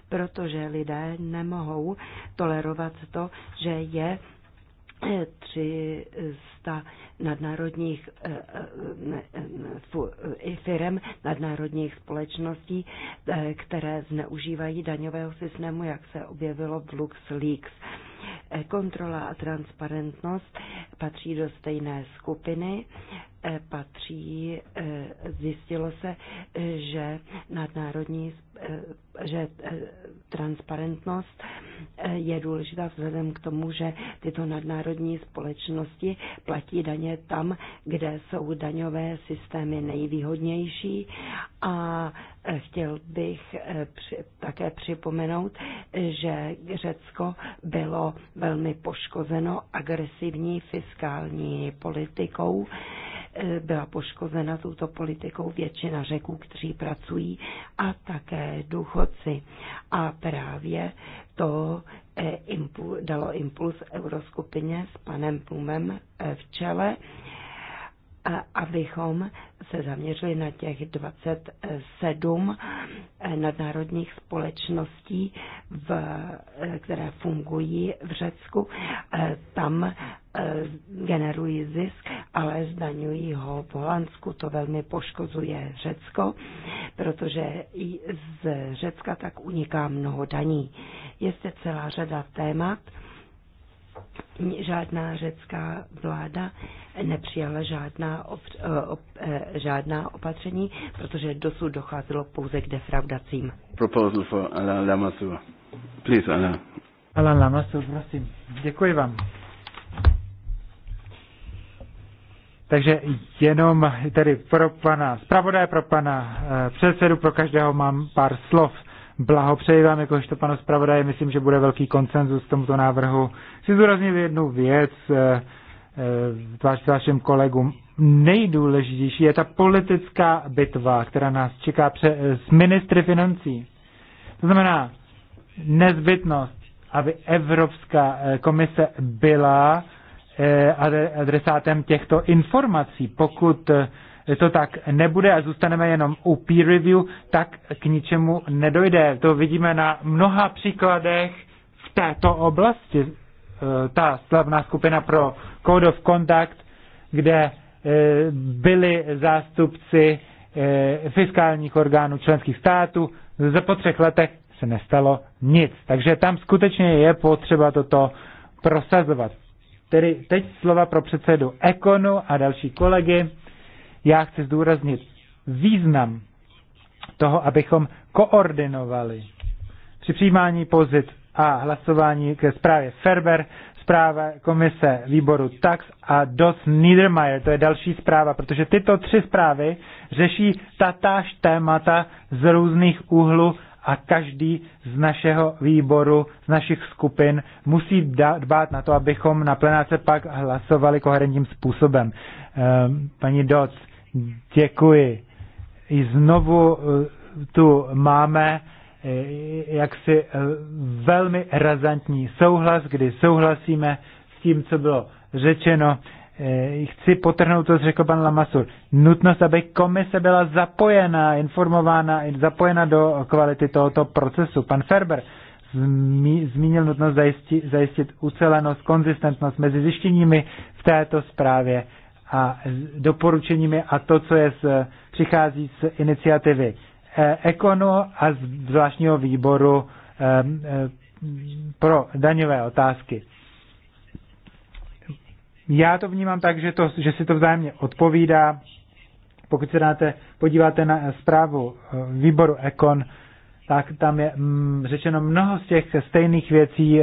[SPEAKER 3] protože lidé nemohou tolerovat to, že je 300 nadnárodních eh, eh, eh, firm, nadnárodních společností, které zneužívají daňového systému, jak se objevilo v LuxLeaks. Kontrola a transparentnost patří do stejné skupiny patří, zjistilo se, že nadnárodní, že transparentnost je důležitá vzhledem k tomu, že tyto nadnárodní společnosti platí daně hlavně tam, kde jsou daňové systémy nejvýhodnější a e, chtěl bych e, také připomenout, že Řecko bylo velmi poškozeno agresivní fiskální politikou e, byla poškozena touto politikou většina řeků, kteří pracují, a také důchodci. A právě to eh, dalo impuls euroskupině s panem Pumem eh, v čele abychom se zaměřili na těch 27 nadnárodních společností, v, které fungují v Řecku. Eh, tam eh, generují zisk, ale zdaňují ho v Holandsku. To velmi poškozuje Řecko,
[SPEAKER 2] protože i
[SPEAKER 3] z Řecka tak uniká mnoho daní. Je zde celá řada témat, žádná řecká vláda nepřijala žádná, eh, op, op, eh, žádná opatření, protože dosud docházelo pouze k defraudacím. Proposal for Alain Lamassu. Please, Alain.
[SPEAKER 1] Alain Lamassu, prosím. Děkuji vám. Takže jenom tedy pro pana zpravodaje, pro pana eh, předsedu, pro každého mám pár slov blahopřeji vám jakožto panu zpravodaji, myslím, že bude velký konsenzus k tomuto návrhu. Chci zúraznit jednu věc, eh, eh, tvář vašim kolegům. Nejdůležitější je ta politická bitva, která nás čeká pře- eh, s ministry financí. To znamená nezbytnost, aby Evropská komise byla adresátem těchto informací. Pokud to tak nebude a zůstaneme jenom u peer review, tak k ničemu nedojde. To vidíme na mnoha příkladech v této oblasti. E, ta slavná skupina pro Code of Conduct, kde e, byli zástupci e, fiskálních orgánů členských států, za po třech letech se nestalo nic. Takže tam skutečně je potřeba toto prosazovat. Tedy teď slova pro předsedu Ekonu a další kolegy já chci zdůraznit význam toho, abychom koordinovali při přijímání pozit a hlasování ke zprávě Ferber, zpráva komise výboru Tax a Dos Niedermayer, to je další zpráva, protože tyto tři zprávy řeší tatáž témata z různých úhlů a každý z našeho výboru, z našich skupin musí dbát na to, abychom na plenáce pak hlasovali koherentním způsobem. Ehm, paní Doc, Děkuji. I znovu eh, tu máme eh, jaksi eh, velmi razantní souhlas, kdy souhlasíme s tím, co bylo řečeno. Chci potrhnout to, co řekl pan Lamasur. Nutnost, aby komise byla zapojena, informována, zapojena do kvality tohoto procesu. Pan Ferber zmínil nutnost zajistit, zajistit ucelenost, konzistentnost mezi zjištěními v této zprávě a doporučeními a to, co je z, přichází z iniciativy e, Ekonu a z zvláštního výboru pro daňové otázky. Já to vnímám tak, že, to, že si to vzájemně odpovídá. Pokud se dáte, podíváte na zprávu e, výboru Ekon, tak tam je mm, řečeno mnoho z těch stejných věcí,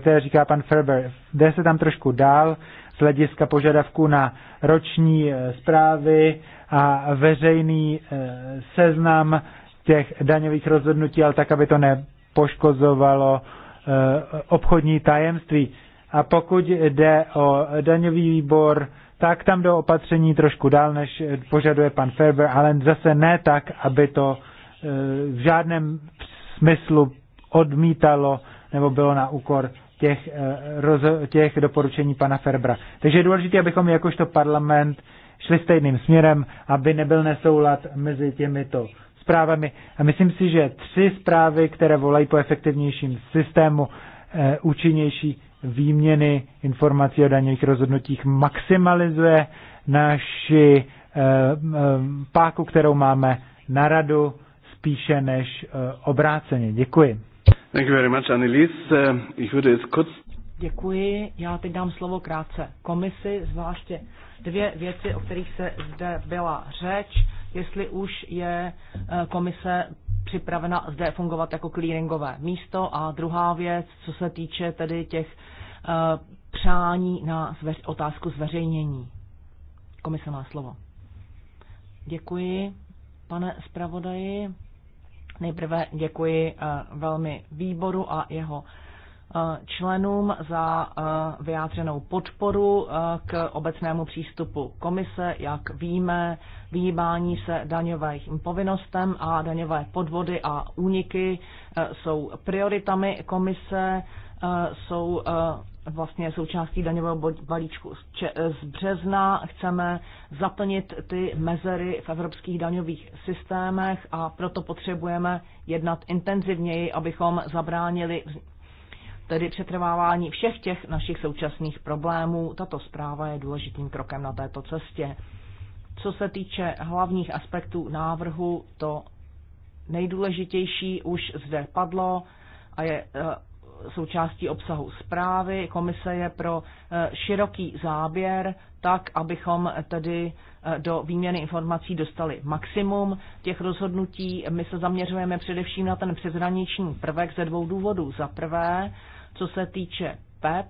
[SPEAKER 1] které říká pan Ferber. Jde se tam trošku dál, z hlediska požadavku na roční eh, zprávy a veřejný eh, seznam těch daňových rozhodnutí, ale tak, aby to nepoškozovalo eh, obchodní tajemství. A pokud jde o daňový výbor, tak tam do opatření trošku dál, než požaduje pan Ferber, ale zase ne tak, aby to v žádném smyslu odmítalo nebo bylo na úkor těch, eh, těch doporučení pana Ferbra. Takže je důležité, abychom jakožto parlament šli stejným směrem, aby nebyl nesoulad mezi těmito zprávami. A myslím si, že tři zprávy, které volají po efektivnějším systému, e, účinnější výměny informací o daňových rozhodnutích, maximalizuje naši e, e, páku, kterou máme na radu, spíše než e, obráceně. Děkuji.
[SPEAKER 2] Thank you very much, Annelies. Eh, ich würde jetzt kurz... Děkuji. Já teď dám slovo krátce komisi, zvláště dvě věci, o kterých se zde byla řeč, jestli už je eh, komise připravena zde fungovat jako clearingové místo a druhá věc, co se týče tedy těch eh, přání na zveř- otázku zveřejnění. Komise má slovo. Děkuji, pane zpravodaji. Nejprve děkuji eh, velmi výboru a jeho eh, členům za eh, vyjádřenou podporu k obecnému přístupu komise. Jak víme, vyhýbání se daňových povinnostem a daňové podvody a úniky jsou prioritami komise, jsou vlastně součástí daňového balíčku z března. Chceme zaplnit ty mezery v evropských daňových systémech a proto potřebujeme jednat intenzivněji, abychom zabránili tedy přetrvávání všech těch našich současných problémů. Tato zpráva je důležitým krokem na této cestě. Co se týče hlavních aspektů návrhu, to nejdůležitější už zde padlo a je eh, součástí obsahu zprávy. Komise je pro eh, široký záběr, tak abychom tedy eh, do výměny informací dostali maximum těch rozhodnutí. My se zaměřujeme především na ten přeshraniční prvek ze dvou důvodů. Za prvé, co se týče PEP, e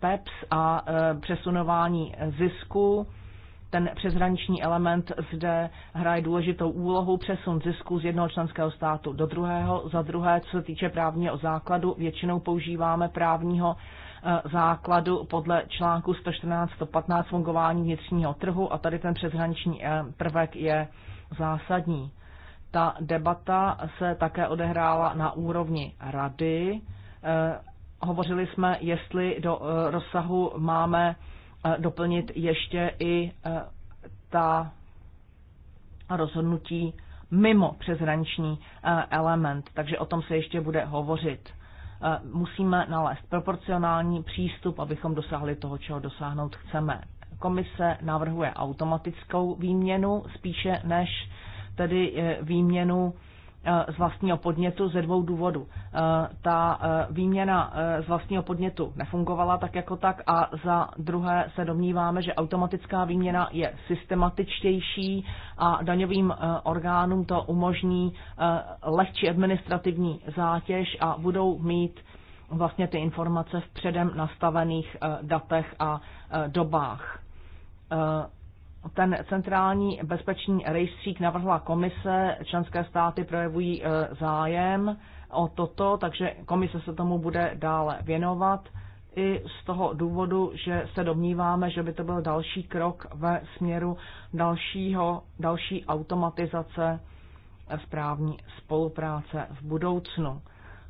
[SPEAKER 2] PEPS a eh, přesunování zisku, ten přeshraniční element zde hraje důležitou úlohu přesun zisku z jednoho členského státu do druhého. Za druhé, co se týče právního základu, většinou používáme právního eh, základu podle článku 114-115 fungování vnitřního trhu a tady ten přeshraniční eh, prvek je zásadní. Ta debata se také odehrála na úrovni rady. Eh, hovořili jsme, jestli do rozsahu máme doplnit ještě i e, ta rozhodnutí mimo přeshraniční e, element, takže o tom se ještě bude hovořit. E, musíme nalézt proporcionální přístup, abychom dosáhli toho, čeho dosáhnout chceme. Komise navrhuje automatickou výměnu spíše než tedy výměnu Eh, z vlastního podnětu ze dvou důvodů. Eh, ta eh, výměna z vlastního podnětu nefungovala tak jako tak a za druhé se domníváme, že automatická výměna je systematičtější a daňovým orgánům to umožní lehčí administrativní zátěž a budou mít vlastně ty informace v předem nastavených datech a dobách ten centrální bezpečný rejstřík navrhla komise, členské státy projevují e, zájem o toto, takže komise se tomu bude dále věnovat i z toho důvodu, že se domníváme, že by to byl další krok ve směru dalšího, další automatizace správní spolupráce v budoucnu.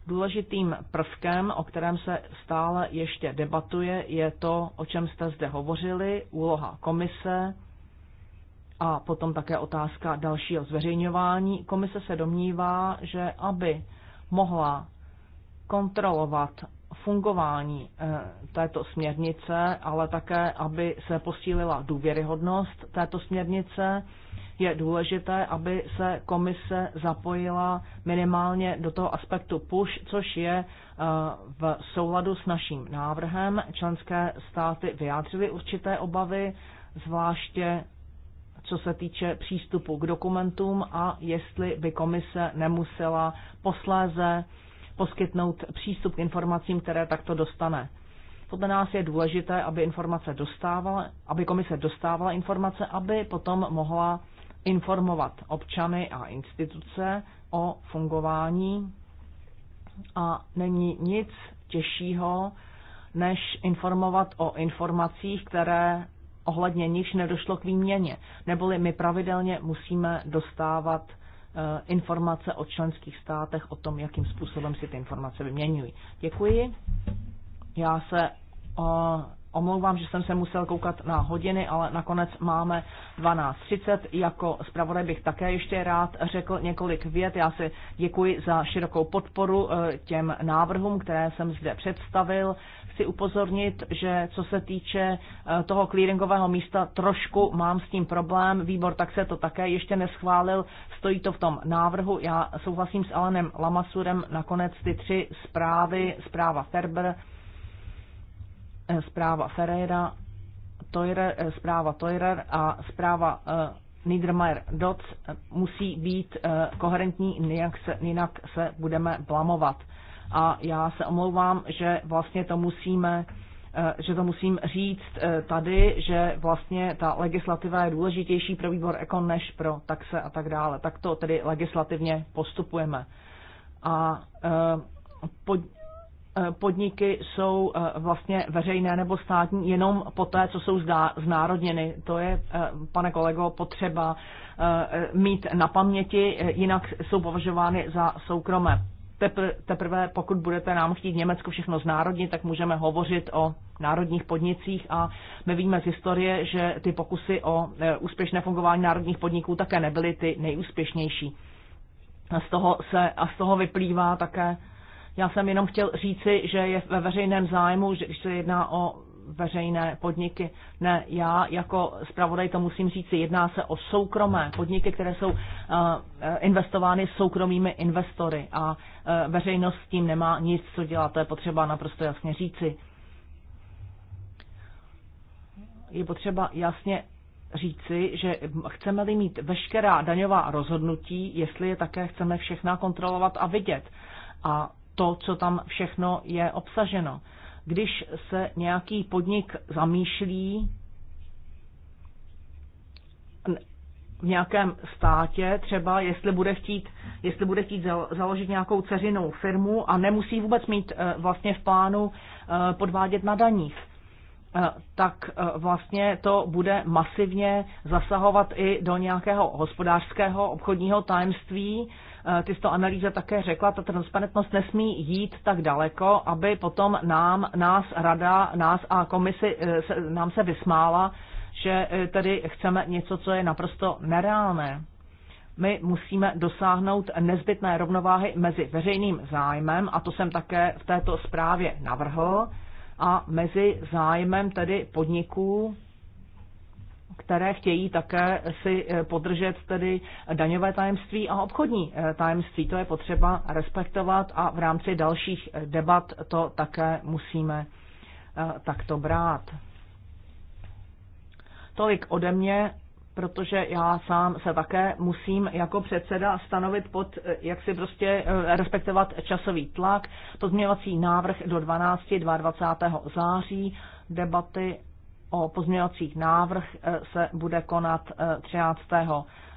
[SPEAKER 2] Důležitým prvkem, o kterém se stále ještě debatuje, je to, o čem jste zde hovořili, úloha komise, a potom také otázka dalšího zveřejňování. Komise se domnívá, že aby mohla kontrolovat fungování eh, této směrnice, ale také, aby se posílila důvěryhodnost této směrnice, je důležité, aby se komise zapojila minimálně do toho aspektu push, což je eh, v souladu s naším návrhem. Členské státy vyjádřily určité obavy, zvláště co se týče přístupu k dokumentům a jestli by komise nemusela posléze poskytnout přístup k informacím, které takto dostane. Podle nás je důležité, aby informace dostávala, aby komise dostávala informace, aby potom mohla informovat občany a instituce o fungování a není nic těžšího, než informovat o informacích, které ohledně níž nedošlo k výměně. Neboli my pravidelně musíme dostávat eh, informace o členských státech o tom, jakým způsobem si ty informace vyměňují. Děkuji. Já se eh, Omlouvám, že jsem se musel koukat na hodiny, ale nakonec máme 12.30. Jako zpravodaj bych také ještě rád řekl několik vět. Já si děkuji za širokou podporu eh, těm návrhům, které jsem zde představil chci upozornit, že co se týče eh, toho clearingového místa, trošku mám s tím problém. Výbor tak se to také ještě neschválil. Stojí to v tom návrhu. Já souhlasím s Alanem Lamasurem. Nakonec ty tři zprávy, zpráva Ferber, eh, zpráva Ferreira, Teurer, eh, zpráva Teurer a zpráva Niedermayer Dots musí být koherentní, jinak se, jinak se budeme blamovat a já se omlouvám, že vlastně to musíme eh, že to musím říct eh, tady, že vlastně ta legislativa je důležitější pro výbor ekon než pro taxe a tak dále. Tak to tedy legislativně postupujeme. A eh, podniky jsou vlastně veřejné nebo státní jenom po té, co jsou znárodněny. To je, pane kolego, potřeba mít na paměti, jinak jsou považovány za soukromé tepr- teprve pokud budete nám chtít Německo všechno znárodnit, tak můžeme hovořit o národních podnicích a my víme z historie, že ty pokusy o e, úspěšné fungování národních podniků také nebyly ty nejúspěšnější. A z toho, se, a z toho vyplývá také já jsem jenom chtěl říci, že je ve veřejném zájmu, že když se jedná o veřejné podniky. Ne, já jako zpravodaj to musím říct, jedná se o soukromé podniky, které jsou eh, investovány soukromými investory a eh, veřejnost s tím nemá nic co dělat, to je potřeba naprosto jasně říci. Je potřeba jasně říci, že chceme-li mít veškerá daňová rozhodnutí, jestli je také chceme všechna kontrolovat a vidět. A to, co tam všechno je obsaženo když se nějaký podnik zamýšlí v nějakém státě, třeba jestli bude chtít, jestli bude chtít založit nějakou ceřinou firmu a nemusí vůbec mít eh, vlastně v plánu eh, podvádět na daních eh, tak vlastně to bude masivně zasahovat i do nějakého hospodářského obchodního tajemství, Eh, ty jsi to analýza také řekla, ta transparentnost nesmí jít tak daleko, aby potom nám, nás rada, nás a komisi eh, se, nám se vysmála, že eh, tady chceme něco, co je naprosto nereálné. My musíme dosáhnout nezbytné rovnováhy mezi veřejným zájmem, a to jsem také v této zprávě navrhl, a mezi zájmem tedy podniků, které chtějí také si eh, podržet tedy daňové tajemství a obchodní eh, tajemství. To je potřeba respektovat a v rámci dalších eh, debat to také musíme takto brát. Tolik ode mě, protože já sám se také musím jako předseda stanovit pod, jak si prostě respektovat časový tlak, pozměňovací návrh do 12. 22. září, debaty o pozměňovacích návrh eh, se bude konat 13. Eh,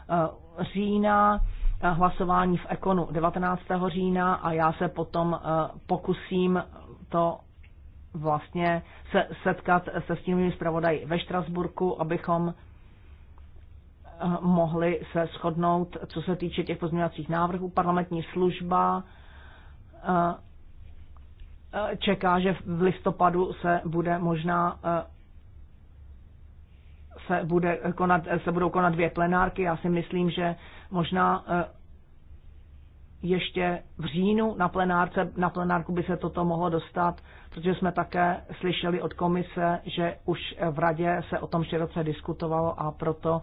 [SPEAKER 2] eh, října, hlasování v Ekonu 19. října a já se potom pokusím to vlastně se setkat se stínovými zpravodaji ve Štrasburku, abychom mohli se shodnout, co se týče těch pozměňovacích návrhů. Parlamentní služba čeká, že v listopadu se bude možná se, bude konat, se budou konat dvě plenárky. Já si myslím, že možná eh, ještě v říjnu na, plenárce, na plenárku by se toto mohlo dostat, protože jsme také slyšeli od komise, že už v radě se o tom široce diskutovalo a proto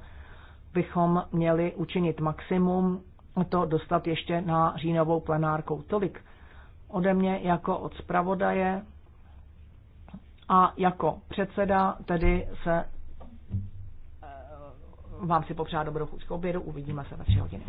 [SPEAKER 2] bychom měli učinit maximum to dostat ještě na říjnovou plenárkou. Tolik ode mě jako od zpravodaje a jako předseda tedy se vám si popřát dobrou chuť k obědu, uvidíme se ve tři hodiny.